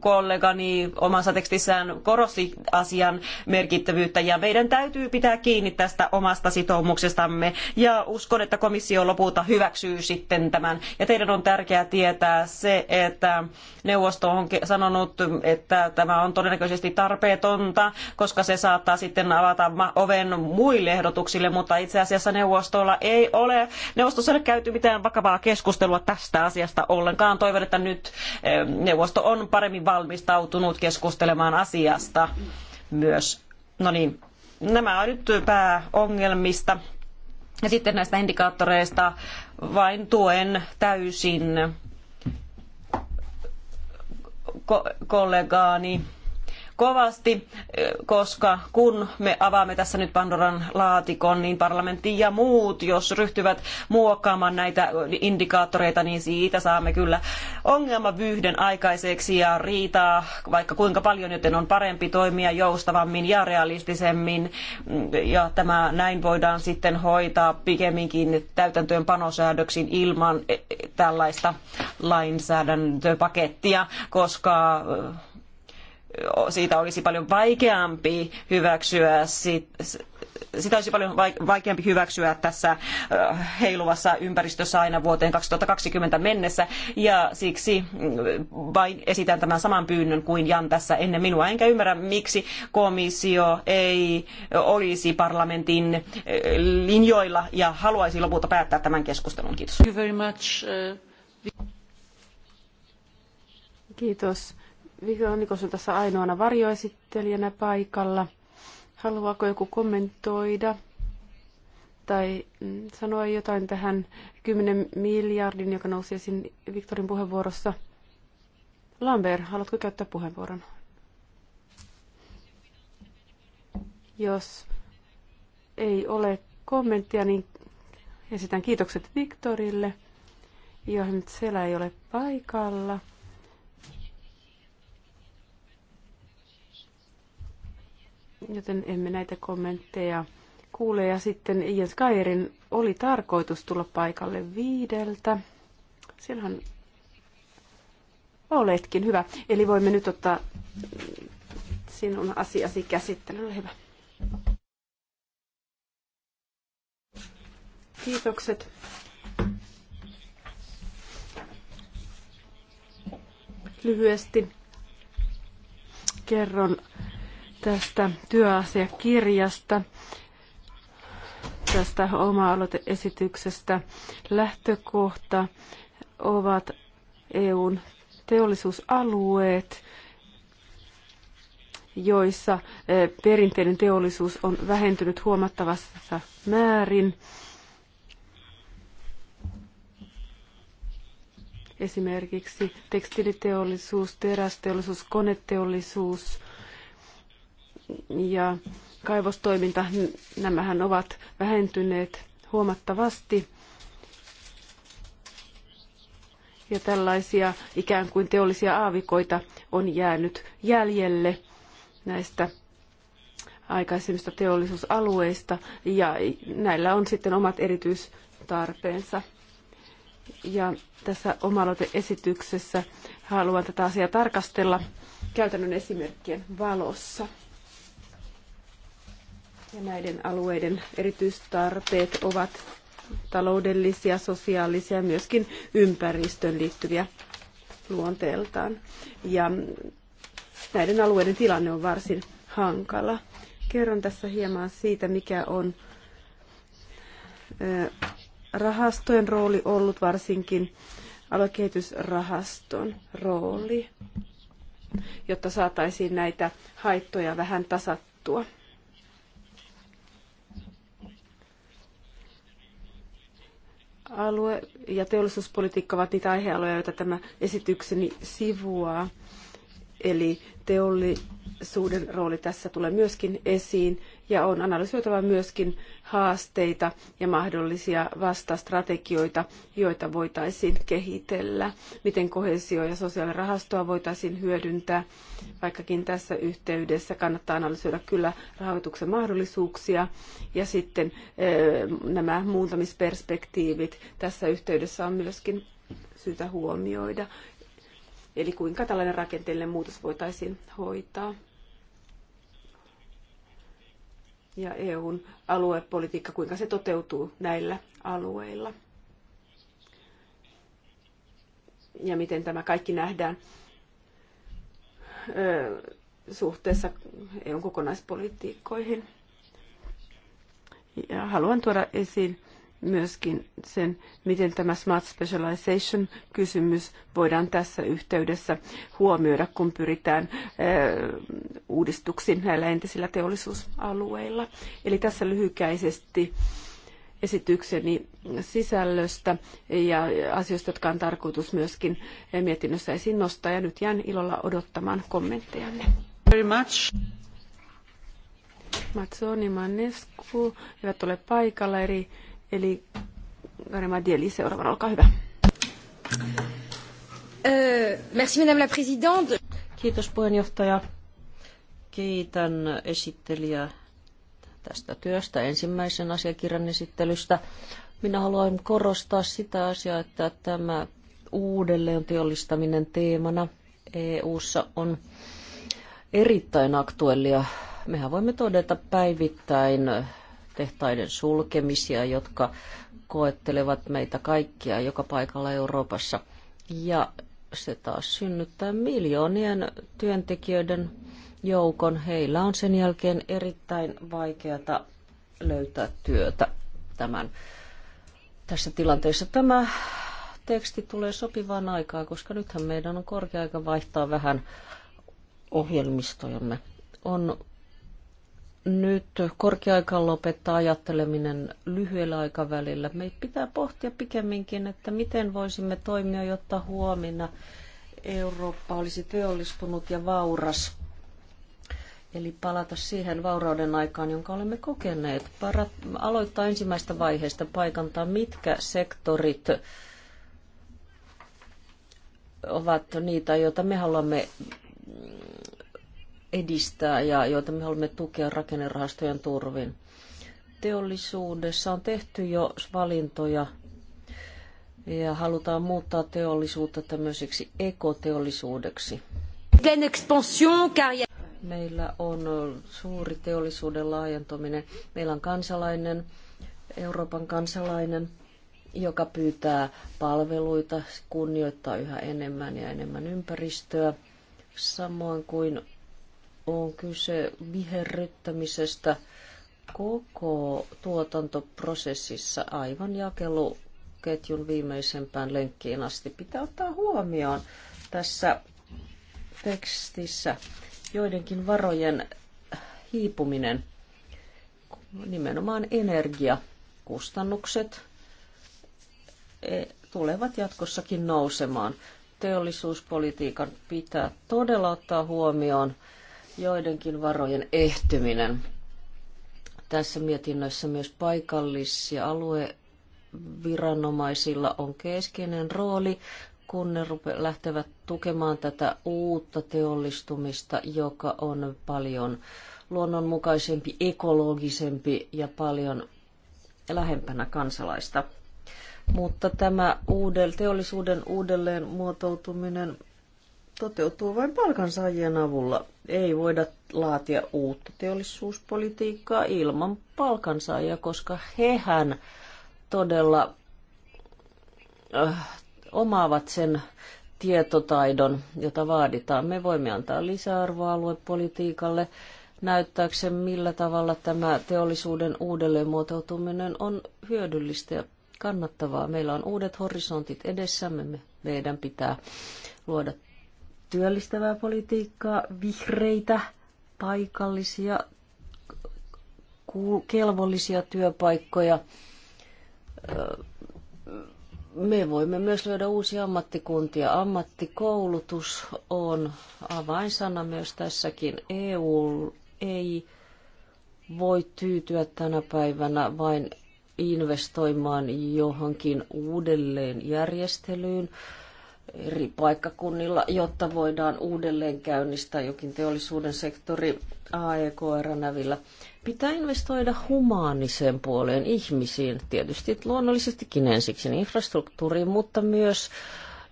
kollegani, omassa tekstissään korosti asian merkittävyyttä ja meidän täytyy pitää kiinni tästä omasta sitoumuksestamme ja uskon, että komissio lopulta hyväksyy sitten tämän. Ja teidän on tärkeää tietää se, että neuvosto on sanonut, että tämä on todennäköisesti tarpeetonta, koska se saattaa sitten avata oven muille ehdotuksille, mutta itse asiassa neuvostolla ei ole, neuvostossa ei ole käyty mitään vakavaa keskustelua tästä asiasta ollenkaan toivon, että nyt eh, neuvosto on paremmin valmistautunut keskustelemaan asiasta myös. No niin, nämä on nyt pääongelmista. Ja sitten näistä indikaattoreista vain tuen täysin kollegaani kovasti, koska kun me avaamme tässä nyt Pandoran laatikon, niin parlamentti ja muut, jos ryhtyvät muokkaamaan näitä indikaattoreita, niin siitä saamme kyllä ongelmavyyhden aikaiseksi ja riitaa vaikka kuinka paljon, joten on parempi toimia joustavammin ja realistisemmin. Ja tämä näin voidaan sitten hoitaa pikemminkin täytäntöön panosäädöksiin ilman eh, eh, tällaista lainsäädäntöpakettia, koska eh, siitä olisi paljon vaikeampi hyväksyä sitä olisi paljon vaikeampi hyväksyä tässä äh, heiluvassa ympäristössä aina vuoteen 2020 mennessä ja siksi mm, vain esitän tämän saman pyynnön kuin Jan tässä ennen minua. Enkä ymmärrä, miksi komissio ei olisi parlamentin äh, linjoilla ja haluaisi lopulta päättää tämän keskustelun. Kiitos. Uh, Kiitos. Vironikos on tässä ainoana varjoesittelijänä paikalla. Haluaako joku kommentoida tai mm, sanoa jotain tähän 10 miljardin, joka nousi esiin Viktorin puheenvuorossa? Lambert, haluatko käyttää puheenvuoron? Jos ei ole kommenttia, niin esitän kiitokset Viktorille. Johan Selä ei ole paikalla. joten emme näitä kommentteja kuule. Ja sitten Ian Skyrin oli tarkoitus tulla paikalle viideltä. Silloin oletkin hyvä. Eli voimme nyt ottaa sinun asiasi käsittelyyn. Ole hyvä. Kiitokset. Lyhyesti kerron tästä työasiakirjasta, tästä oma-aloiteesityksestä. Lähtökohta ovat EUn teollisuusalueet, joissa eh, perinteinen teollisuus on vähentynyt huomattavassa määrin. Esimerkiksi tekstiiliteollisuus, terästeollisuus, koneteollisuus – ja kaivostoiminta, nämähän ovat vähentyneet huomattavasti. Ja tällaisia ikään kuin teollisia aavikoita on jäänyt jäljelle näistä aikaisemmista teollisuusalueista ja näillä on sitten omat erityistarpeensa. Ja tässä omaloiteesityksessä haluan tätä asiaa tarkastella käytännön esimerkkien valossa. Ja näiden alueiden erityistarpeet ovat taloudellisia, sosiaalisia ja myöskin ympäristöön liittyviä luonteeltaan. Ja näiden alueiden tilanne on varsin hankala. Kerron tässä hieman siitä, mikä on rahastojen rooli ollut, varsinkin aluekehitysrahaston rooli, jotta saataisiin näitä haittoja vähän tasattua. Alue- ja teollisuuspolitiikka ovat niitä aihealueita, joita tämä esitykseni sivuaa. Eli teollisuuden rooli tässä tulee myöskin esiin ja on analysoitava myöskin haasteita ja mahdollisia vastastrategioita, joita voitaisiin kehitellä, miten kohesio- ja sosiaalirahastoa voitaisiin hyödyntää, vaikkakin tässä yhteydessä kannattaa analysoida kyllä rahoituksen mahdollisuuksia ja sitten eh, nämä muuntamisperspektiivit tässä yhteydessä on myöskin syytä huomioida. Eli kuinka tällainen rakenteellinen muutos voitaisiin hoitaa ja EUn aluepolitiikka, kuinka se toteutuu näillä alueilla. Ja miten tämä kaikki nähdään ö, suhteessa EUn kokonaispolitiikkoihin. Ja haluan tuoda esiin myöskin sen, miten tämä Smart Specialization-kysymys voidaan tässä yhteydessä huomioida, kun pyritään uudistuksiin näillä entisillä teollisuusalueilla. Eli tässä lyhykäisesti esitykseni sisällöstä ja asioista, jotka on tarkoitus myöskin mietinnössä esiin nostaa. Ja nyt jään ilolla odottamaan kommenttejanne. Very much. Mazzoni Manescu eivät ole paikalla, eri Eli Garema olkaa hyvä. Merci, madame la présidente. Kiitos puheenjohtaja. Kiitän esittelijää tästä työstä, ensimmäisen asiakirjan esittelystä. Minä haluan korostaa sitä asiaa, että tämä uudelleen teollistaminen teemana EU-ssa on erittäin aktuellia. Mehän voimme todeta päivittäin tehtaiden sulkemisia, jotka koettelevat meitä kaikkia joka paikalla Euroopassa. Ja se taas synnyttää miljoonien työntekijöiden joukon. Heillä on sen jälkeen erittäin vaikeata löytää työtä tämän, tässä tilanteessa. Tämä teksti tulee sopivaan aikaan, koska nythän meidän on korkea aika vaihtaa vähän ohjelmistojamme. On nyt korkeaika lopettaa ajatteleminen lyhyellä aikavälillä. Meidän pitää pohtia pikemminkin, että miten voisimme toimia, jotta huomenna Eurooppa olisi teollistunut ja vauras. Eli palata siihen vaurauden aikaan, jonka olemme kokeneet. Parat- aloittaa ensimmäistä vaiheesta paikantaa, mitkä sektorit ovat niitä, joita me haluamme edistää ja joita me haluamme tukea rakennerahastojen turvin. Teollisuudessa on tehty jo valintoja ja halutaan muuttaa teollisuutta tämmöiseksi ekoteollisuudeksi. Meillä on suuri teollisuuden laajentuminen. Meillä on kansalainen, Euroopan kansalainen, joka pyytää palveluita, kunnioittaa yhä enemmän ja enemmän ympäristöä, samoin kuin on kyse viherryttämisestä koko tuotantoprosessissa aivan jakeluketjun viimeisempään lenkkiin asti. Pitää ottaa huomioon tässä tekstissä joidenkin varojen hiipuminen, nimenomaan energiakustannukset e, tulevat jatkossakin nousemaan. Teollisuuspolitiikan pitää todella ottaa huomioon joidenkin varojen ehtyminen. Tässä mietinnössä myös paikallis- ja alueviranomaisilla on keskeinen rooli, kun ne rupe- lähtevät tukemaan tätä uutta teollistumista, joka on paljon luonnonmukaisempi, ekologisempi ja paljon lähempänä kansalaista. Mutta tämä uudel, teollisuuden uudelleen muotoutuminen toteutuu vain palkansaajien avulla. Ei voida laatia uutta teollisuuspolitiikkaa ilman palkansaajia, koska hehän todella äh, omaavat sen tietotaidon, jota vaaditaan. Me voimme antaa lisäarvoa aluepolitiikalle näyttääkseen, millä tavalla tämä teollisuuden uudelleenmuotoutuminen on hyödyllistä ja kannattavaa. Meillä on uudet horisontit edessämme, meidän pitää luoda työllistävää politiikkaa, vihreitä, paikallisia, kelvollisia työpaikkoja. Me voimme myös löydä uusia ammattikuntia. Ammattikoulutus on avainsana myös tässäkin. EU ei voi tyytyä tänä päivänä vain investoimaan johonkin uudelleen järjestelyyn eri paikkakunnilla, jotta voidaan uudelleen käynnistää jokin teollisuuden sektori AEKR-nävillä. Pitää investoida humaaniseen puoleen ihmisiin, tietysti luonnollisestikin ensiksi niin infrastruktuuriin, mutta myös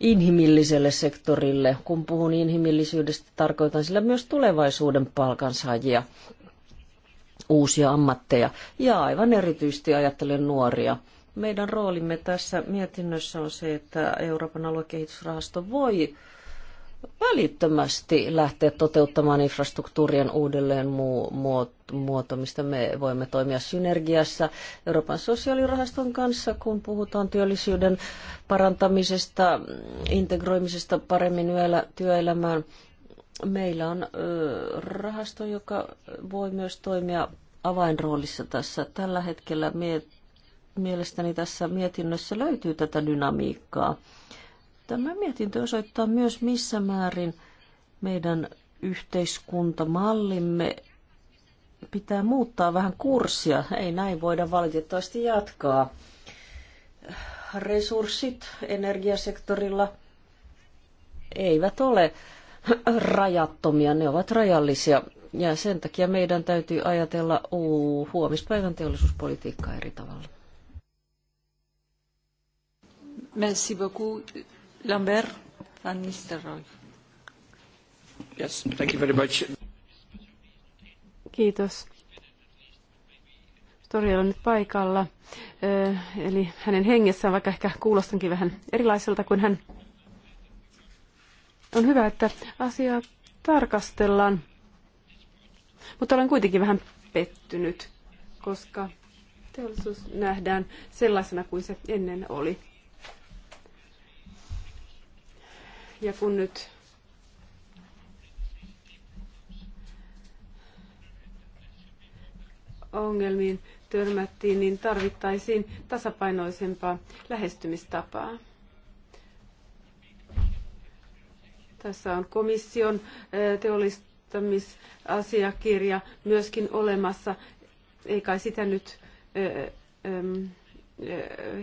inhimilliselle sektorille. Kun puhun inhimillisyydestä, tarkoitan sillä myös tulevaisuuden palkansaajia, uusia ammatteja ja aivan erityisesti ajattelen nuoria – meidän roolimme tässä mietinnössä on se, että Euroopan aluekehitysrahasto voi välittömästi lähteä toteuttamaan infrastruktuurien uudelleen Me voimme toimia synergiassa Euroopan sosiaalirahaston kanssa, kun puhutaan työllisyyden parantamisesta, integroimisesta paremmin työelämään. Meillä on rahasto, joka voi myös toimia avainroolissa tässä. Tällä hetkellä me mielestäni tässä mietinnössä löytyy tätä dynamiikkaa. Tämä mietintö osoittaa myös missä määrin meidän yhteiskuntamallimme pitää muuttaa vähän kurssia. Ei näin voida valitettavasti jatkaa. Resurssit energiasektorilla eivät ole rajattomia, ne ovat rajallisia. Ja sen takia meidän täytyy ajatella uu, huomispäivän teollisuuspolitiikkaa eri tavalla. Merci beaucoup. Lambert van Nistelrooy. Yes, thank you very much. Kiitos. Tori on nyt paikalla, eli hänen hengessään, vaikka ehkä kuulostankin vähän erilaiselta kuin hän. On hyvä, että asiaa tarkastellaan, mutta olen kuitenkin vähän pettynyt, koska teollisuus nähdään sellaisena kuin se ennen oli. Ja kun nyt ongelmiin törmättiin, niin tarvittaisiin tasapainoisempaa lähestymistapaa. Tässä on komission teollistamisasiakirja myöskin olemassa. Ei kai sitä nyt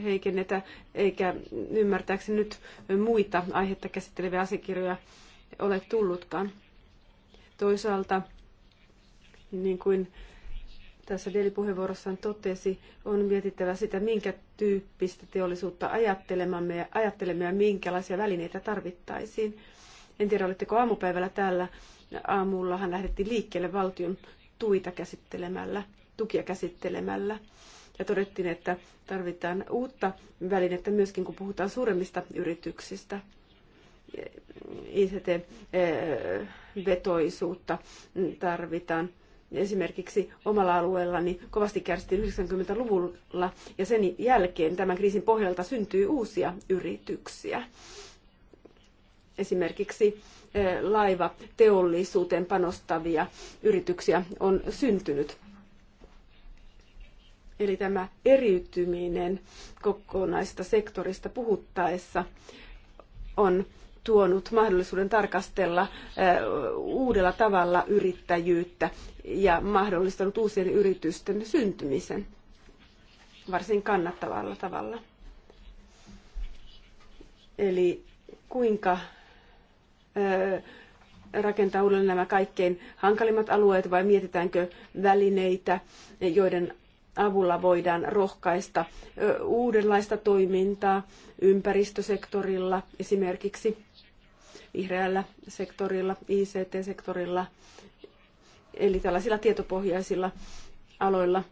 heikennetä, eikä ymmärtääkseni nyt muita aihetta käsitteleviä asiakirjoja ole tullutkaan. Toisaalta, niin kuin tässä Deli-puheenvuorossaan totesi, on mietittävä sitä, minkä tyyppistä teollisuutta ajattelemme ja, ajattelemme ja minkälaisia välineitä tarvittaisiin. En tiedä, olitteko aamupäivällä täällä. Aamullahan lähdettiin liikkeelle valtion tuita käsittelemällä, tukia käsittelemällä ja todettiin, että tarvitaan uutta välinettä myöskin, kun puhutaan suuremmista yrityksistä. ICT-vetoisuutta eh, tarvitaan. Esimerkiksi omalla alueellani kovasti kärsittiin 90-luvulla ja sen jälkeen tämän kriisin pohjalta syntyy uusia yrityksiä. Esimerkiksi eh, laiva teollisuuteen panostavia yrityksiä on syntynyt Eli tämä eriytyminen kokonaista sektorista puhuttaessa on tuonut mahdollisuuden tarkastella uudella tavalla yrittäjyyttä ja mahdollistanut uusien yritysten syntymisen varsin kannattavalla tavalla. Eli kuinka rakentaa uudelleen nämä kaikkein hankalimmat alueet vai mietitäänkö välineitä, joiden avulla voidaan rohkaista uudenlaista toimintaa ympäristösektorilla, esimerkiksi vihreällä sektorilla, ICT-sektorilla, eli tällaisilla tietopohjaisilla aloilla.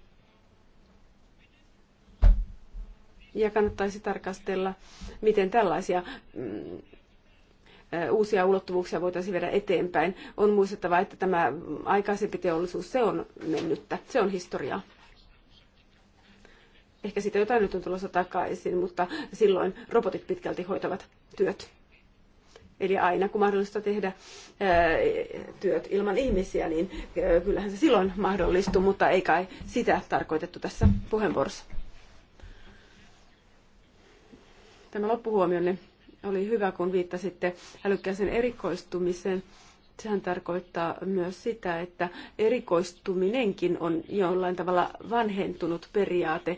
Ja kannattaisi tarkastella, miten tällaisia mm, uusia ulottuvuuksia voitaisiin viedä eteenpäin. On muistettava, että tämä aikaisempi teollisuus, se on mennyttä, se on historiaa ehkä siitä jotain nyt on tulossa takaisin, mutta silloin robotit pitkälti hoitavat työt. Eli aina kun mahdollista tehdä työt ilman ihmisiä, niin kyllähän se silloin mahdollistuu, mutta ei kai sitä tarkoitettu tässä puheenvuorossa. Tämä loppuhuomio oli hyvä, kun viittasitte älykkäisen erikoistumiseen. Sehän tarkoittaa myös sitä, että erikoistuminenkin on jollain tavalla vanhentunut periaate.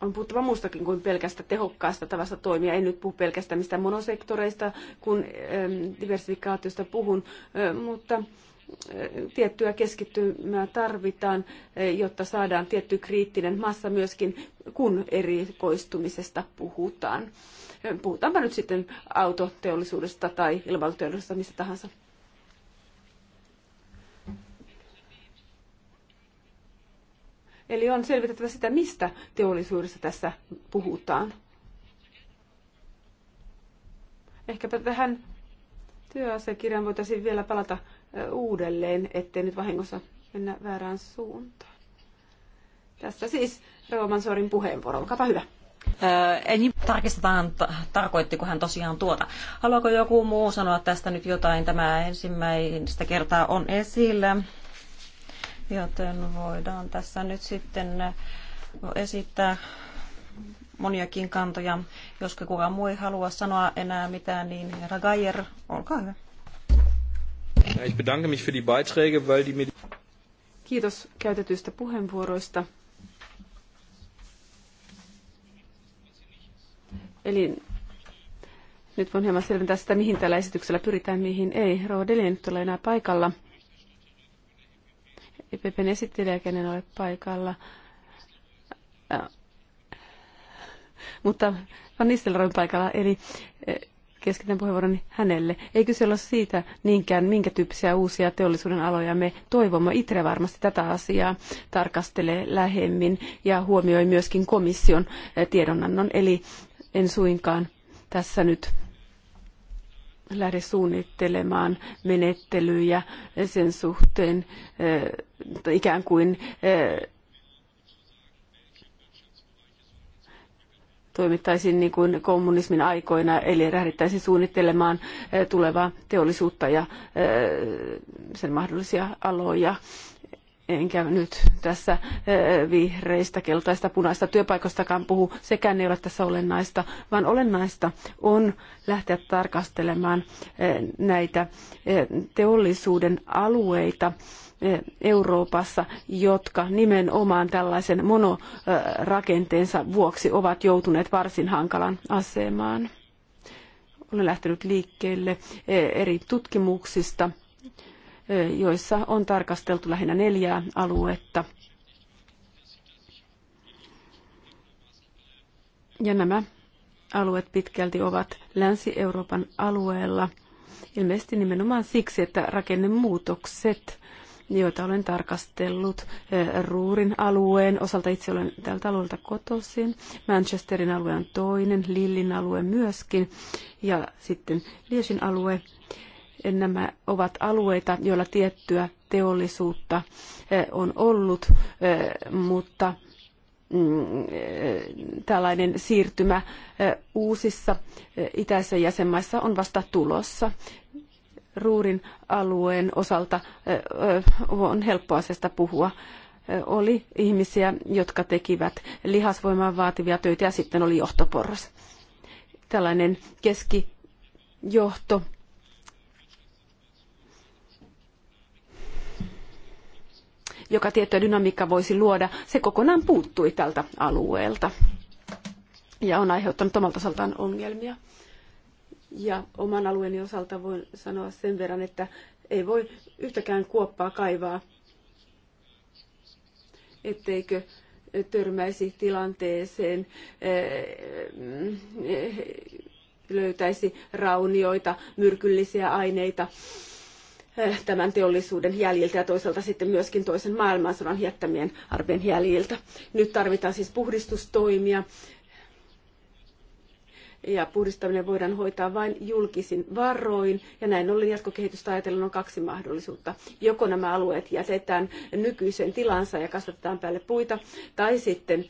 on puhuttava muustakin kuin pelkästä tehokkaasta tavasta toimia. En nyt puhu pelkästään mistä monosektoreista, kun diversifikaatiosta puhun, mutta tiettyä keskittymää tarvitaan, e, jotta saadaan tietty kriittinen massa myöskin, kun erikoistumisesta puhutaan. E, puhutaanpa nyt sitten autoteollisuudesta tai ilmailuteollisuudesta, mistä tahansa. Eli on selvitettävä sitä, mistä teollisuudessa tässä puhutaan. Ehkäpä tähän työasiakirjaan voitaisiin vielä palata uudelleen, ettei nyt vahingossa mennä väärään suuntaan. Tässä siis Rooman Sorin puheenvuoro, olkaapa hyvä. Äh, ei tarkistetaan, tarkoittiko hän tosiaan tuota. Haluaako joku muu sanoa tästä nyt jotain? Tämä ensimmäistä kertaa on esillä, joten voidaan tässä nyt sitten äh, esittää moniakin kantoja. Jos kukaan muu ei halua sanoa enää mitään, niin herra Gajer, olkaa hyvä. Ich bedanke mich für die Beiträge, weil die Kiitos käytetyistä puheenvuoroista. Eli nyt voin hieman selventää sitä, mihin tällä esityksellä pyritään, mihin ei. Rodeli ei nyt ole enää paikalla. EPPn esittelijä, kenen ole paikalla. Äh. Mutta Van Nistelrooyn paikalla, eli keskitän puheenvuoroni hänelle. Ei kyse ole siitä niinkään, minkä tyyppisiä uusia teollisuuden aloja me toivomme. Itre varmasti tätä asiaa tarkastelee lähemmin ja huomioi myöskin komission eh, tiedonannon. Eli en suinkaan tässä nyt lähde suunnittelemaan menettelyjä sen suhteen eh, ikään kuin eh, toimittaisiin niin kuin kommunismin aikoina, eli lähdettäisiin suunnittelemaan eh, tulevaa teollisuutta ja eh, sen mahdollisia aloja enkä nyt tässä eh, vihreistä, keltaista, punaista työpaikoistakaan puhu, sekään ei ole tässä olennaista, vaan olennaista on lähteä tarkastelemaan näitä teollisuuden alueita Euroopassa, jotka nimenomaan tällaisen monorakenteensa vuoksi ovat joutuneet varsin hankalan asemaan. Olen lähtenyt liikkeelle eri tutkimuksista, joissa on tarkasteltu lähinnä neljää aluetta. Ja nämä alueet pitkälti ovat Länsi-Euroopan alueella, ilmeisesti nimenomaan siksi, että rakennemuutokset joita olen tarkastellut eh, Ruurin alueen osalta. Itse olen tältä alueelta kotoisin. Manchesterin alue on toinen, Lillin alue myöskin ja sitten Liesin alue. Nämä ovat alueita, joilla tiettyä teollisuutta eh, on ollut, eh, mutta mm, tällainen siirtymä uusissa itäisissä jäsenmaissa on vasta tulossa. Ruurin alueen osalta on helppo asiasta puhua. Oli ihmisiä, jotka tekivät lihasvoimaa vaativia töitä ja sitten oli johtoporras. Tällainen keskijohto joka tiettyä dynamiikkaa voisi luoda, se kokonaan puuttui tältä alueelta ja on aiheuttanut omalta osaltaan ongelmia. Ja oman alueeni osalta voin sanoa sen verran, että ei voi yhtäkään kuoppaa kaivaa, etteikö törmäisi tilanteeseen, eh, löytäisi raunioita, myrkyllisiä aineita eh, tämän teollisuuden jäljiltä ja toisaalta sitten myöskin toisen maailmansodan jättämien arven jäljiltä. Nyt tarvitaan siis puhdistustoimia ja puhdistaminen voidaan hoitaa vain julkisin varoin. Ja näin ollen jatkokehitystä ajatellen on kaksi mahdollisuutta. Joko nämä alueet jätetään nykyiseen tilansa ja kasvatetaan päälle puita, tai sitten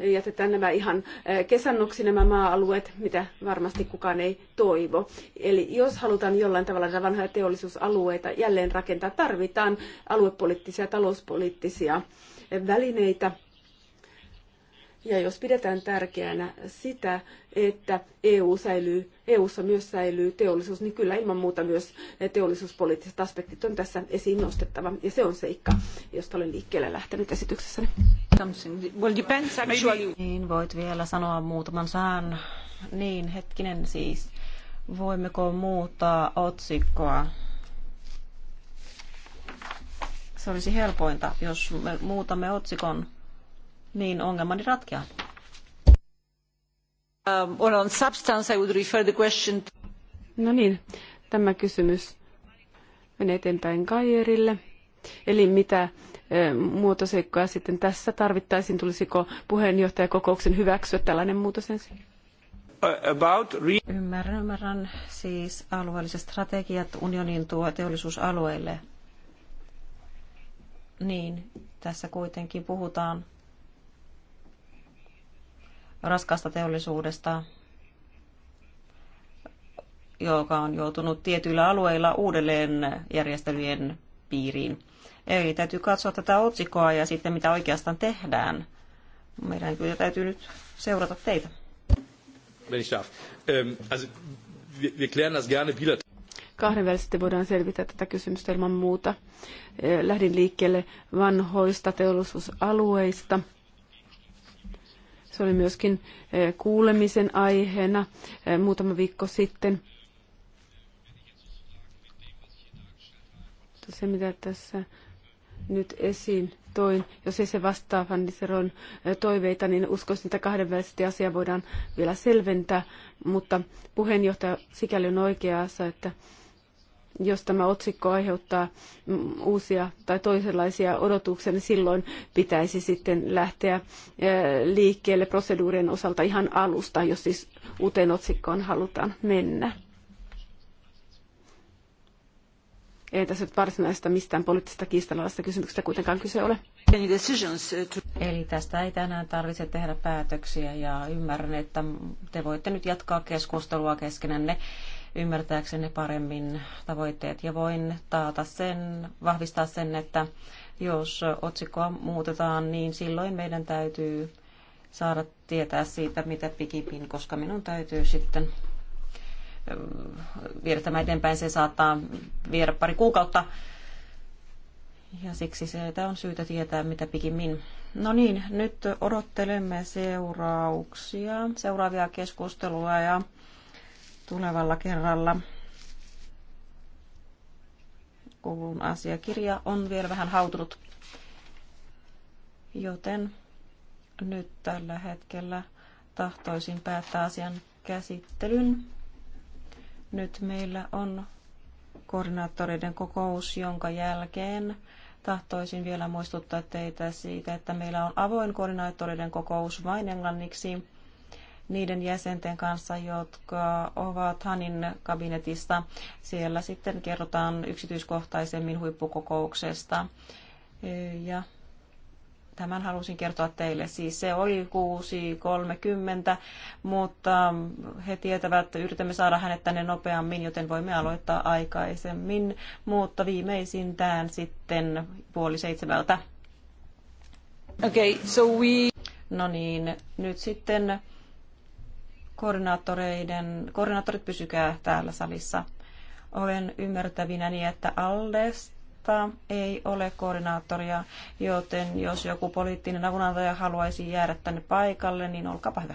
jätetään nämä ihan kesannoksi nämä maa-alueet, mitä varmasti kukaan ei toivo. Eli jos halutaan jollain tavalla näitä vanhoja teollisuusalueita jälleen rakentaa, tarvitaan aluepoliittisia ja talouspoliittisia välineitä. Ja jos pidetään tärkeänä sitä, että EU säilyy, EUssa myös säilyy teollisuus, niin kyllä ilman muuta myös teollisuuspoliittiset aspektit on tässä esiin nostettava. Ja se on seikka, josta olen liikkeelle lähtenyt esityksessäni. Something. Well, depends actually. Niin, voit vielä sanoa muutaman sanan. Niin, hetkinen siis. Voimmeko muuttaa otsikkoa? Se olisi helpointa, jos me muutamme otsikon, niin ongelmani ratkeaa. Um, on substance I would refer the question to... No niin, tämä kysymys menee eteenpäin Kajerille. Eli mitä muotoseikkoja sitten tässä tarvittaisiin? Tulisiko puheenjohtajakokouksen hyväksyä tällainen muutos ensin? About... Ymmärrän, ymmärrän siis alueelliset strategiat unionin tuo teollisuusalueille. Niin, tässä kuitenkin puhutaan raskasta teollisuudesta, joka on joutunut tietyillä alueilla uudelleen järjestelyjen piiriin. Eli täytyy katsoa tätä otsikkoa ja sitten mitä oikeastaan tehdään. Meidän kyllä täytyy nyt seurata teitä. Wenn ich darf. Ähm, kahdenvälisesti voidaan selvittää tätä kysymystä ilman muuta. Äh, lähdin liikkeelle vanhoista teollisuusalueista. Se oli myöskin äh, kuulemisen aiheena äh, muutama viikko sitten. Se, mitä tässä nyt esiin toin, jos ei se vastaa Van Nisseron toiveita, niin uskoisin, että kahdenvälisesti asia voidaan vielä selventää, mutta puheenjohtaja sikäli on oikeassa, että jos tämä otsikko aiheuttaa mm, uusia tai toisenlaisia odotuksia, niin silloin pitäisi sitten lähteä liikkeelle proseduurien osalta ihan alusta, jos siis uuteen otsikkoon halutaan mennä. Ei tässä nyt varsinaista mistään poliittisesta kiistanalaisesta kysymyksestä kuitenkaan kyse ole. Uh, Eli tästä ei tänään tarvitse tehdä päätöksiä ja ymmärrän, että te voitte nyt jatkaa keskustelua keskenänne ymmärtääksenne paremmin tavoitteet. Ja voin taata sen, vahvistaa sen, että jos otsikkoa muutetaan, niin silloin meidän täytyy saada tietää siitä, mitä pikipin, koska minun täytyy sitten viedä tämä eteenpäin, se saattaa viedä pari kuukautta. Ja siksi se on syytä tietää mitä pikimmin. No niin, nyt odottelemme seurauksia, seuraavia keskusteluja ja tulevalla kerralla koulun asiakirja on vielä vähän hautunut. Joten nyt tällä hetkellä tahtoisin päättää asian käsittelyn. Nyt meillä on koordinaattoreiden kokous, jonka jälkeen tahtoisin vielä muistuttaa teitä siitä, että meillä on avoin koordinaattoreiden kokous vain englanniksi niiden jäsenten kanssa, jotka ovat Hanin kabinetista. Siellä sitten kerrotaan yksityiskohtaisemmin huippukokouksesta. Ja Tämän halusin kertoa teille. Siis se oli 6.30, mutta he tietävät, että yritämme saada hänet tänne nopeammin, joten voimme aloittaa aikaisemmin, mutta viimeisintään sitten puoli seitsemältä. Okay, so we... No niin, nyt sitten koordinaattoreiden, koordinaattorit pysykää täällä salissa. Olen ymmärtävinäni, että Aldest mutta ei ole koordinaattoria, joten jos joku poliittinen avunantaja haluaisi jäädä tänne paikalle, niin olkaapa hyvä.